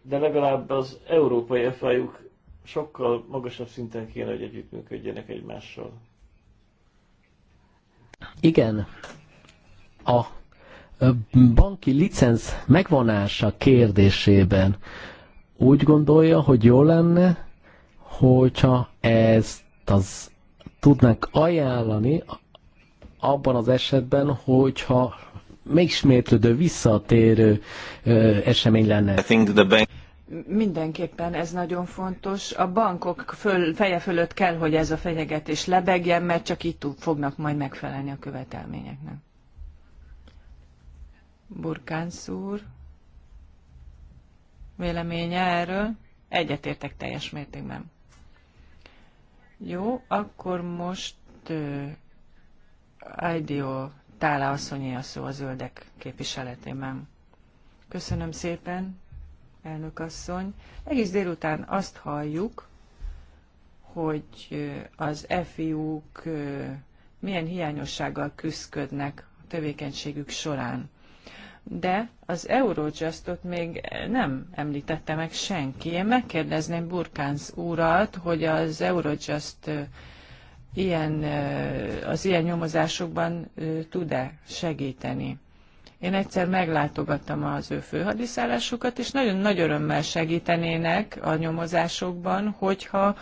de legalább az európai FIU-k sokkal magasabb szinten kéne, hogy együttműködjenek egymással. Igen. A banki licenc megvonása kérdésében úgy gondolja, hogy jó lenne, hogyha ezt az tudnánk ajánlani abban az esetben, hogyha megismétlődő, visszatérő ö, esemény lenne. I think the bank... Mindenképpen ez nagyon fontos. A bankok föl, feje fölött kell, hogy ez a fenyegetés lebegjen, mert csak itt fognak majd megfelelni a követelményeknek. Burkán szúr véleménye erről? Egyetértek teljes mértékben. Jó, akkor most uh, Aidio Tála asszonyi a szó a zöldek képviseletében. Köszönöm szépen, elnök asszony. Egész délután azt halljuk, hogy az FIU-k milyen hiányossággal küzdködnek a tevékenységük során de az Eurojustot még nem említette meg senki. Én megkérdezném Burkánsz úrat, hogy az Eurojust ilyen, az ilyen nyomozásokban tud-e segíteni. Én egyszer meglátogattam az ő főhadiszállásukat, és nagyon nagy örömmel segítenének a nyomozásokban, hogyha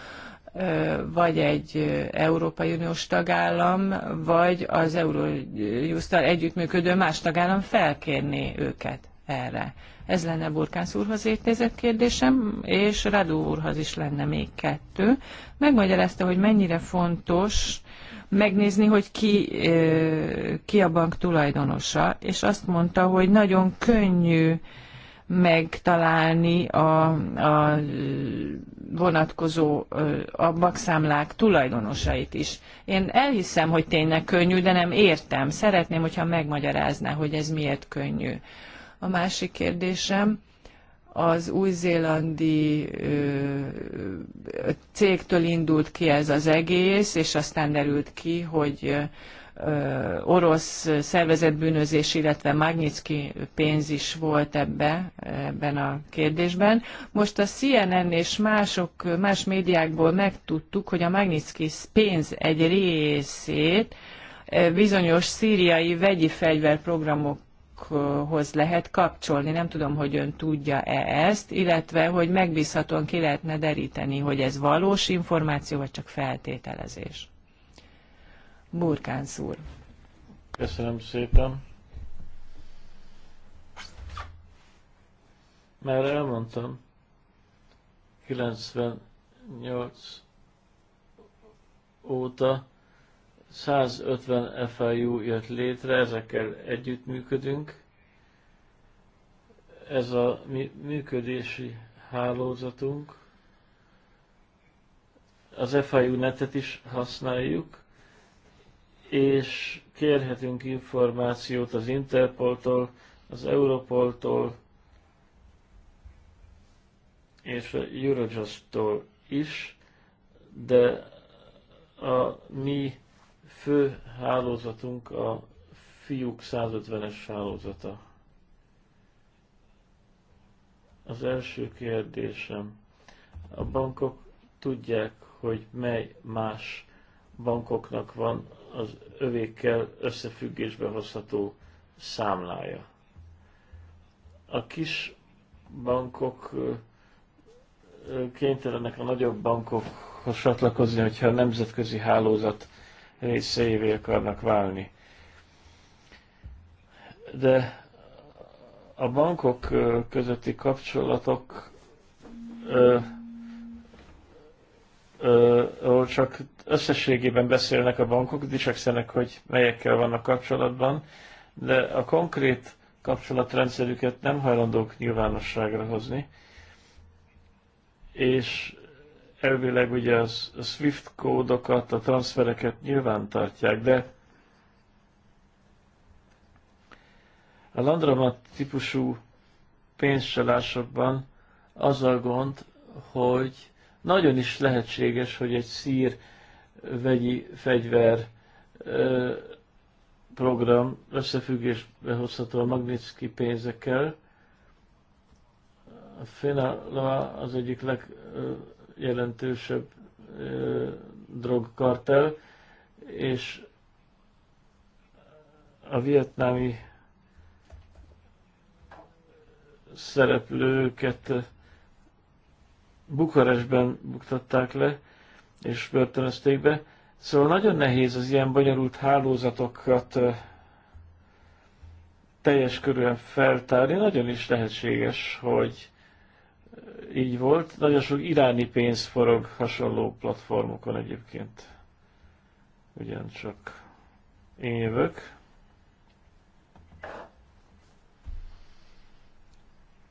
vagy egy Európai Uniós tagállam, vagy az Eurojust-tal együttműködő más tagállam felkérni őket erre. Ez lenne Burkánsz úrhoz értézett kérdésem, és Radó úrhoz is lenne még kettő. Megmagyarázta, hogy mennyire fontos megnézni, hogy ki, ki a bank tulajdonosa, és azt mondta, hogy nagyon könnyű megtalálni a, a vonatkozó a bakszámlák tulajdonosait is. Én elhiszem, hogy tényleg könnyű, de nem értem. Szeretném, hogyha megmagyarázná, hogy ez miért könnyű. A másik kérdésem, az új-zélandi cégtől indult ki ez az egész, és aztán derült ki, hogy orosz szervezetbűnözés, illetve Magnitsky pénz is volt ebbe, ebben a kérdésben. Most a CNN és mások, más médiákból megtudtuk, hogy a Magnitsky pénz egy részét bizonyos szíriai vegyi fegyverprogramok hoz lehet kapcsolni. Nem tudom, hogy ön tudja-e ezt, illetve hogy megbízhatóan ki lehetne deríteni, hogy ez valós információ, vagy csak feltételezés. Burkán szúr. Köszönöm szépen. Már elmondtam, 98 óta 150 FIU jött létre, ezekkel együttműködünk. Ez a mi működési hálózatunk. Az FIU netet is használjuk, és kérhetünk információt az Interpoltól, az Europoltól és a Eurojust-tól is, de a mi fő hálózatunk a fiúk 150-es hálózata. Az első kérdésem. A bankok tudják, hogy mely más bankoknak van az övékkel összefüggésbe hozható számlája. A kis bankok kénytelenek a nagyobb bankokhoz csatlakozni, hogyha a nemzetközi hálózat részeivé akarnak válni. De a bankok közötti kapcsolatok ö, csak összességében beszélnek a bankok, dicsekszenek, hogy melyekkel vannak kapcsolatban, de a konkrét kapcsolatrendszerüket nem hajlandók nyilvánosságra hozni. És elvileg ugye az, a SWIFT kódokat, a transfereket nyilván tartják, de a Landramat típusú pénzcsalásokban az a gond, hogy nagyon is lehetséges, hogy egy szír vegyi fegyver program összefüggésbe hozható a Magnitsky pénzekkel. A Finala az egyik legjelentősebb drogkartel, és a vietnámi szereplőket Bukarestben buktatták le, és börtönözték be. Szóval nagyon nehéz az ilyen bonyolult hálózatokat teljes körülön feltárni. Nagyon is lehetséges, hogy így volt. Nagyon sok iráni pénz forog hasonló platformokon egyébként. Ugyancsak én jövök.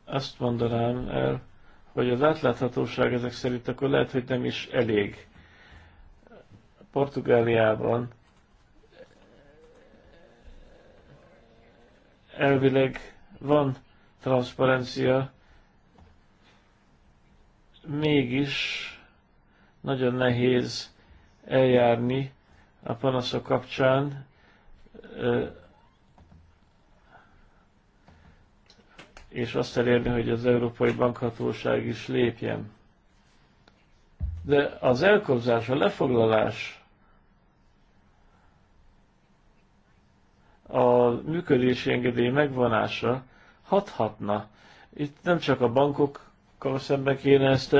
Azt mondanám el, vagy az átláthatóság ezek szerint akkor lehet, hogy nem is elég. Portugáliában elvileg van transzparencia, mégis nagyon nehéz eljárni a panaszok kapcsán, és azt elérni, hogy az Európai Bankhatóság is lépjen. De az elkobzás, a lefoglalás, a működési engedély megvonása hathatna. Itt nem csak a bankokkal szemben kéne ezt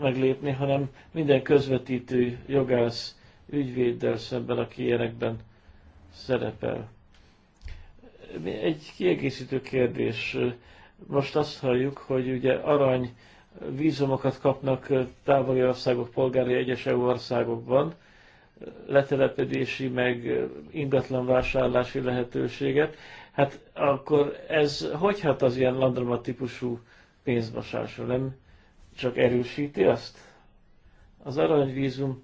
meglépni, hanem minden közvetítő jogász ügyvéddel szemben, aki ilyenekben szerepel. Egy kiegészítő kérdés most azt halljuk, hogy ugye arany vízumokat kapnak távoli országok polgári egyes EU országokban, letelepedési, meg ingatlan vásárlási lehetőséget. Hát akkor ez hogy hat az ilyen landromat típusú pénzmosásra? Nem csak erősíti azt? Az aranyvízum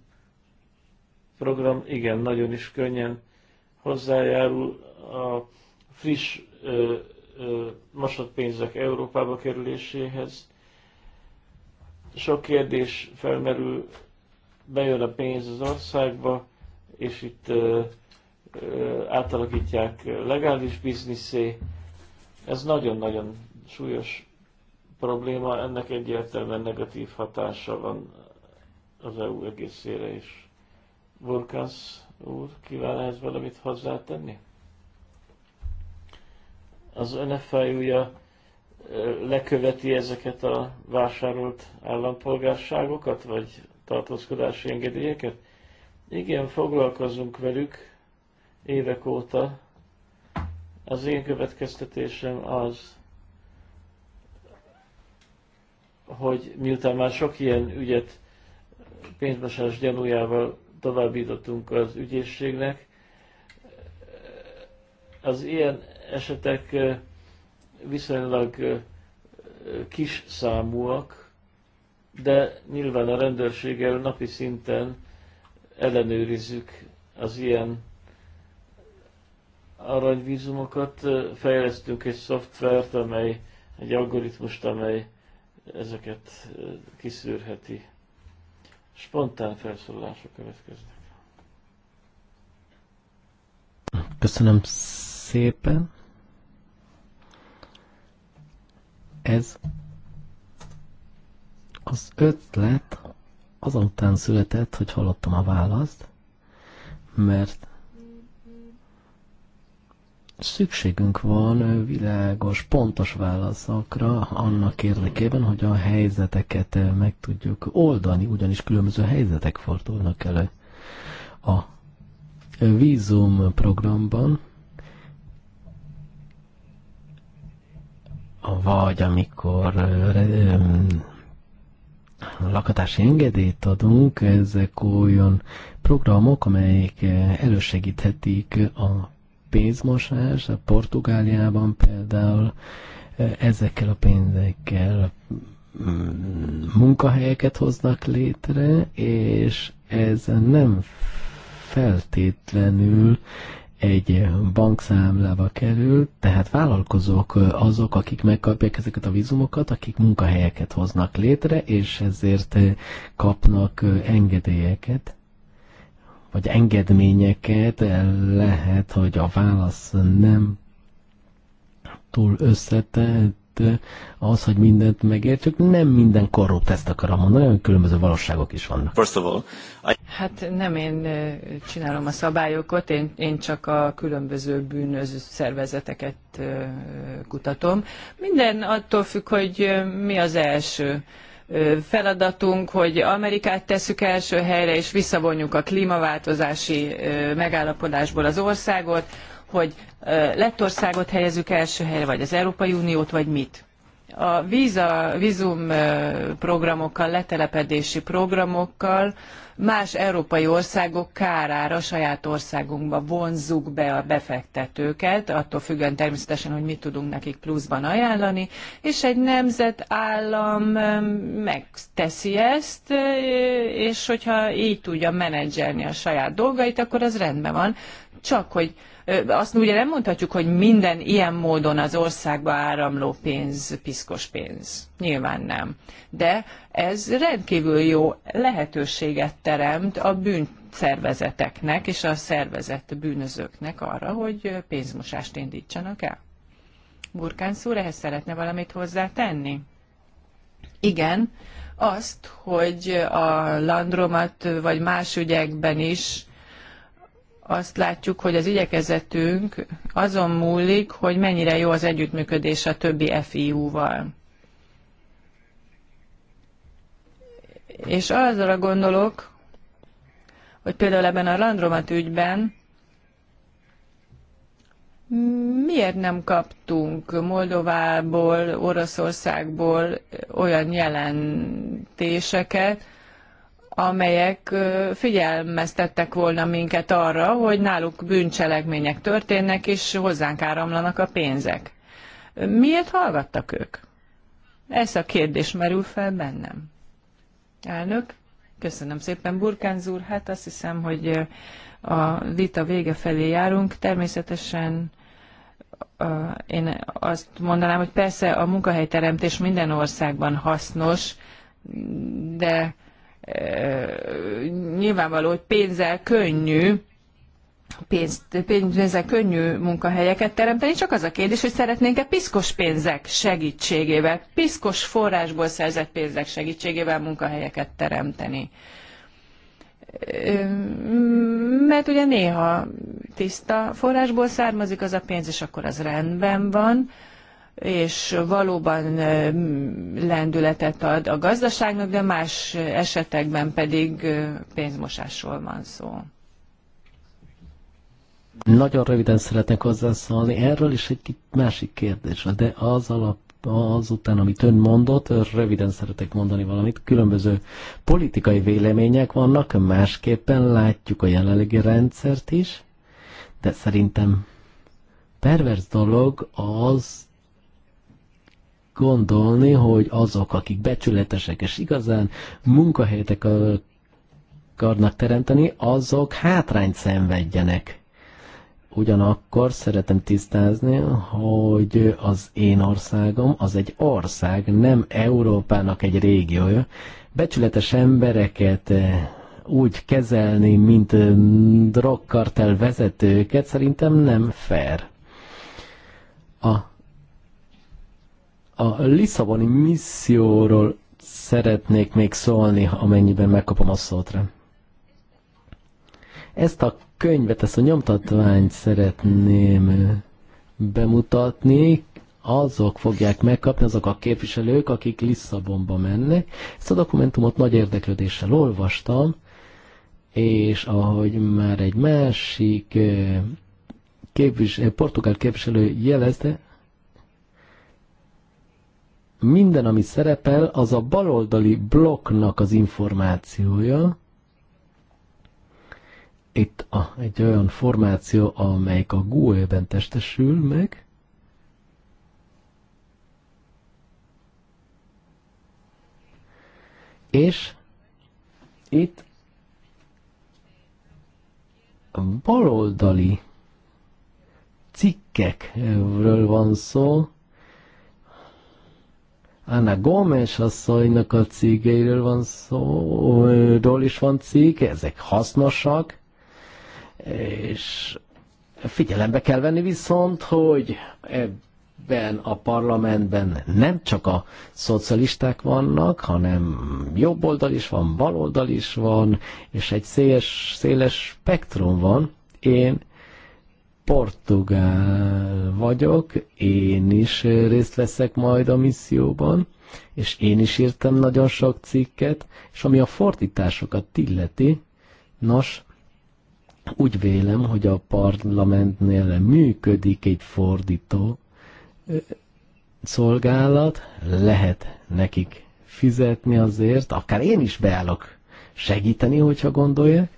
program igen, nagyon is könnyen hozzájárul a friss mosott pénzek Európába kerüléséhez. Sok kérdés felmerül, bejön a pénz az országba, és itt átalakítják legális bizniszé. Ez nagyon-nagyon súlyos probléma, ennek egyértelműen negatív hatása van az EU egészére is. Burkász úr, kíván ehhez valamit hozzátenni? az önefájúja leköveti ezeket a vásárolt állampolgárságokat, vagy tartózkodási engedélyeket? Igen, foglalkozunk velük évek óta. Az én következtetésem az, hogy miután már sok ilyen ügyet pénzmosás gyanújával továbbítottunk az ügyészségnek, az ilyen esetek viszonylag kis számúak, de nyilván a rendőrséggel napi szinten ellenőrizzük az ilyen aranyvízumokat. Fejlesztünk egy szoftvert, amely egy algoritmust, amely ezeket kiszűrheti. Spontán felszólalások következnek. Köszönöm szépen. Ez az ötlet azután született, hogy hallottam a választ, mert szükségünk van világos, pontos válaszokra annak érdekében, hogy a helyzeteket meg tudjuk oldani, ugyanis különböző helyzetek fordulnak elő. A vízum programban vagy amikor lakatási engedélyt adunk, ezek olyan programok, amelyek elősegíthetik a pénzmosás, a Portugáliában például ezekkel a pénzekkel mm, munkahelyeket hoznak létre, és ez nem feltétlenül egy bankszámlába kerül, tehát vállalkozók azok, akik megkapják ezeket a vízumokat, akik munkahelyeket hoznak létre, és ezért kapnak engedélyeket, vagy engedményeket. Lehet, hogy a válasz nem túl összetett, az, hogy mindent megértsük. Nem minden korrupt, ezt akarom mondani, olyan különböző valóságok is vannak. First of all, I... Hát nem én csinálom a szabályokat, én, én csak a különböző bűnöző szervezeteket kutatom. Minden attól függ, hogy mi az első feladatunk, hogy Amerikát tesszük első helyre, és visszavonjuk a klímaváltozási megállapodásból az országot, hogy Lettországot helyezzük első helyre, vagy az Európai Uniót, vagy mit? A víza, vízum programokkal, letelepedési programokkal más európai országok kárára saját országunkba vonzzuk be a befektetőket, attól függően természetesen, hogy mit tudunk nekik pluszban ajánlani, és egy nemzetállam megteszi ezt, és hogyha így tudja menedzselni a saját dolgait, akkor az rendben van. Csak hogy azt ugye nem mondhatjuk, hogy minden ilyen módon az országba áramló pénz piszkos pénz. Nyilván nem. De ez rendkívül jó lehetőséget teremt a bűnszervezeteknek és a szervezett bűnözőknek arra, hogy pénzmosást indítsanak el. Burkán szúr ehhez szeretne valamit hozzátenni? Igen, azt, hogy a landromat vagy más ügyekben is azt látjuk, hogy az igyekezetünk azon múlik, hogy mennyire jó az együttműködés a többi FIU-val. És arra gondolok, hogy például ebben a Landromat ügyben miért nem kaptunk Moldovából, Oroszországból olyan jelentéseket, amelyek figyelmeztettek volna minket arra, hogy náluk bűncselekmények történnek, és hozzánk áramlanak a pénzek. Miért hallgattak ők? Ez a kérdés merül fel bennem. Elnök, köszönöm szépen, Burkánz úr. Hát azt hiszem, hogy a vita vége felé járunk. Természetesen én azt mondanám, hogy persze a munkahelyteremtés minden országban hasznos, de nyilvánvaló, hogy pénzzel könnyű pénzt, pénzzel könnyű munkahelyeket teremteni, csak az a kérdés, hogy szeretnénk-e piszkos pénzek segítségével, piszkos forrásból szerzett pénzek segítségével munkahelyeket teremteni. Mert ugye néha tiszta forrásból származik az a pénz, és akkor az rendben van, és valóban lendületet ad a gazdaságnak, de más esetekben pedig pénzmosásról van szó. Nagyon röviden szeretnék hozzászólni erről, és egy másik kérdésre, de az alap azután, amit ön mondott, röviden szeretek mondani valamit, különböző politikai vélemények vannak, másképpen látjuk a jelenlegi rendszert is, de szerintem pervers dolog az gondolni, hogy azok, akik becsületesek és igazán munkahelyet akarnak teremteni, azok hátrányt szenvedjenek. Ugyanakkor szeretem tisztázni, hogy az én országom az egy ország, nem Európának egy régiója. Becsületes embereket eh, úgy kezelni, mint eh, drogkartel vezetőket, szerintem nem fair. A a Lisszaboni misszióról szeretnék még szólni, amennyiben megkapom a szótra. Ezt a könyvet, ezt a nyomtatványt szeretném bemutatni. Azok fogják megkapni, azok a képviselők, akik Lisszabonba mennek. Ezt a dokumentumot nagy érdeklődéssel olvastam, és ahogy már egy másik eh, képvisel, eh, portugál képviselő jelezte, minden, ami szerepel, az a baloldali blokknak az információja. Itt a, egy olyan formáció, amelyik a GUE-ben testesül meg. És itt baloldali cikkekről van szó, Anna Gomes asszonynak a cégeiről van szó, ról is van cikk, ezek hasznosak, és figyelembe kell venni viszont, hogy ebben a parlamentben nem csak a szocialisták vannak, hanem jobb oldal is van, bal oldal is van, és egy széles, széles spektrum van. Én portugál vagyok, én is részt veszek majd a misszióban, és én is írtam nagyon sok cikket, és ami a fordításokat illeti, nos, úgy vélem, hogy a parlamentnél működik egy fordító szolgálat, lehet nekik fizetni azért, akár én is beállok segíteni, hogyha gondolják,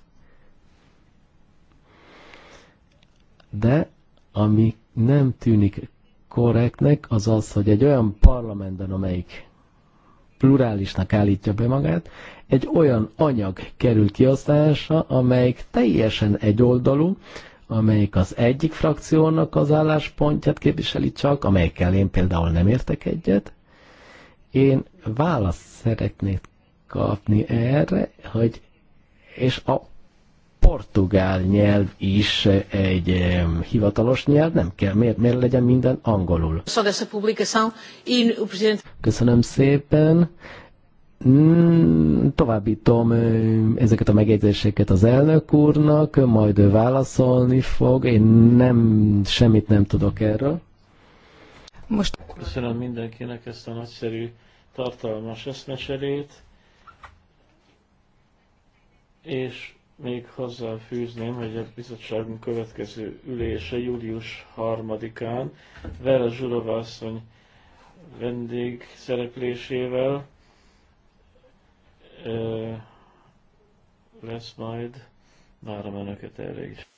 de ami nem tűnik korrektnek, az az, hogy egy olyan parlamentben, amelyik plurálisnak állítja be magát, egy olyan anyag kerül kiosztásra, amelyik teljesen egyoldalú, amelyik az egyik frakciónak az álláspontját képviseli csak, amelyekkel én például nem értek egyet. Én választ szeretnék kapni erre, hogy és a portugál nyelv is egy hivatalos nyelv, nem kell, miért, miért legyen minden angolul? E Köszönöm szépen. Mm, továbbítom ezeket a megjegyzéseket az elnök úrnak, majd ő válaszolni fog. Én nem, semmit nem tudok erről. Most... Köszönöm mindenkinek ezt a nagyszerű, tartalmas eszmecserét, és még hozzáfűzném, hogy a bizottságunk következő ülése július 3-án Vera Zsurova asszony vendég szereplésével lesz majd. Várom Önöket erre is.